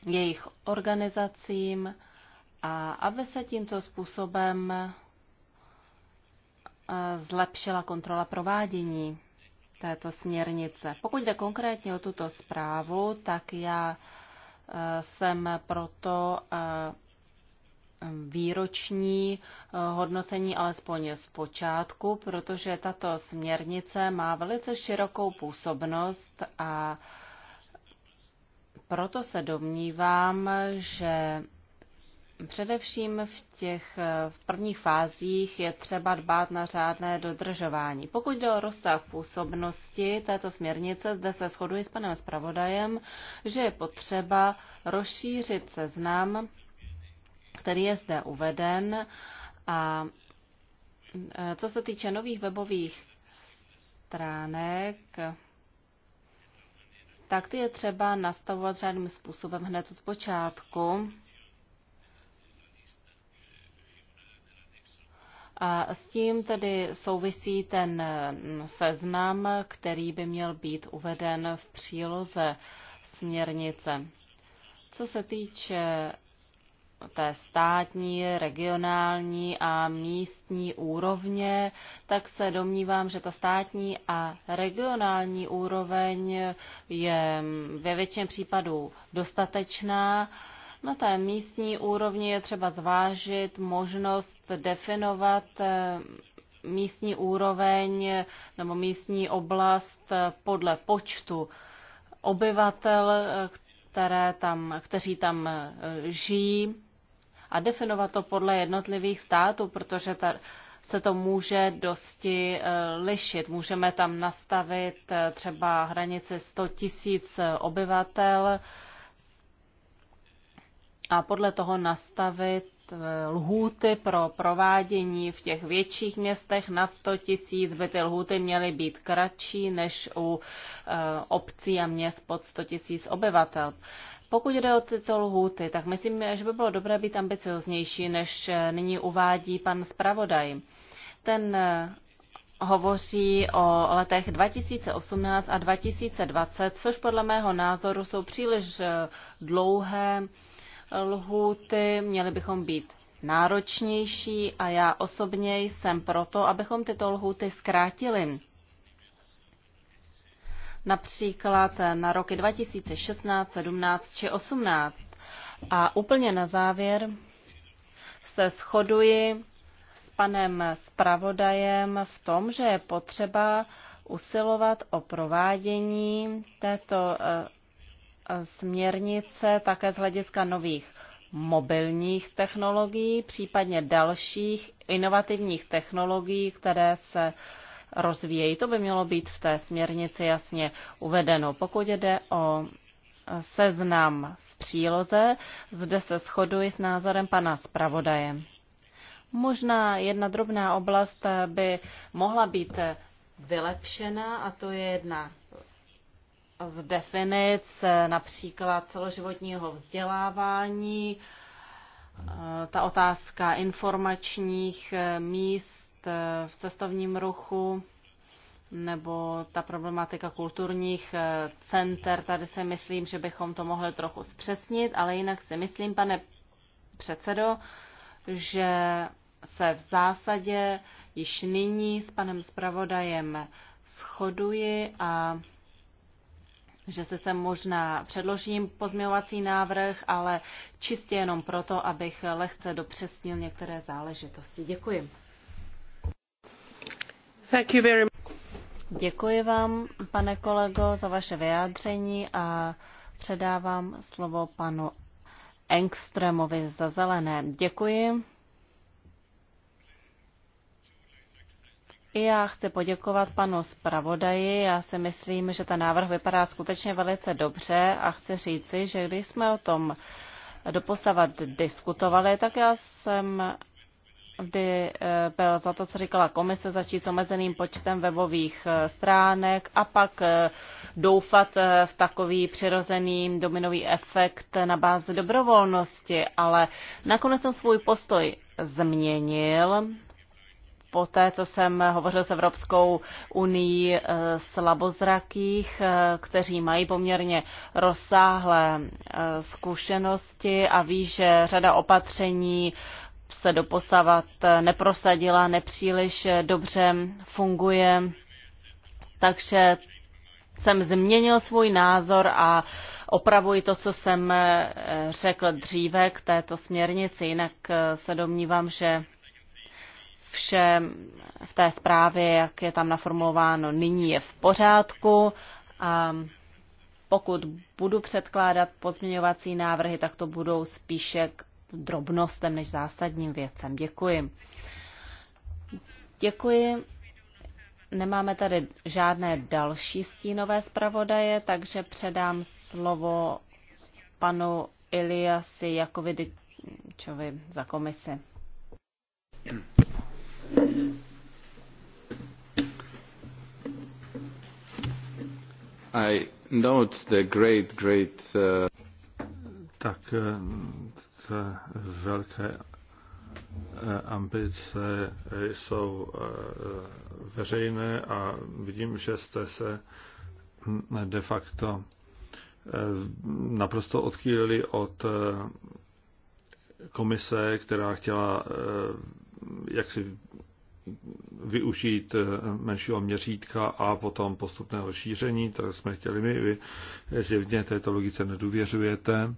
jejich organizacím a aby se tímto způsobem eh, zlepšila kontrola provádění této směrnice. Pokud jde konkrétně o tuto zprávu, tak já e, jsem proto e, výroční e, hodnocení alespoň z počátku, protože tato směrnice má velice širokou působnost a proto se domnívám, že Především v těch eh, v prvních fázích je třeba dbát na řádné dodržování. Pokud jde o rozsah působnosti této směrnice, zde se shoduji s panem zpravodajem, že je potřeba rozšířit seznam, který je zde uveden. A eh, co se týče nových webových stránek, tak ty je třeba nastavovat řádným způsobem hned od počátku A s tím tedy souvisí ten eh, seznam, který by měl být uveden v příloze směrnice. Co se týče té státní, regionální a místní úrovně, tak se domnívám, že ta státní a regionální úroveň je ve většině případů dostatečná na té místní úrovni je třeba zvážit možnost definovat eh, místní úroveň eh, nebo místní oblast eh, podle počtu obyvatel, které tam, kteří tam žijí a definovat to podle jednotlivých států, protože ta, se to může dosti lišit. Můžeme tam nastavit třeba hranici 100 tisíc obyvatel, a podle toho nastavit eh, lhůty pro provádění v těch větších městech nad 100 tisíc by ty lhůty měly být kratší než u eh, obcí a měst pod 100 tisíc obyvatel. Pokud jde o tyto lhůty, tak myslím, že by bylo dobré být ambicioznější, než eh, nyní uvádí pan zpravodaj. Ten hovoří o letech 2018 a 2020, což podle mého názoru jsou příliš dlouhé lhůty, měli bychom být náročnější a já osobně jsem proto, abychom tyto lhůty zkrátili. Například na roky 2016, 17 či 18. A úplně na závěr se shoduji s panem zpravodajem v tom, že je potřeba usilovat o provádění této eh, směrnice také z hlediska nových mobilních technologií, případně dalších inovativních technologií, které se rozvíjejí. To by mělo být v té směrnici jasně uvedeno. Pokud jde o seznam v příloze, zde se shoduji s názorem pana zpravodaje. Možná jedna drobná oblast by mohla být vylepšena a to je jedna z definic, eh, například celoživotního vzdělávání, eh, ta otázka informačních eh, míst v cestovním ruchu nebo ta problematika kulturních center. Tady si myslím, že bychom to mohli trochu zpřesnit, ale jinak si myslím, pane předsedo, že se v zásadě již nyní s panem zpravodajem shoduji a že se sem možná předložím pozměňovací návrh, ale čistě jenom proto, abych lehce dopřesnil některé záležitosti. Děkuji. Thank you very much. Děkuji vám, pane kolego, za vaše vyjádření a předávám slovo panu Engstremovi za zelené. Děkuji. I já chci poděkovat panu zpravodaji. Já si myslím, že ten návrh vypadá skutečně velice dobře a chci říci, že když jsme o tom doposavat diskutovali, tak já jsem kdy eh, byl za to, co říkala komise, začít s omezeným počtem webových eh, stránek a pak eh, doufat v takový přirozený dominový efekt na bázi dobrovolnosti. Ale nakonec jsem svůj postoj změnil poté, co jsem hovořil s Evropskou unii eh, slabozrakých, eh, kteří mají poměrně rozsáhlé eh, zkušenosti a ví, že řada opatření se doposavat neprosadila, nepříliš dobře funguje. Takže jsem změnil svůj názor a opravuji to, co jsem řekl dříve k této směrnici. Jinak se domnívám, že vše v té zprávě, jak je tam naformulováno, nyní je v pořádku. A pokud budu předkládat pozměňovací návrhy, tak to budou spíše k drobnostem než zásadním věcem. Děkuji. Děkuji. Nemáme tady žádné další stínové zpravodaje, takže předám slovo panu Iliasi Jakovidičovi za komisi. I note uh, Tak eh, eh, velké eh, ambice jsou veřejné a vidím, že jste se hm, de facto naprosto odchýlili od komise, která chtěla jaksi využít eh, menšího měřítka a potom postupného šíření, to jsme chtěli my. Vy zjevně této logice nedůvěřujete.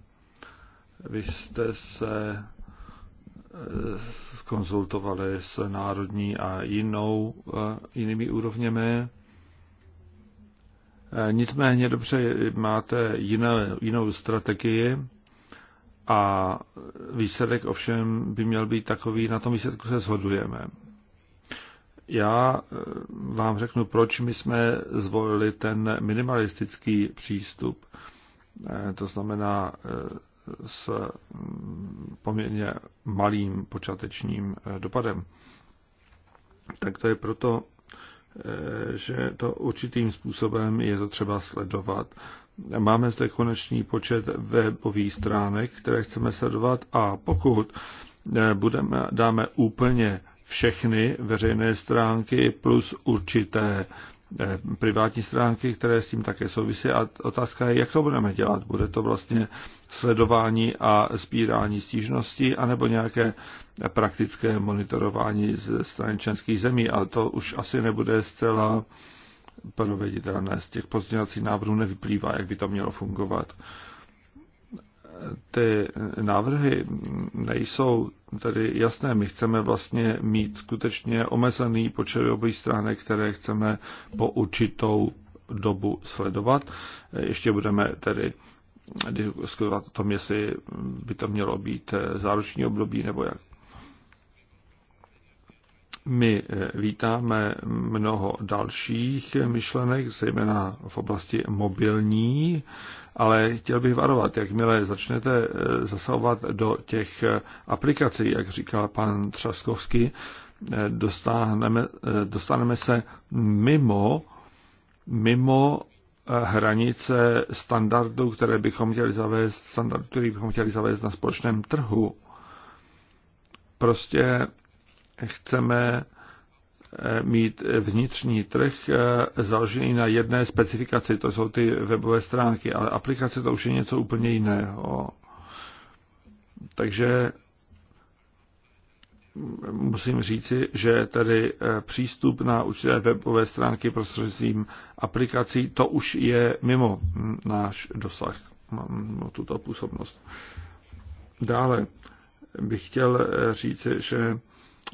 Vy jste se eh, konzultovali s národní a jinou, eh, jinými úrovněmi. Nicméně dobře máte jiné, jinou strategii a výsledek ovšem by měl být takový, na tom výsledku se shodujeme. Já eh, vám řeknu, proč my jsme zvolili ten minimalistický přístup. Eh, to znamená eh, s mm, poměrně malým počátečním dopadem. Tak to je proto, že to určitým způsobem je to třeba sledovat. Máme zde konečný počet webových stránek, které chceme sledovat a pokud budeme, dáme úplně všechny veřejné stránky plus určité eh, privátní stránky, které s tím také souvisí. A otázka je, jak to budeme dělat. Bude to vlastně sledování a sbírání stížností, anebo nějaké praktické monitorování ze strany členských zemí. A to už asi nebude zcela proveditelné. Z těch pozměňovacích návrhů nevyplývá, jak by to mělo fungovat ty návrhy nejsou tedy jasné. My chceme vlastně mít skutečně omezený počet obojí stránek, které chceme po určitou dobu sledovat. Ještě budeme tedy diskutovat o tom, jestli by to mělo být záruční období nebo jak. My eh, vítáme mnoho dalších myšlenek, zejména v oblasti mobilní, ale chtěl bych varovat, jakmile začnete eh, zasahovat do těch eh, aplikací, jak říkal pan Třaskovský, dostaneme, dostaneme se mimo, mimo hranice standardů, které bychom chtěli zavést, standardů, které bychom chtěli zavést na společném trhu. Prostě chceme eh, mít vnitřní trh eh, založený na jedné specifikaci, to jsou ty webové stránky, ale aplikace to už je něco úplně jiného. Takže mm, musím říci, že tedy eh, přístup na určité webové stránky prostřednictvím aplikací, to už je mimo mm, náš dosah, mimo tuto působnost. Dále bych chtěl říci, že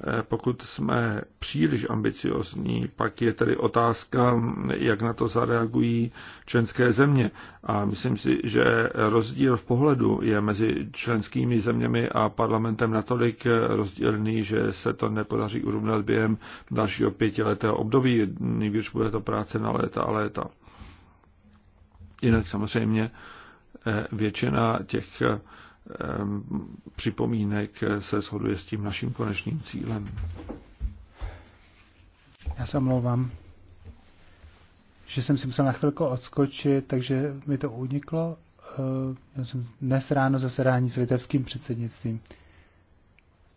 Eh, pokud jsme příliš ambiciozní, pak je tedy otázka, jak na to zareagují členské země. A myslím si, že rozdíl v pohledu je mezi členskými zeměmi a parlamentem natolik rozdílný, že se to nepodaří urovnat během dalšího pětiletého období. Nejvíc bude to práce na léta a léta. Jinak samozřejmě eh, většina těch Ehm, připomínek se shoduje s tím naším konečným cílem. Já se omlouvám, že jsem si musel na chvilku odskočit, takže mi to uniklo. Já ehm, jsem dnes ráno zasedání s litevským předsednictvím.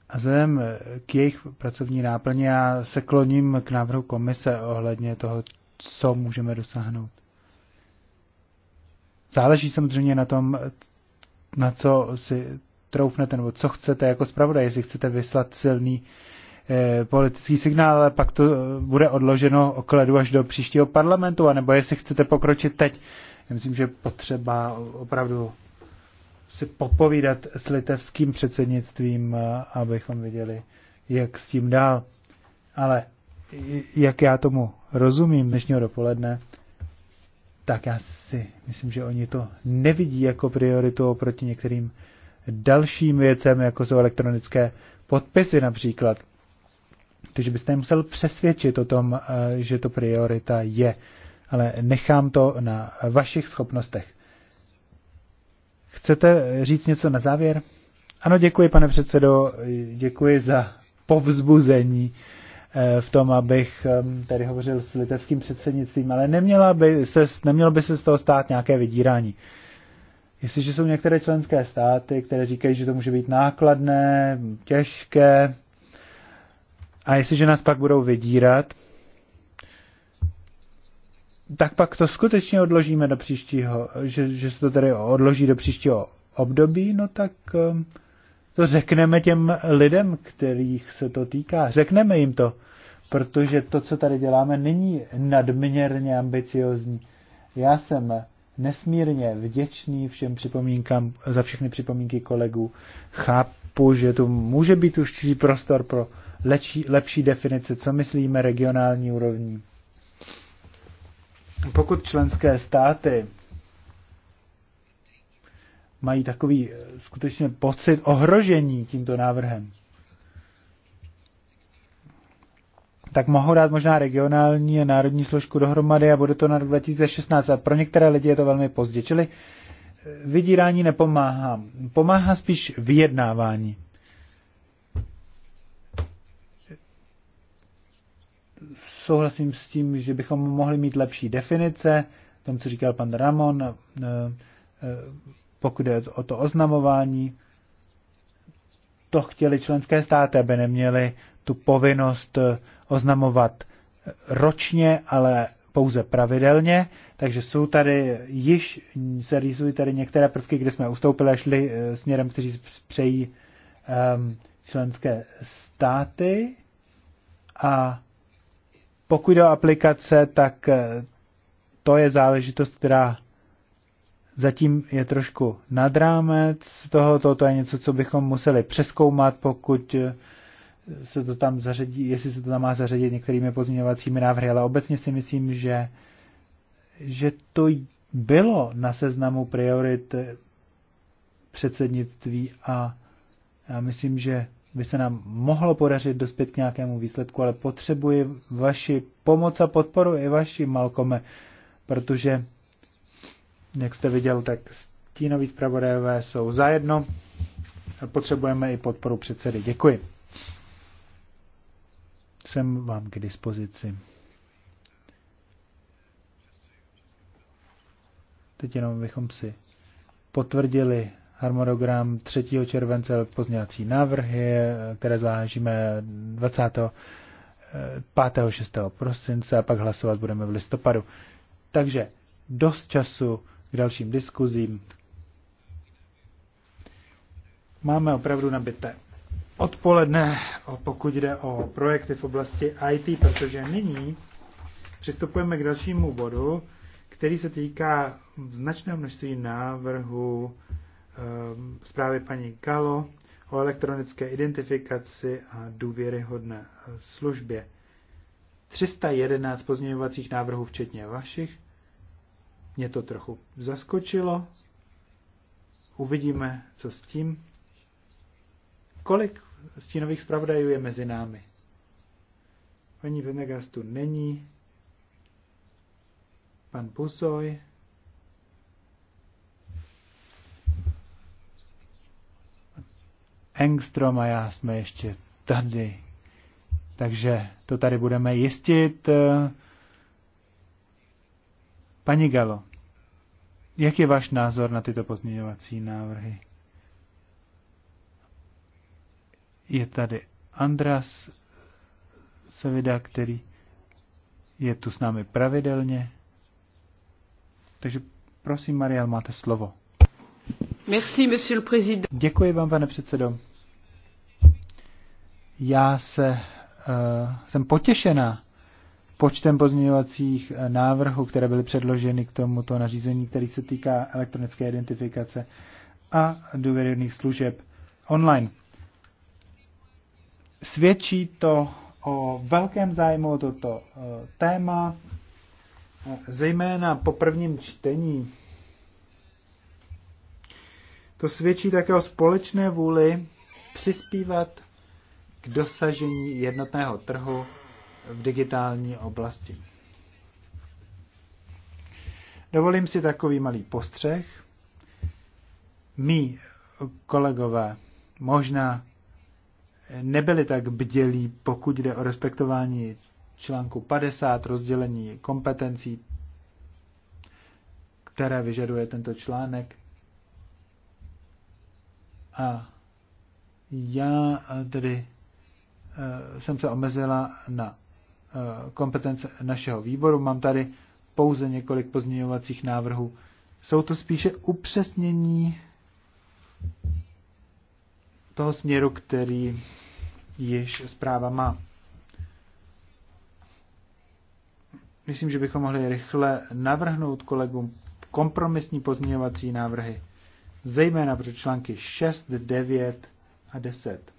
A vzhledem k jejich pracovní náplně já se kloním k návrhu komise ohledně toho, co můžeme dosáhnout. Záleží samozřejmě na tom, na co si troufnete nebo co chcete jako zpravodaj, jestli chcete vyslat silný eh, politický signál, ale pak to eh, bude odloženo okledu až do příštího parlamentu, anebo jestli chcete pokročit teď. Já myslím, že potřeba opravdu si popovídat s litevským předsednictvím, eh, abychom viděli, jak s tím dál. Ale jak já tomu rozumím dnešního dopoledne, tak já si myslím, že oni to nevidí jako prioritu oproti některým dalším věcem, jako jsou elektronické podpisy například. Takže byste musel přesvědčit o tom, eh, že to priorita je. Ale nechám to na vašich schopnostech. Chcete říct něco na závěr? Ano, děkuji, pane předsedo, děkuji za povzbuzení Eh, v tom, abych tady hovořil s litevským předsednictvím, ale neměla by se, nemělo by se z toho stát nějaké vydírání. Jestliže jsou některé členské státy, které říkají, že to může být nákladné, těžké, a jestliže nás pak budou vydírat, tak pak to skutečně odložíme do příštího, že, že se to tedy odloží do příštího období, no tak to řekneme těm lidem, kterých se to týká. Řekneme jim to, protože to, co tady děláme, není nadměrně ambiciozní. Já jsem nesmírně vděčný všem připomínkám, za všechny připomínky kolegů. Chápu, že tu může být užší prostor pro lepší, lepší definice, co myslíme regionální úrovní. Pokud členské státy mají takový eh, skutečně pocit ohrožení tímto návrhem. tak mohou dát možná regionální a národní složku dohromady a bude to na 2016. A pro některé lidi je to velmi pozdě. Čili eh, vydírání nepomáhá. Pomáhá spíš vyjednávání. Souhlasím s tím, že bychom mohli mít lepší definice, tom, co říkal pan Ramon, eh, pokud je o to oznamování, to chtěli členské státy, aby neměli tu povinnost eh, oznamovat ročně, ale pouze pravidelně, takže jsou tady, již se rýsují tady některé prvky, kde jsme ustoupili a šli eh, směrem, kteří přejí um, členské státy. A pokud jde o aplikace, tak eh, to je záležitost, která zatím je trošku nad rámec tohoto, to je něco, co bychom museli přeskoumat, pokud se to tam zařadí, jestli se to tam má zařadit některými pozměňovacími návrhy, ale obecně si myslím, že, že to bylo na seznamu priorit předsednictví a já myslím, že by se nám mohlo podařit dospět k nějakému výsledku, ale potřebuji vaši pomoc a podporu i vaši, Malkome, protože jak jste viděl, tak stínoví zpravodajové jsou zajedno. Potřebujeme i podporu předsedy. Děkuji. Jsem vám k dispozici. Teď jenom bychom si potvrdili harmonogram 3. července pozněvací návrhy, které zvážíme 20. 5. 6. prosince a pak hlasovat budeme v listopadu. Takže dost času k dalším diskuzím. Máme opravdu nabité odpoledne, pokud jde o projekty v oblasti IT, protože nyní přistupujeme k dalšímu bodu, který se týká značného množství návrhů ehm, zprávy paní Galo o elektronické identifikaci a důvěryhodné e, službě. 311 pozměňovacích návrhů, včetně vašich, mě to trochu zaskočilo. Uvidíme, co s tím. Kolik stínových zpravodajů je mezi námi? Paní Venegas tu není. Pan Pusoj. Engstrom a já jsme ještě tady. Takže to tady budeme jistit. Paní Galo. Jak je váš názor na tyto pozměňovací návrhy? Je tady Andras Sevida, který je tu s námi pravidelně. Takže prosím, Mariel, máte slovo. Merci, monsieur le président. Děkuji vám, pane předsedo. Já se, uh, jsem potěšená, počtem pozměňovacích eh, návrhů, které byly předloženy k tomuto nařízení, který se týká elektronické identifikace a důvěryhodných služeb online. Svědčí to o velkém zájmu o toto eh, téma, eh, zejména po prvním čtení. To svědčí také o společné vůli přispívat k dosažení jednotného trhu v digitální oblasti. Dovolím si takový malý postřeh. My, kolegové možná nebyli tak bdělí, pokud jde o respektování článku 50 rozdělení kompetencí, které vyžaduje tento článek. A já tedy eh, jsem se omezila na Eh, kompetence našeho výboru. Mám tady pouze několik pozměňovacích návrhů. Jsou to spíše upřesnění toho směru, který již zpráva má. Myslím, že bychom mohli rychle navrhnout kolegům kompromisní pozměňovací návrhy, zejména pro články 6, 9 a 10.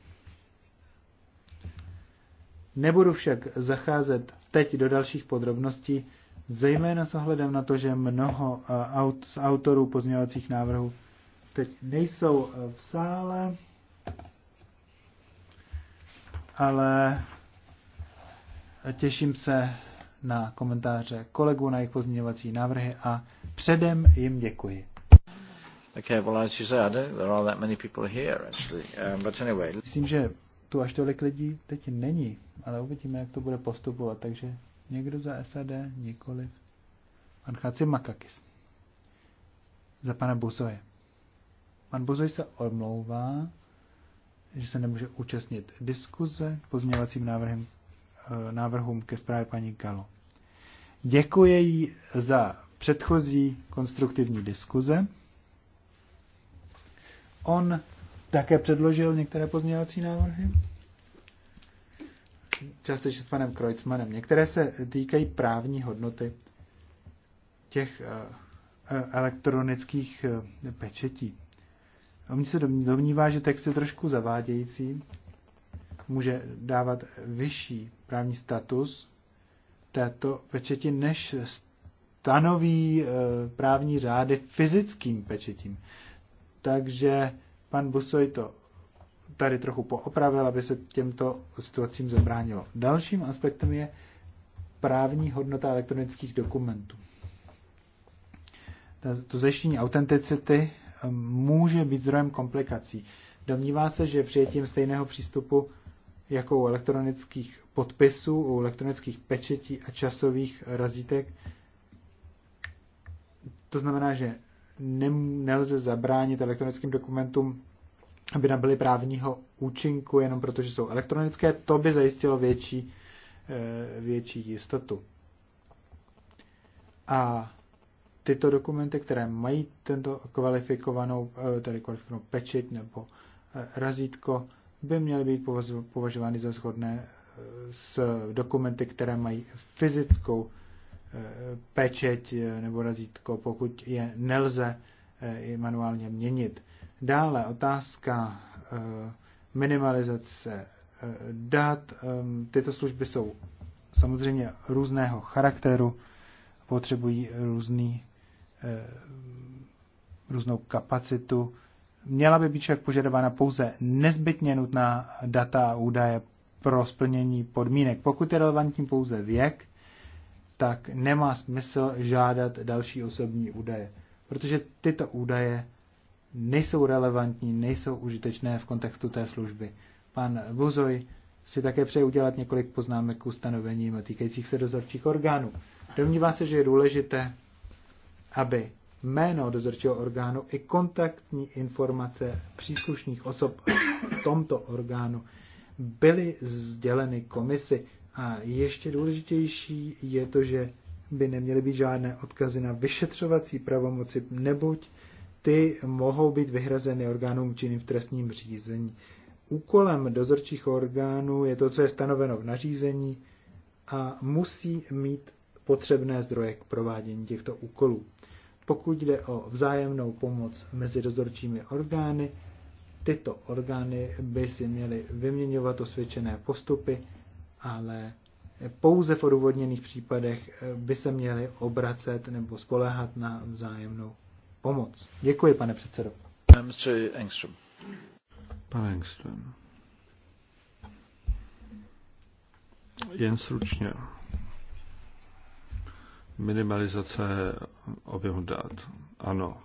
Nebudu však zacházet teď do dalších podrobností, zejména s ohledem na to, že mnoho eh, z autorů pozměňovacích návrhů teď nejsou eh, v sále, ale těším se na komentáře kolegů, na jejich pozměňovací návrhy a předem jim děkuji. Okay, well, as you say, I don't there aren't that many people here, actually. Um, but anyway. Myslím, že tu až tolik lidí teď není, ale uvidíme, jak to bude postupovat. Takže někdo za SAD, nikoliv. Pan Chaci Makakis. Za pana Buzoje. Pan Buzoj se omlouvá, že se nemůže účastnit diskuze k pozměňovacím návrhem, eh, návrhům ke zprávě paní Galo. Děkuji jí za předchozí konstruktivní diskuze. On také předložil některé pozměňovací návrhy. Částečně s panem Kreutzmanem. Některé se týkají právní hodnoty těch eh, eh, elektronických eh, pečetí. On se domnívá, že text je trošku zavádějící, může dávat vyšší právní status této pečeti, než stanoví právní řády fyzickým pečetím. Takže Pan Busoj to tady trochu poopravil, aby se těmto situacím zabránilo. Dalším aspektem je právní hodnota elektronických dokumentů. To zajištění autenticity ehm, může být zdrojem komplikací. Domnívá se, že přijetím stejného přístupu jako u elektronických podpisů, u elektronických pečetí a časových razítek, to znamená, že nelze zabránit elektronickým dokumentům, aby nabyly právního účinku jenom protože jsou elektronické, to by zajistilo větší, eh, větší jistotu. A tyto dokumenty, které mají tento kvalifikovanou, eh, tedy kvalifikovanou pečeť nebo eh, razítko, by měly být považovány za shodné s dokumenty, které mají fyzickou Eh, pečeť eh, nebo razítko, pokud je nelze eh, manuálně měnit. Dále otázka minimalizace dat. Tyto služby jsou samozřejmě různého charakteru, potřebují různý, různou kapacitu. Měla by být však požadována pouze nezbytně nutná data a údaje pro splnění podmínek. Pokud je relevantní pouze věk, tak nemá smysl žádat další osobní údaje, protože tyto údaje nejsou relevantní, nejsou užitečné v kontextu té služby. Pan Buzoj si také přeje udělat několik poznámek k ustanovením týkajících se dozorčích orgánů. Domnívá se, že je důležité, aby jméno dozorčího orgánu i kontaktní informace příslušných osob v tomto orgánu byly sděleny komisi. A ještě důležitější je to, že by neměly být žádné odkazy na vyšetřovací pravomoci, neboť ty mohou být vyhrazeny orgánům činným v trestním řízení. Úkolem dozorčích orgánů je to, co je stanoveno v nařízení a musí mít potřebné zdroje k provádění těchto úkolů. Pokud jde o vzájemnou pomoc mezi dozorčími orgány, tyto orgány by si měly vyměňovat osvědčené postupy ale pouze v odůvodněných případech eh, by se měli obracet nebo spoléhat na vzájemnou pomoc. Děkuji, pane předsedo. Uh, Mr. Engström. Pane Engström. Jen stručně. Minimalizace objemu dat. Ano.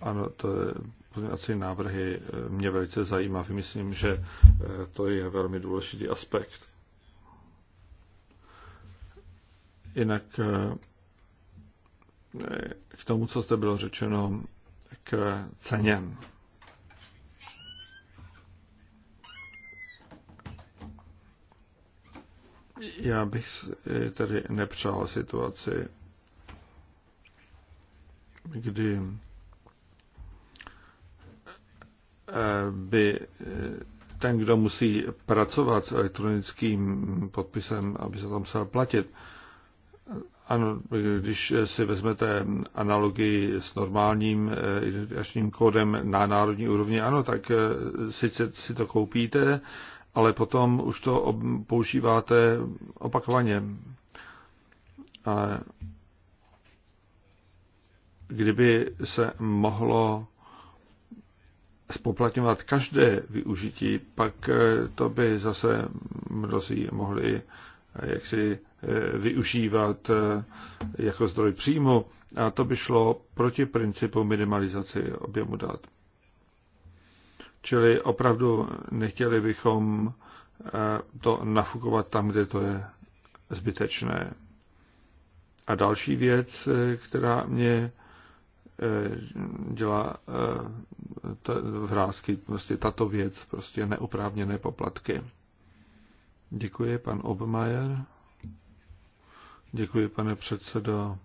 Ano, to je pozměňovací návrhy eh, mě velice zajímavý. Myslím, že eh, to je velmi důležitý aspekt. Jinak eh, k tomu, co zde bylo řečeno, k ceně. Já bych tedy nepřál situaci, kdy by eh, ten, kdo musí pracovat s elektronickým podpisem, aby se tam musel platit. Ano, když si vezmete analogii s normálním eh, identifikačním kódem na národní úrovni, ano, tak eh, sice si to koupíte, ale potom už to používáte opakovaně. kdyby se mohlo spoplatňovat každé využití, pak eh, to by zase mnozí mohli eh, jaksi eh, využívat jako zdroj příjmu a to by šlo proti principu minimalizace objemu dat. Čili opravdu nechtěli bychom to nafukovat tam, kde to je zbytečné. A další věc, která mě Eh, dělá eh, vrázky, prostě tato věc, prostě neoprávněné poplatky. Děkuji, pan Obmajer. Děkuji, pane předsedo.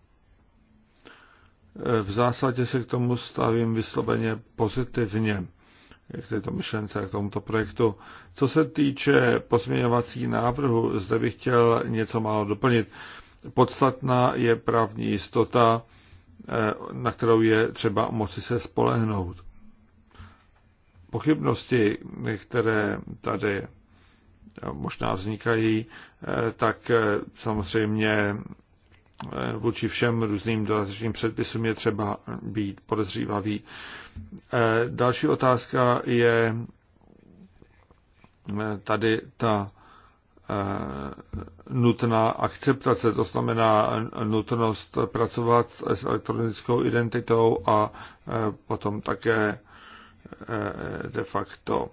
Eh, v zásadě se k tomu stavím vysloveně pozitivně, k této myšlence, k tomuto projektu. Co se týče pozměňovací návrhu, zde bych chtěl něco málo doplnit. Podstatná je právní jistota, na kterou je třeba moci se spolehnout. Pochybnosti, které tady možná vznikají, tak samozřejmě vůči všem různým dodatečným předpisům je třeba být podezřívavý. Další otázka je tady ta Eh, nutná akceptace, to znamená nutnost pracovat s elektronickou identitou a eh, potom také eh, de facto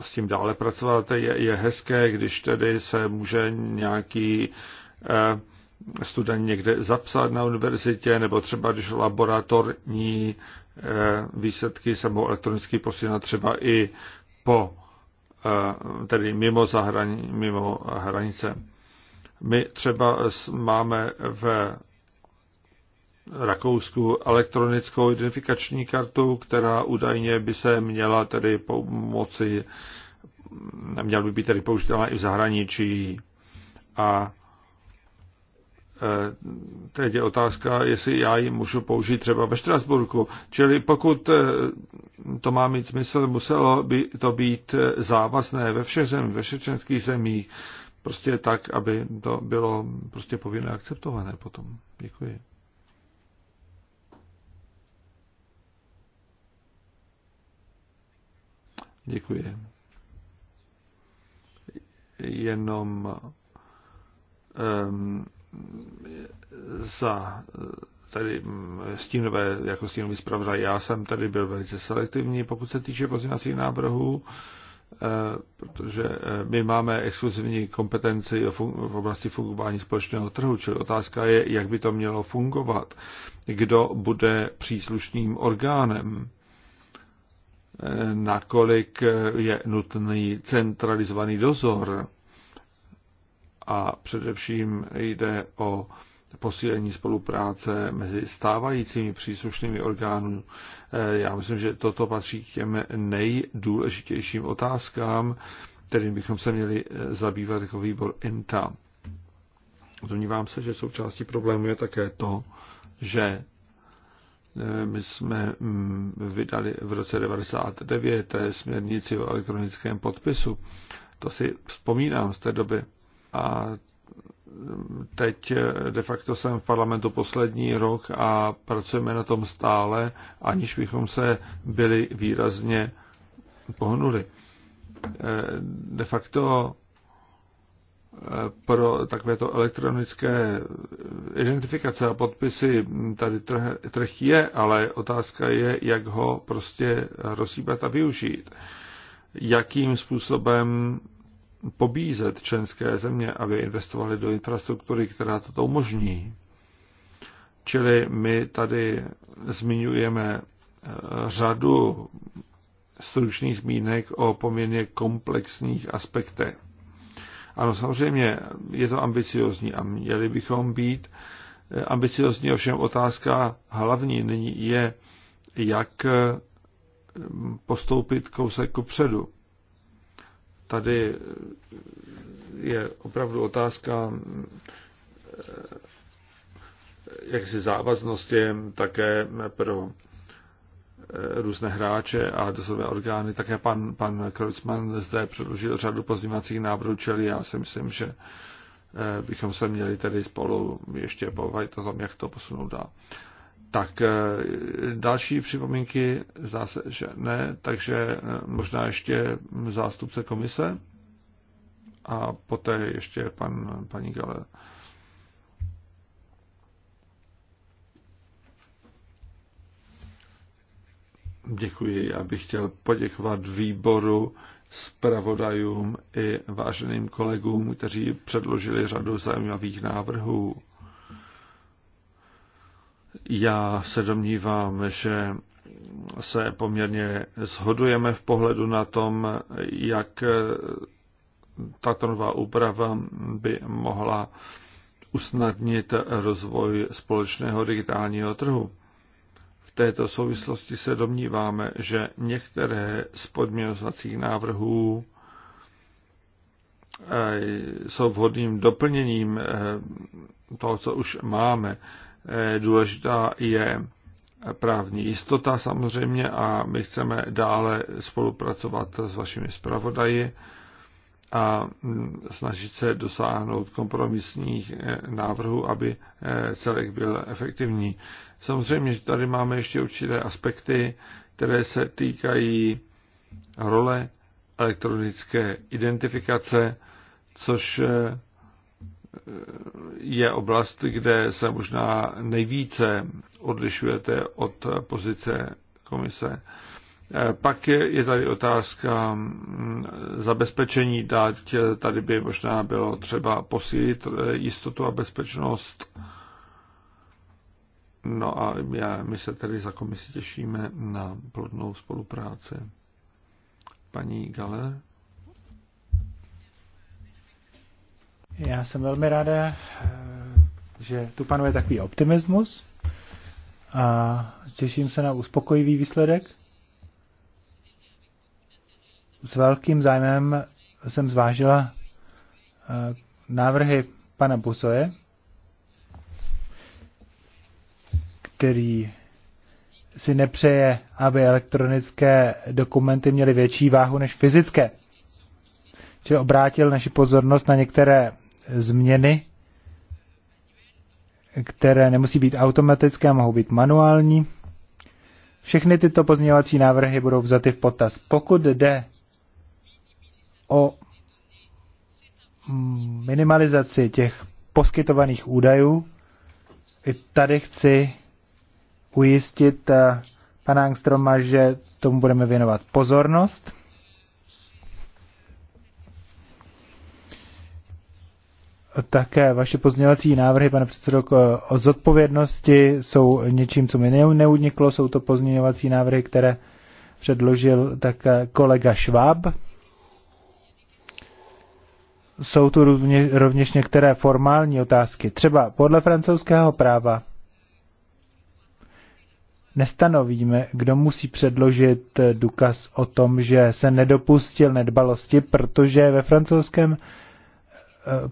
s tím dále pracovat. Je, je hezké, když tedy se může nějaký student někde zapsat na univerzitě, nebo třeba když laboratorní výsledky se mohou elektronicky posílat třeba i po tedy mimo, zahrani, mimo hranice. My třeba máme v Rakousku elektronickou identifikační kartu, která údajně by se měla tedy pomoci, měla by být tedy použitelná i v zahraničí. A Eh, teď je otázka, jestli já ji můžu použít třeba ve Štrasburku. Čili pokud eh, to má mít smysl, muselo by to být eh, závazné ve všech zemích, ve všech zemích, prostě tak, aby to bylo prostě povinné akceptované potom. Děkuji. Děkuji. Jenom um, za tady mm, stínové, jako stínový zpravodaj, já jsem tady byl velice selektivní, pokud se týče pozměňovacích návrhů, eh, protože eh, my máme exkluzivní kompetenci v oblasti fungování společného trhu, čili otázka je, jak by to mělo fungovat, kdo bude příslušným orgánem, eh, nakolik je nutný centralizovaný dozor, a především jde o posílení spolupráce mezi stávajícími příslušnými orgány. Eh, já myslím, že toto patří k těm nejdůležitějším otázkám, kterým bychom se měli eh, zabývat jako výbor INTA. Domnívám se, že součástí problému je také to, že eh, my jsme mm, vydali v roce 1999 směrnici o elektronickém podpisu. To si vzpomínám z té doby. A teď de facto jsem v parlamentu poslední rok a pracujeme na tom stále, aniž bychom se byli výrazně pohnuli. De facto eh, pro takovéto elektronické identifikace a podpisy tady trh, trh je, ale otázka je, jak ho prostě rozsýbat a využít. Jakým způsobem pobízet členské země, aby investovali do infrastruktury, která toto umožní. Čili my tady zmiňujeme eh, řadu stručných zmínek o poměrně komplexních aspektech. Ano, samozřejmě je to ambiciozní a měli bychom být eh, ambiciozní, ovšem otázka hlavní je, jak eh, postoupit kousek ku předu tady je opravdu otázka jak závaznost je také pro různé hráče a dozorové orgány. Také pan, pan Kreuzmann zde předložil řadu pozměňovacích návrhů, čili já si myslím, že eh, bychom se měli tedy spolu ještě bavit, o tom, jak to posunout dál. Tak eh, další připomínky zdá se, že ne, takže eh, možná ještě zástupce komise a poté ještě pan, paní Gale. Děkuji. Já bych chtěl poděkovat výboru, zpravodajům i váženým kolegům, kteří předložili řadu zajímavých návrhů. Já se domnívám, že se poměrně shodujeme v pohledu na tom, jak tato nová úprava by mohla usnadnit rozvoj společného digitálního trhu. V této souvislosti se domníváme, že některé z podměňovacích návrhů eh, jsou vhodným doplněním eh, toho, co už máme. Eh, důležitá je právní jistota samozřejmě a my chceme dále spolupracovat s vašimi zpravodaji a mm, snažit se dosáhnout kompromisních eh, návrhů, aby eh, celek byl efektivní. Samozřejmě, že tady máme ještě určité aspekty, které se týkají role elektronické identifikace, což je oblast, kde se možná nejvíce odlišujete od pozice komise. Pak je tady otázka mm, zabezpečení dát. Tady by možná bylo třeba posílit eh, jistotu a bezpečnost. No a my se tedy za komisi těšíme na plodnou spolupráci. Paní Galer? Já jsem velmi ráda, eh, že tu panuje takový optimismus a těším se na uspokojivý výsledek. S velkým zájmem jsem zvážila eh, návrhy pana Busoje, který si nepřeje, aby elektronické dokumenty měly větší váhu než fyzické. Čili obrátil naši pozornost na některé změny, které nemusí být automatické mohou být manuální. Všechny tyto pozměňovací návrhy budou vzaty v potaz. Pokud jde o minimalizaci těch poskytovaných údajů, i tady chci ujistit eh, pana Angstroma, že tomu budeme věnovat pozornost. také vaše pozměňovací návrhy, pane předsedo, eh, o zodpovědnosti jsou něčím, co mi neuniklo. Jsou to pozměňovací návrhy, které předložil také kolega Šváb. Jsou tu rovněž, rovněž některé formální otázky. Třeba podle francouzského práva nestanovíme, kdo musí předložit eh, důkaz o tom, že se nedopustil nedbalosti, protože ve francouzském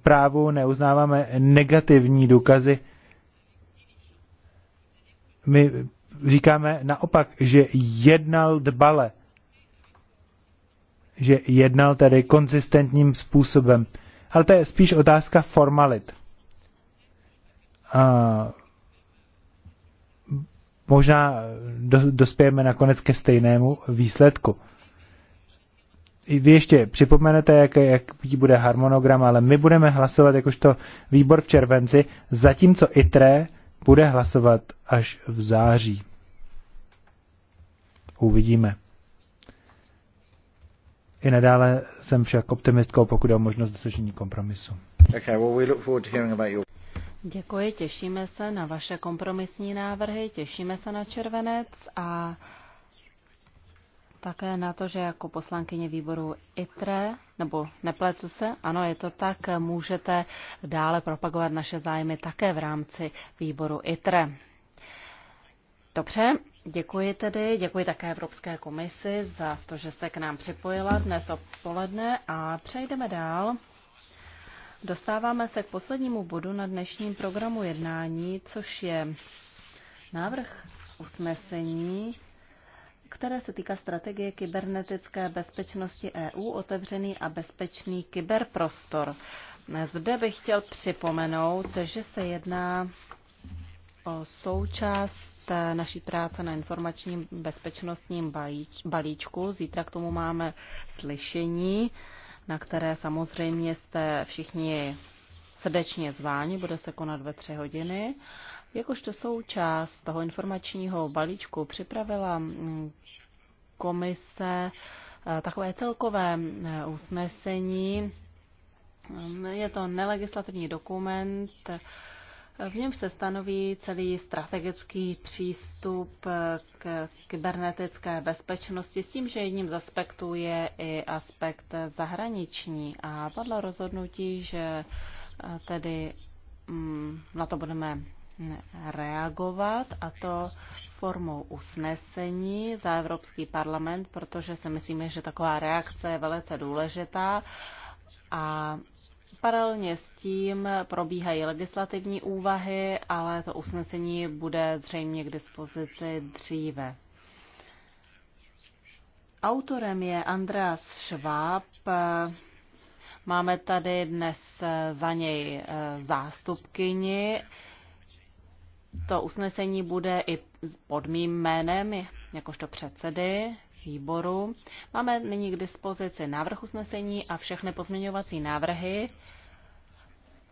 právu neuznáváme negativní důkazy. My říkáme naopak, že jednal dbale, že jednal tedy konzistentním způsobem. Ale to je spíš otázka formalit. A možná dospějeme nakonec ke stejnému výsledku vy ještě připomenete, jak, jaký bude harmonogram, ale my budeme hlasovat jakožto výbor v červenci, zatímco ITRE bude hlasovat až v září. Uvidíme. I nadále jsem však optimistkou, pokud je o možnost dosažení kompromisu. Okay, well, we look forward to hearing about your... Děkuji, těšíme se na vaše kompromisní návrhy, těšíme se na červenec a také na to, že jako poslankyně výboru ITRE, nebo nepletu se, ano, je to tak, můžete dále propagovat naše zájmy také v rámci výboru ITRE. Dobře, děkuji tedy, děkuji také Evropské komisi za to, že se k nám připojila dnes odpoledne a přejdeme dál. Dostáváme se k poslednímu bodu na dnešním programu jednání, což je návrh usnesení které se týká strategie kybernetické bezpečnosti EU, otevřený a bezpečný kyberprostor. Zde bych chtěl připomenout, že se jedná o součást naší práce na informačním bezpečnostním balíčku. Zítra k tomu máme slyšení, na které samozřejmě jste všichni srdečně zváni, bude se konat ve tři hodiny. Jakožto součást toho informačního balíčku připravila mm, komise eh, takové celkové eh, usnesení. Mm, je to nelegislativní dokument, eh, v něm se stanoví celý strategický přístup k kybernetické bezpečnosti s tím, že jedním z aspektů je i aspekt zahraniční. A padlo rozhodnutí, že tedy mm, na to budeme reagovat a to formou usnesení za Evropský parlament, protože si myslíme, že taková reakce je velice důležitá a Paralelně s tím probíhají legislativní úvahy, ale to usnesení bude zřejmě k dispozici dříve. Autorem je Andreas Schwab. Máme tady dnes za něj eh, zástupkyni to usnesení bude i pod mým jménem, jakožto předsedy výboru. Máme nyní k dispozici návrh usnesení a všechny pozměňovací návrhy.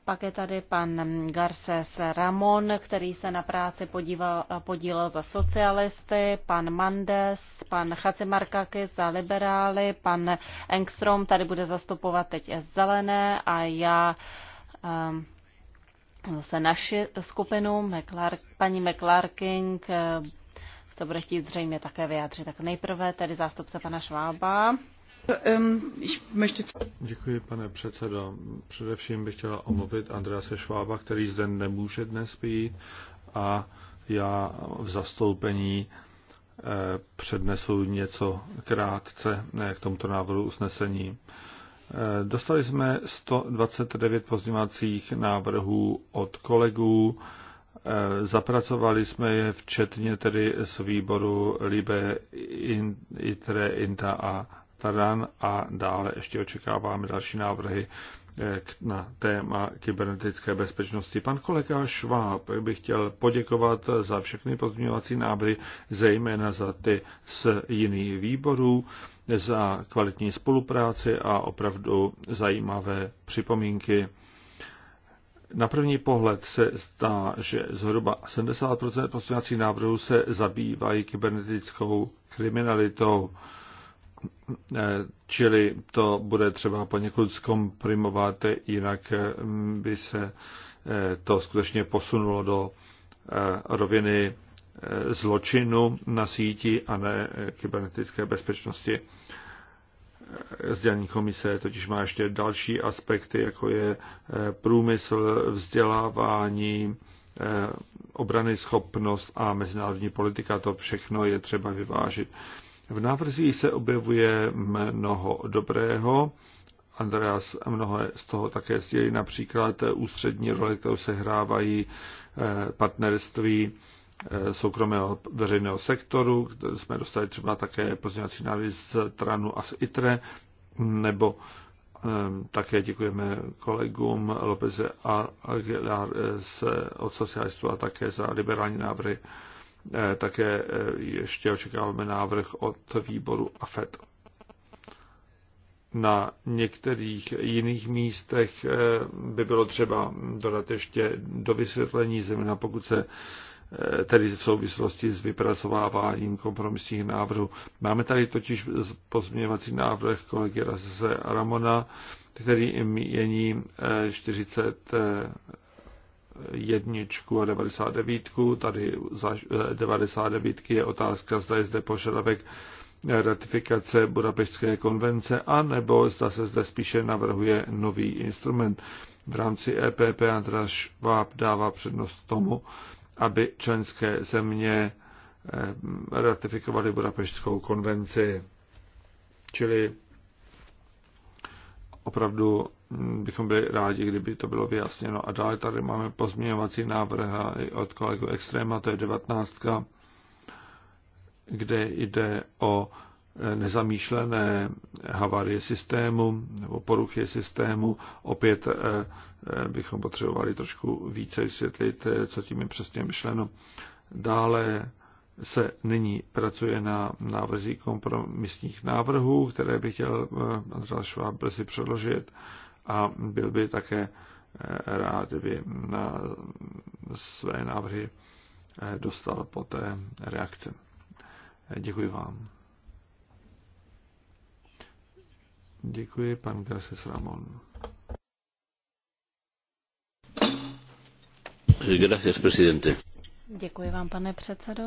Pak je tady pan Garces Ramon, který se na práci podíval, podílel za socialisty, pan Mandes, pan Chacimarkakis za liberály, pan Engstrom tady bude zastupovat teď zelené a já um, zase naši skupinu, McClark, paní McClarking se eh, bude chtít zřejmě také vyjádřit. Tak nejprve tedy zástupce pana Švába. Děkuji, pane předsedo. Především bych chtěla omluvit Andrease Švába, který zde nemůže dnes být a já v zastoupení eh, přednesu něco krátce eh, k tomuto návrhu usnesení. Eh, dostali jsme 129 pozměňovacích návrhů od kolegů. Eh, zapracovali jsme je včetně tedy z výboru Libe, Itre, Inta a Taran a dále ještě očekáváme další návrhy eh, na téma kybernetické bezpečnosti. Pan kolega Šváb bych chtěl poděkovat za všechny pozměňovací návrhy, zejména za ty z jiných výborů za kvalitní spolupráci a opravdu zajímavé připomínky. Na první pohled se zdá, že zhruba 70 pozměňovacích návrhů se zabývají kybernetickou kriminalitou, čili to bude třeba poněkud zkomprimovat, jinak eh, by se eh, to skutečně posunulo do eh, roviny zločinu na síti a ne kybernetické bezpečnosti. zdělní komise totiž má ještě další aspekty, jako je eh, průmysl, vzdělávání, eh, obrany schopnost a mezinárodní politika. To všechno je třeba vyvážit. V návrzích se objevuje mnoho dobrého. Andreas mnoho z toho také sdělí, například ústřední roli, kterou se hrávají eh, partnerství Eh, soukromého veřejného sektoru, kde jsme dostali třeba také pozměňovací návrhy z Tranu a z ITRE, nebo eh, také děkujeme kolegům Lopeze a Aguilar eh, z, od socialistů a také za liberální návrhy. Také ještě očekáváme návrh od výboru AFED. Na některých jiných místech by bylo třeba dodat ještě do vysvětlení, zejména pokud se Eh, tedy v souvislosti s vypracováváním kompromisních návrhů. Máme tady totiž pozměňovací návrh kolegy Razese Ramona, který mění 40 eh, eh, jedničku a 99. Tady za 99 je otázka, zda je zde požadavek ratifikace Budapešské konvence, anebo zda se zde spíše navrhuje nový instrument. V rámci EPP András Schwab dává přednost tomu, aby členské země eh, ratifikovaly Budapeštskou konvenci. Čili opravdu hm, bychom byli rádi, kdyby to bylo vyjasněno. A dále tady máme pozměňovací návrh od kolegu Extrema, to je 19, kde jde o nezamýšlené havárie systému nebo poruchy systému. Opět eh, eh, bychom potřebovali trošku více vysvětlit, eh, co tím je přesně myšleno. Dále se nyní pracuje na návrzí kompromisních návrhů, které by chtěl András Šváb brzy předložit a byl by také rád, kdyby na své návrhy dostal poté reakce. Děkuji vám. Děkuji, pan Garces Ramon. Gracias, presidente. Děkuji vám, pane předsedo.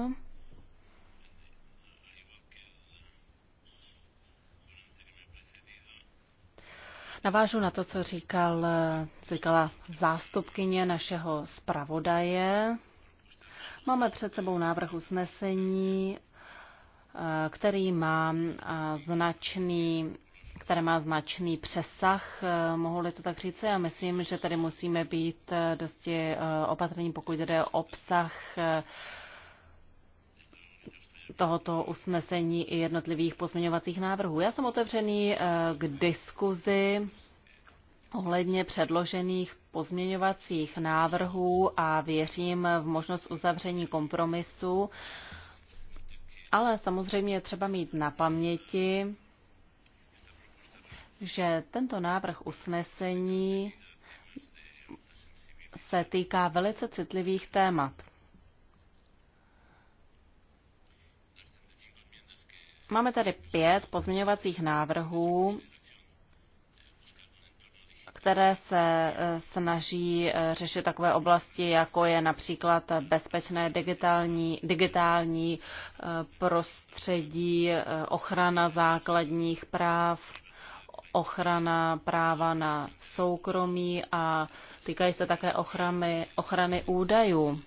Navážu na to, co říkal, říkala zástupkyně našeho zpravodaje. Máme před sebou návrh usnesení, eh, který má eh, značný které má značný přesah, eh, mohu-li to tak říct. Já myslím, že tady musíme být eh, dosti eh, opatrní, pokud jde o obsah tohoto usnesení i jednotlivých pozměňovacích návrhů. Já jsem otevřený k diskuzi ohledně předložených pozměňovacích návrhů a věřím v možnost uzavření kompromisu. Ale samozřejmě je třeba mít na paměti, že tento návrh usnesení se týká velice citlivých témat. Máme tady pět pozměňovacích návrhů, které se eh, snaží eh, řešit takové oblasti, jako je například bezpečné digitální, digitální eh, prostředí, ochrana základních práv ochrana práva na soukromí a týkají se také ochrany, ochrany údajů.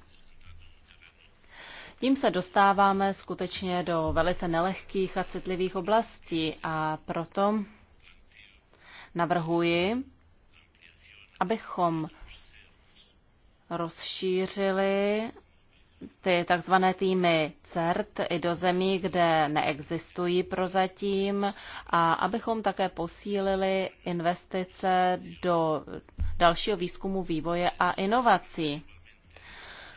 Tím se dostáváme skutečně do velice nelehkých a citlivých oblastí a proto navrhuji, abychom rozšířili ty takzvané týmy CERT i do zemí, kde neexistují prozatím a abychom také posílili investice do dalšího výzkumu, vývoje a inovací.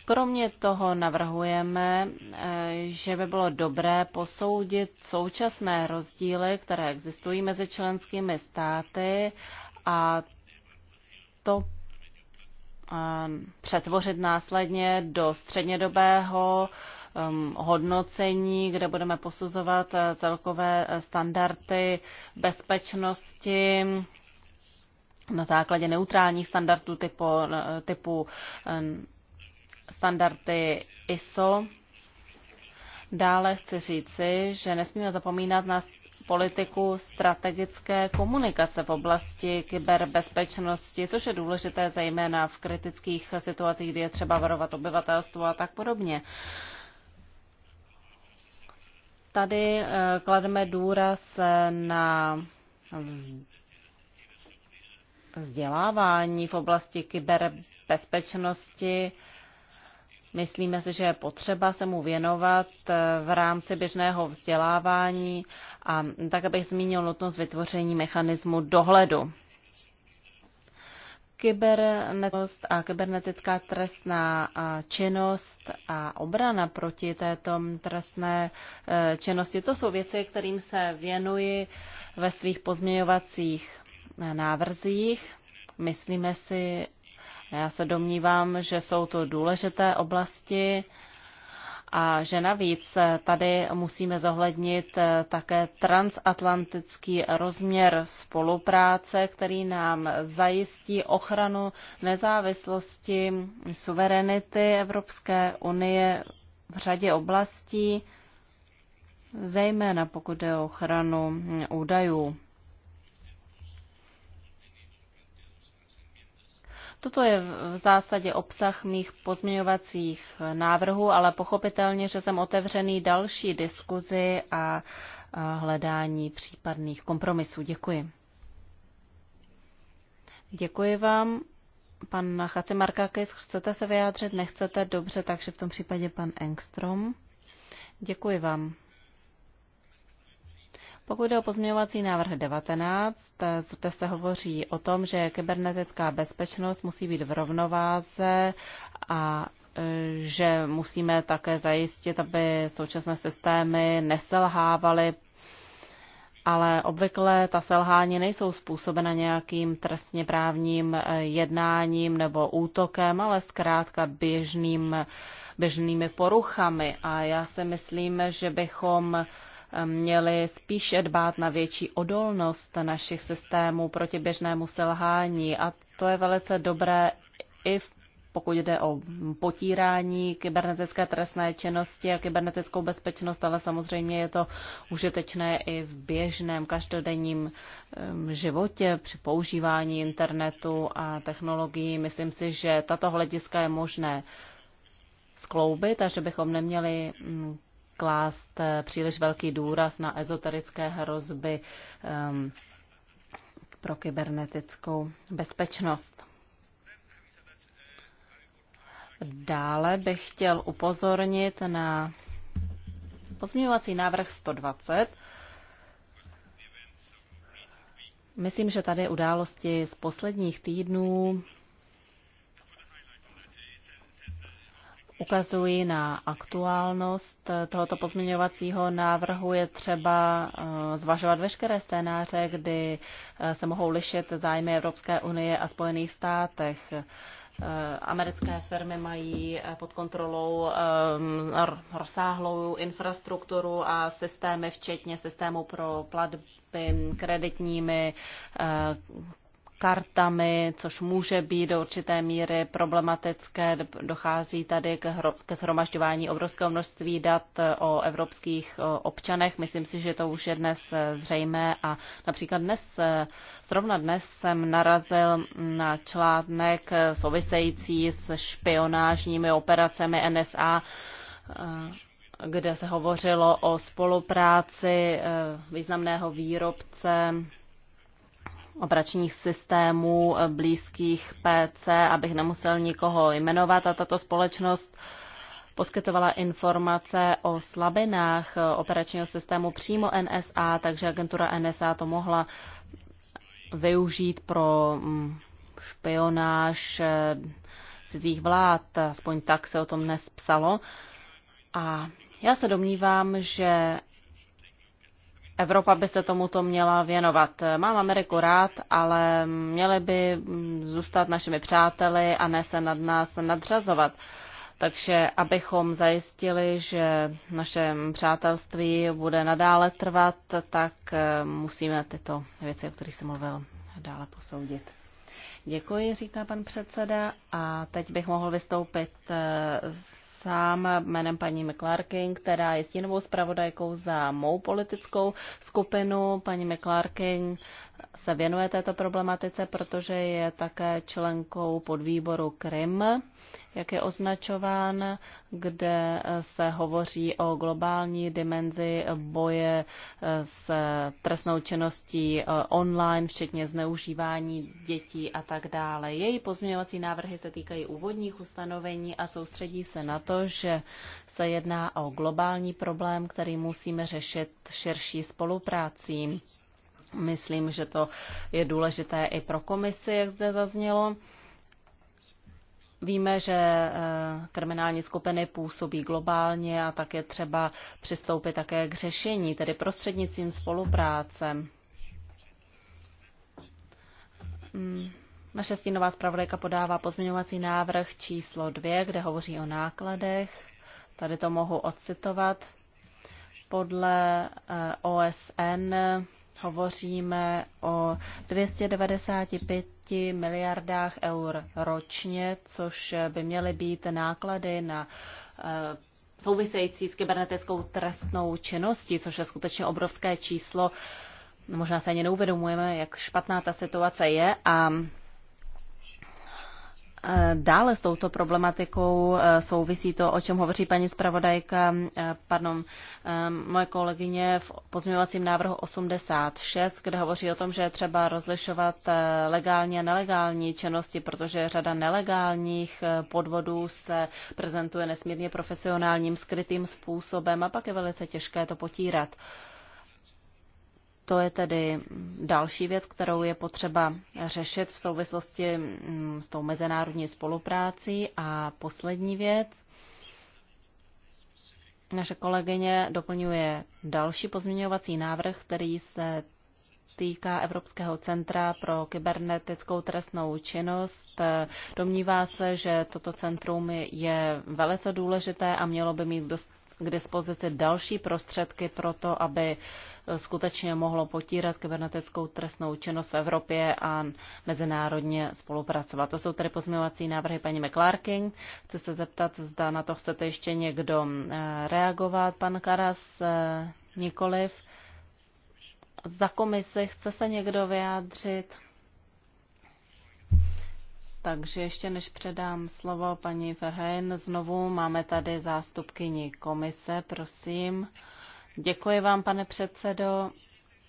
Kromě toho navrhujeme, eh, že by bylo dobré posoudit současné rozdíly, které existují mezi členskými státy a to Um, přetvořit následně do střednědobého um, hodnocení, kde budeme posuzovat uh, celkové uh, standardy bezpečnosti na základě neutrálních standardů typu, uh, typu um, standardy ISO. Dále chci říci, že nesmíme zapomínat na politiku strategické komunikace v oblasti kyberbezpečnosti, což je důležité zejména v kritických situacích, kdy je třeba varovat obyvatelstvo a tak podobně. Tady eh, klademe důraz eh, na vzdělávání v oblasti kyberbezpečnosti, Myslíme si, že je potřeba se mu věnovat eh, v rámci běžného vzdělávání a tak, abych zmínil nutnost vytvoření mechanismu dohledu. Kybernetickost a kybernetická trestná eh, činnost a obrana proti této trestné eh, činnosti, to jsou věci, kterým se věnuji ve svých pozměňovacích návrzích. Myslíme si, já se domnívám, že jsou to důležité oblasti a že navíc tady musíme zohlednit také transatlantický rozměr spolupráce, který nám zajistí ochranu nezávislosti, suverenity Evropské unie v řadě oblastí, zejména pokud je o ochranu údajů. Toto je v zásadě obsah mých pozměňovacích návrhů, ale pochopitelně, že jsem otevřený další diskuzi a hledání případných kompromisů. Děkuji. Děkuji vám. Pan Markakis, chcete se vyjádřit? Nechcete? Dobře, takže v tom případě pan Engstrom. Děkuji vám. Pokud jde o pozměňovací návrh 19, zde se hovoří o tom, že kybernetická bezpečnost musí být v rovnováze a e, že musíme také zajistit, aby současné systémy neselhávaly, ale obvykle ta selhání nejsou způsobena nějakým trestně právním e, jednáním nebo útokem, ale zkrátka běžným, běžnými poruchami. A já si myslím, že bychom měli spíše dbát na větší odolnost našich systémů proti běžnému selhání a to je velice dobré i v pokud jde o potírání kybernetické trestné činnosti a kybernetickou bezpečnost, ale samozřejmě je to užitečné i v běžném každodenním životě při používání internetu a technologií. Myslím si, že tato hlediska je možné skloubit a že bychom neměli mm, klást eh, příliš velký důraz na ezoterické hrozby um, pro kybernetickou bezpečnost. Dále bych chtěl upozornit na pozměňovací návrh 120. Myslím, že tady události z posledních týdnů ukazují na aktuálnost eh, tohoto pozměňovacího návrhu. Je třeba eh, zvažovat veškeré scénáře, kdy eh, se mohou lišit zájmy Evropské unie a Spojených státech. Americké firmy mají pod kontrolou rozsáhlou infrastrukturu a systémy, včetně systému pro platby kreditními, kartami, což může být do určité míry problematické. Dochází tady ke zhromažďování obrovského množství dat o evropských občanech. Myslím si, že to už je dnes e, zřejmé a například dnes, e, zrovna dnes jsem narazil na článek e, související s špionážními operacemi NSA kde se hovořilo o spolupráci významného výrobce operačních systémů eh, blízkých PC, abych nemusel nikoho jmenovat. A tato společnost poskytovala informace o slabinách eh, operačního systému přímo NSA, takže agentura NSA to mohla využít pro mm, špionáž eh, cizích vlád, aspoň tak se o tom dnes psalo. A já se domnívám, že Evropa by se tomuto měla věnovat. Mám Ameriku rád, ale měli by zůstat našimi přáteli a ne se nad nás nadřazovat. Takže abychom zajistili, že naše přátelství bude nadále trvat, tak eh, musíme tyto věci, o kterých jsem mluvil, dále posoudit. Děkuji, říká pan předseda. A teď bych mohl vystoupit eh, s sám jménem paní McClarkin, která je stínovou zpravodajkou za mou politickou skupinu. Paní McClarkin se věnuje této problematice, protože je také členkou podvýboru Krym, jak je označován, kde se hovoří o globální dimenzi boje s trestnou činností eh, online, včetně zneužívání dětí a tak dále. Její pozměňovací návrhy se týkají úvodních ustanovení a soustředí se na to, že se jedná o globální problém, který musíme řešit širší spoluprácí. Myslím, že to je důležité i pro komisi, jak zde zaznělo. Víme, že e, kriminální skupiny působí globálně a tak je třeba přistoupit také k řešení, tedy prostřednictvím spolupráce. Hmm. Naše stínová zpravodajka podává pozměňovací návrh číslo 2, kde hovoří o nákladech. Tady to mohu odcitovat. Podle e, OSN hovoříme o 295 miliardách eur ročně, což by měly být náklady na eh, související s kybernetickou trestnou činností, což je skutečně obrovské číslo. Možná se ani neuvědomujeme, jak špatná ta situace je a dále s touto problematikou e, souvisí to, o čem hovoří paní zpravodajka, e, pardon, e, moje kolegyně v pozměňovacím návrhu 86, kde hovoří o tom, že je třeba rozlišovat legální a nelegální činnosti, protože řada nelegálních podvodů se prezentuje nesmírně profesionálním, skrytým způsobem a pak je velice těžké to potírat. Uh, to je tedy další věc, kterou je potřeba řešit v souvislosti mm, s tou mezinárodní spoluprácí. A poslední věc. Naše kolegyně doplňuje další pozměňovací návrh, který se týká Evropského centra pro kybernetickou trestnou činnost. Domnívá se, že toto centrum je velice důležité a mělo by mít dost k dispozici další prostředky pro to, aby skutečně mohlo potírat kybernetickou trestnou činnost v Evropě a mezinárodně spolupracovat. To jsou tedy pozměňovací návrhy paní McClarkin. Chci se zeptat, zda na to chcete ještě někdo eh, reagovat. Pan Karas eh, nikoliv. Za komisi chce se někdo vyjádřit? Takže ještě než předám slovo paní Verheyen, znovu máme tady zástupkyni komise, prosím. Děkuji vám, pane předsedo.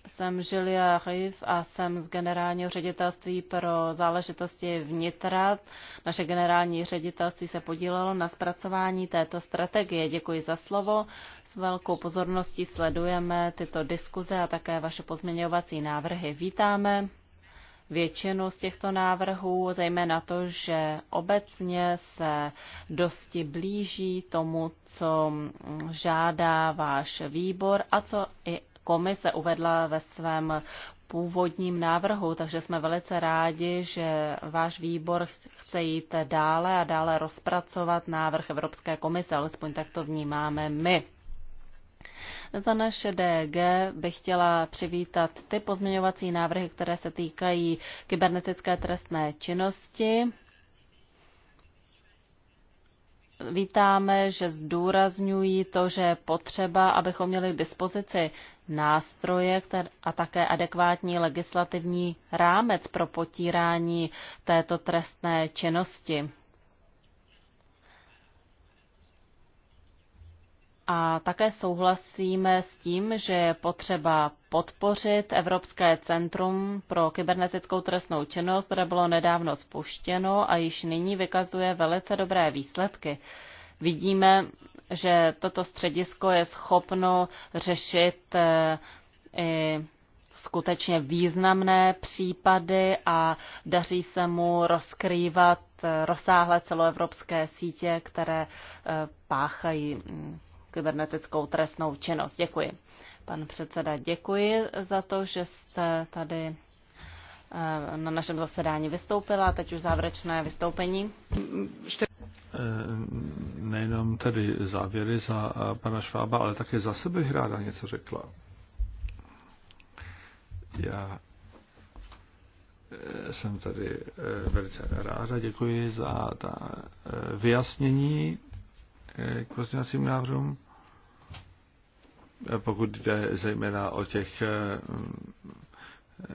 Jsem Julia Riv a jsem z generálního ředitelství pro záležitosti vnitra. Naše generální ředitelství se podílelo na zpracování této strategie. Děkuji za slovo. S velkou pozorností sledujeme tyto diskuze a také vaše pozměňovací návrhy. Vítáme většinu z těchto návrhů, zejména to, že obecně se dosti blíží tomu, co žádá váš výbor a co i komise uvedla ve svém původním návrhu, takže jsme velice rádi, že váš výbor chce jít dále a dále rozpracovat návrh Evropské komise, alespoň tak to vnímáme my. Za naše DG bych chtěla přivítat ty pozměňovací návrhy, které se týkají kybernetické trestné činnosti. Vítáme, že zdůrazňují to, že je potřeba, abychom měli k dispozici nástroje a také adekvátní legislativní rámec pro potírání této trestné činnosti. a také souhlasíme s tím, že je potřeba podpořit Evropské centrum pro kybernetickou trestnou činnost, které bylo nedávno spuštěno a již nyní vykazuje velice dobré výsledky. Vidíme, že toto středisko je schopno řešit eh, i skutečně významné případy a daří se mu rozkrývat eh, rozsáhlé celoevropské sítě, které eh, páchají mm, kybernetickou trestnou činnost. Děkuji. Pan předseda, děkuji za to, že jste tady eh, na našem zasedání vystoupila. Teď už závěrečné vystoupení. Eh, nejenom tedy závěry za eh, pana Švába, ale také za sebe bych ráda něco řekla. Já jsem tady velice ráda. Děkuji za ta vyjasnění k pozdějacím návrhům pokud jde zejména o těch eh, eh,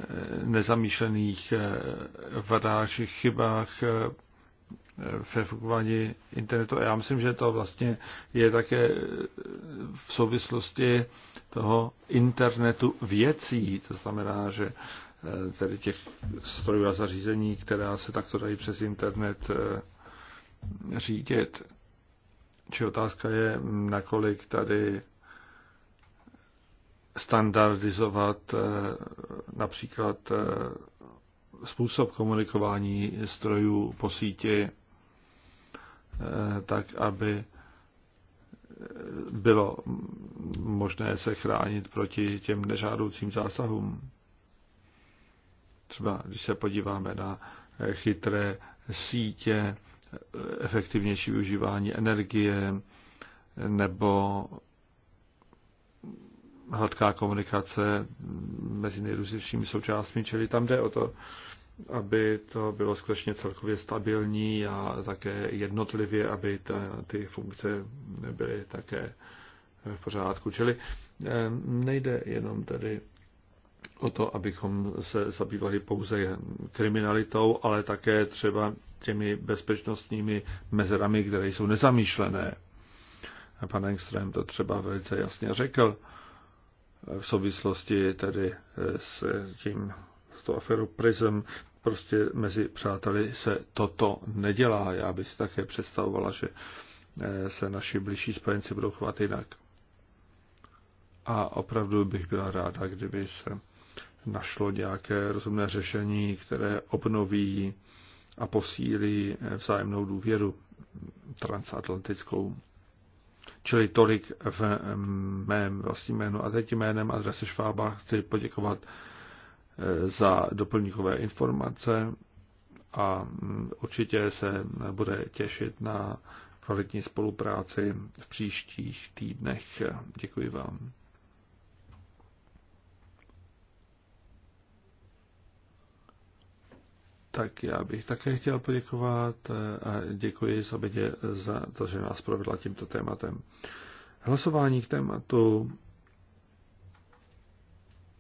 nezamýšlených eh, vadách, chybách ve fungování internetu. A já myslím, že to vlastně je také v souvislosti toho internetu věcí. To znamená, že tedy těch strojů a zařízení, která se takto dají přes internet řídit. Či otázka je, nakolik tady standardizovat eh, například eh, způsob komunikování strojů po síti, eh, tak aby bylo možné se chránit proti těm nežádoucím zásahům. Třeba když se podíváme na chytré sítě, efektivnější využívání energie nebo hladká komunikace mezi nejrůznějšími součástmi, čili tam jde o to, aby to bylo skutečně celkově stabilní a také jednotlivě, aby ta, ty funkce byly také v pořádku. Čili eh, nejde jenom tedy o to, abychom se zabývali pouze kriminalitou, ale také třeba těmi bezpečnostními mezerami, které jsou nezamýšlené. Pan Engström to třeba velice jasně řekl v souvislosti tedy eh, s tím, s tou aferou Prism, prostě mezi přáteli se toto nedělá. Já bych si také představovala, že eh, se naši blížší spojenci budou chovat jinak. A opravdu bych byla ráda, kdyby se našlo nějaké rozumné řešení, které obnoví a posílí eh, vzájemnou důvěru transatlantickou. Čili tolik v mém vlastním jménu a teď jménem adrese Švába chci poděkovat eh, za doplňkové informace a mm, určitě se bude těšit na kvalitní spolupráci v příštích týdnech. Děkuji vám. Tak já bych také chtěl poděkovat a děkuji Sabitě za to, že nás provedla tímto tématem. Hlasování k tématu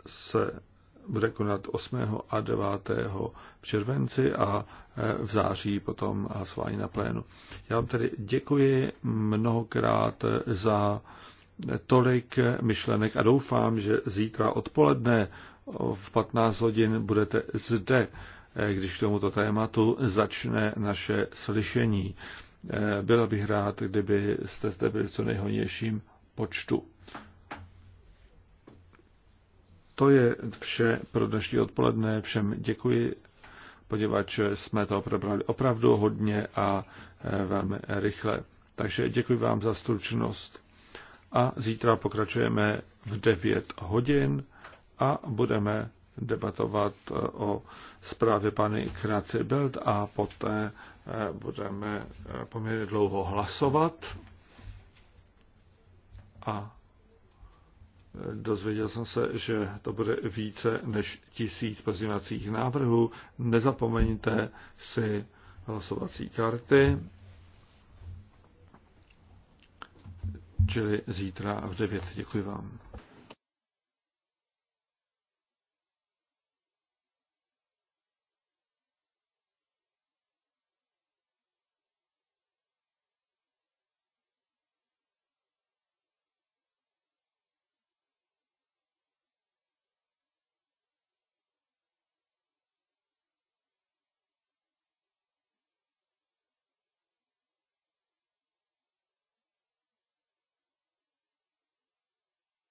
se bude konat 8. a 9. červenci a e, v září potom hlasování na plénu. Já vám tedy děkuji mnohokrát za tolik myšlenek a doufám, že zítra odpoledne v 15 hodin budete zde Eh, když k tomuto tématu začne naše slyšení. Eh, byla bych rád, kdyby jste zde byli co nejhonějším počtu. To je vše pro dnešní odpoledne. Všem děkuji, poněvadž jsme to probrali opravdu hodně a eh, velmi rychle. Takže děkuji vám za stručnost. A zítra pokračujeme v 9 hodin a budeme debatovat eh, o zprávě pany Kraci Belt a poté eh, budeme eh, poměrně dlouho hlasovat. A dozvěděl jsem se, že to bude více než tisíc pozměňovacích návrhů. Nezapomeňte si hlasovací karty. Čili zítra v 9. Děkuji vám.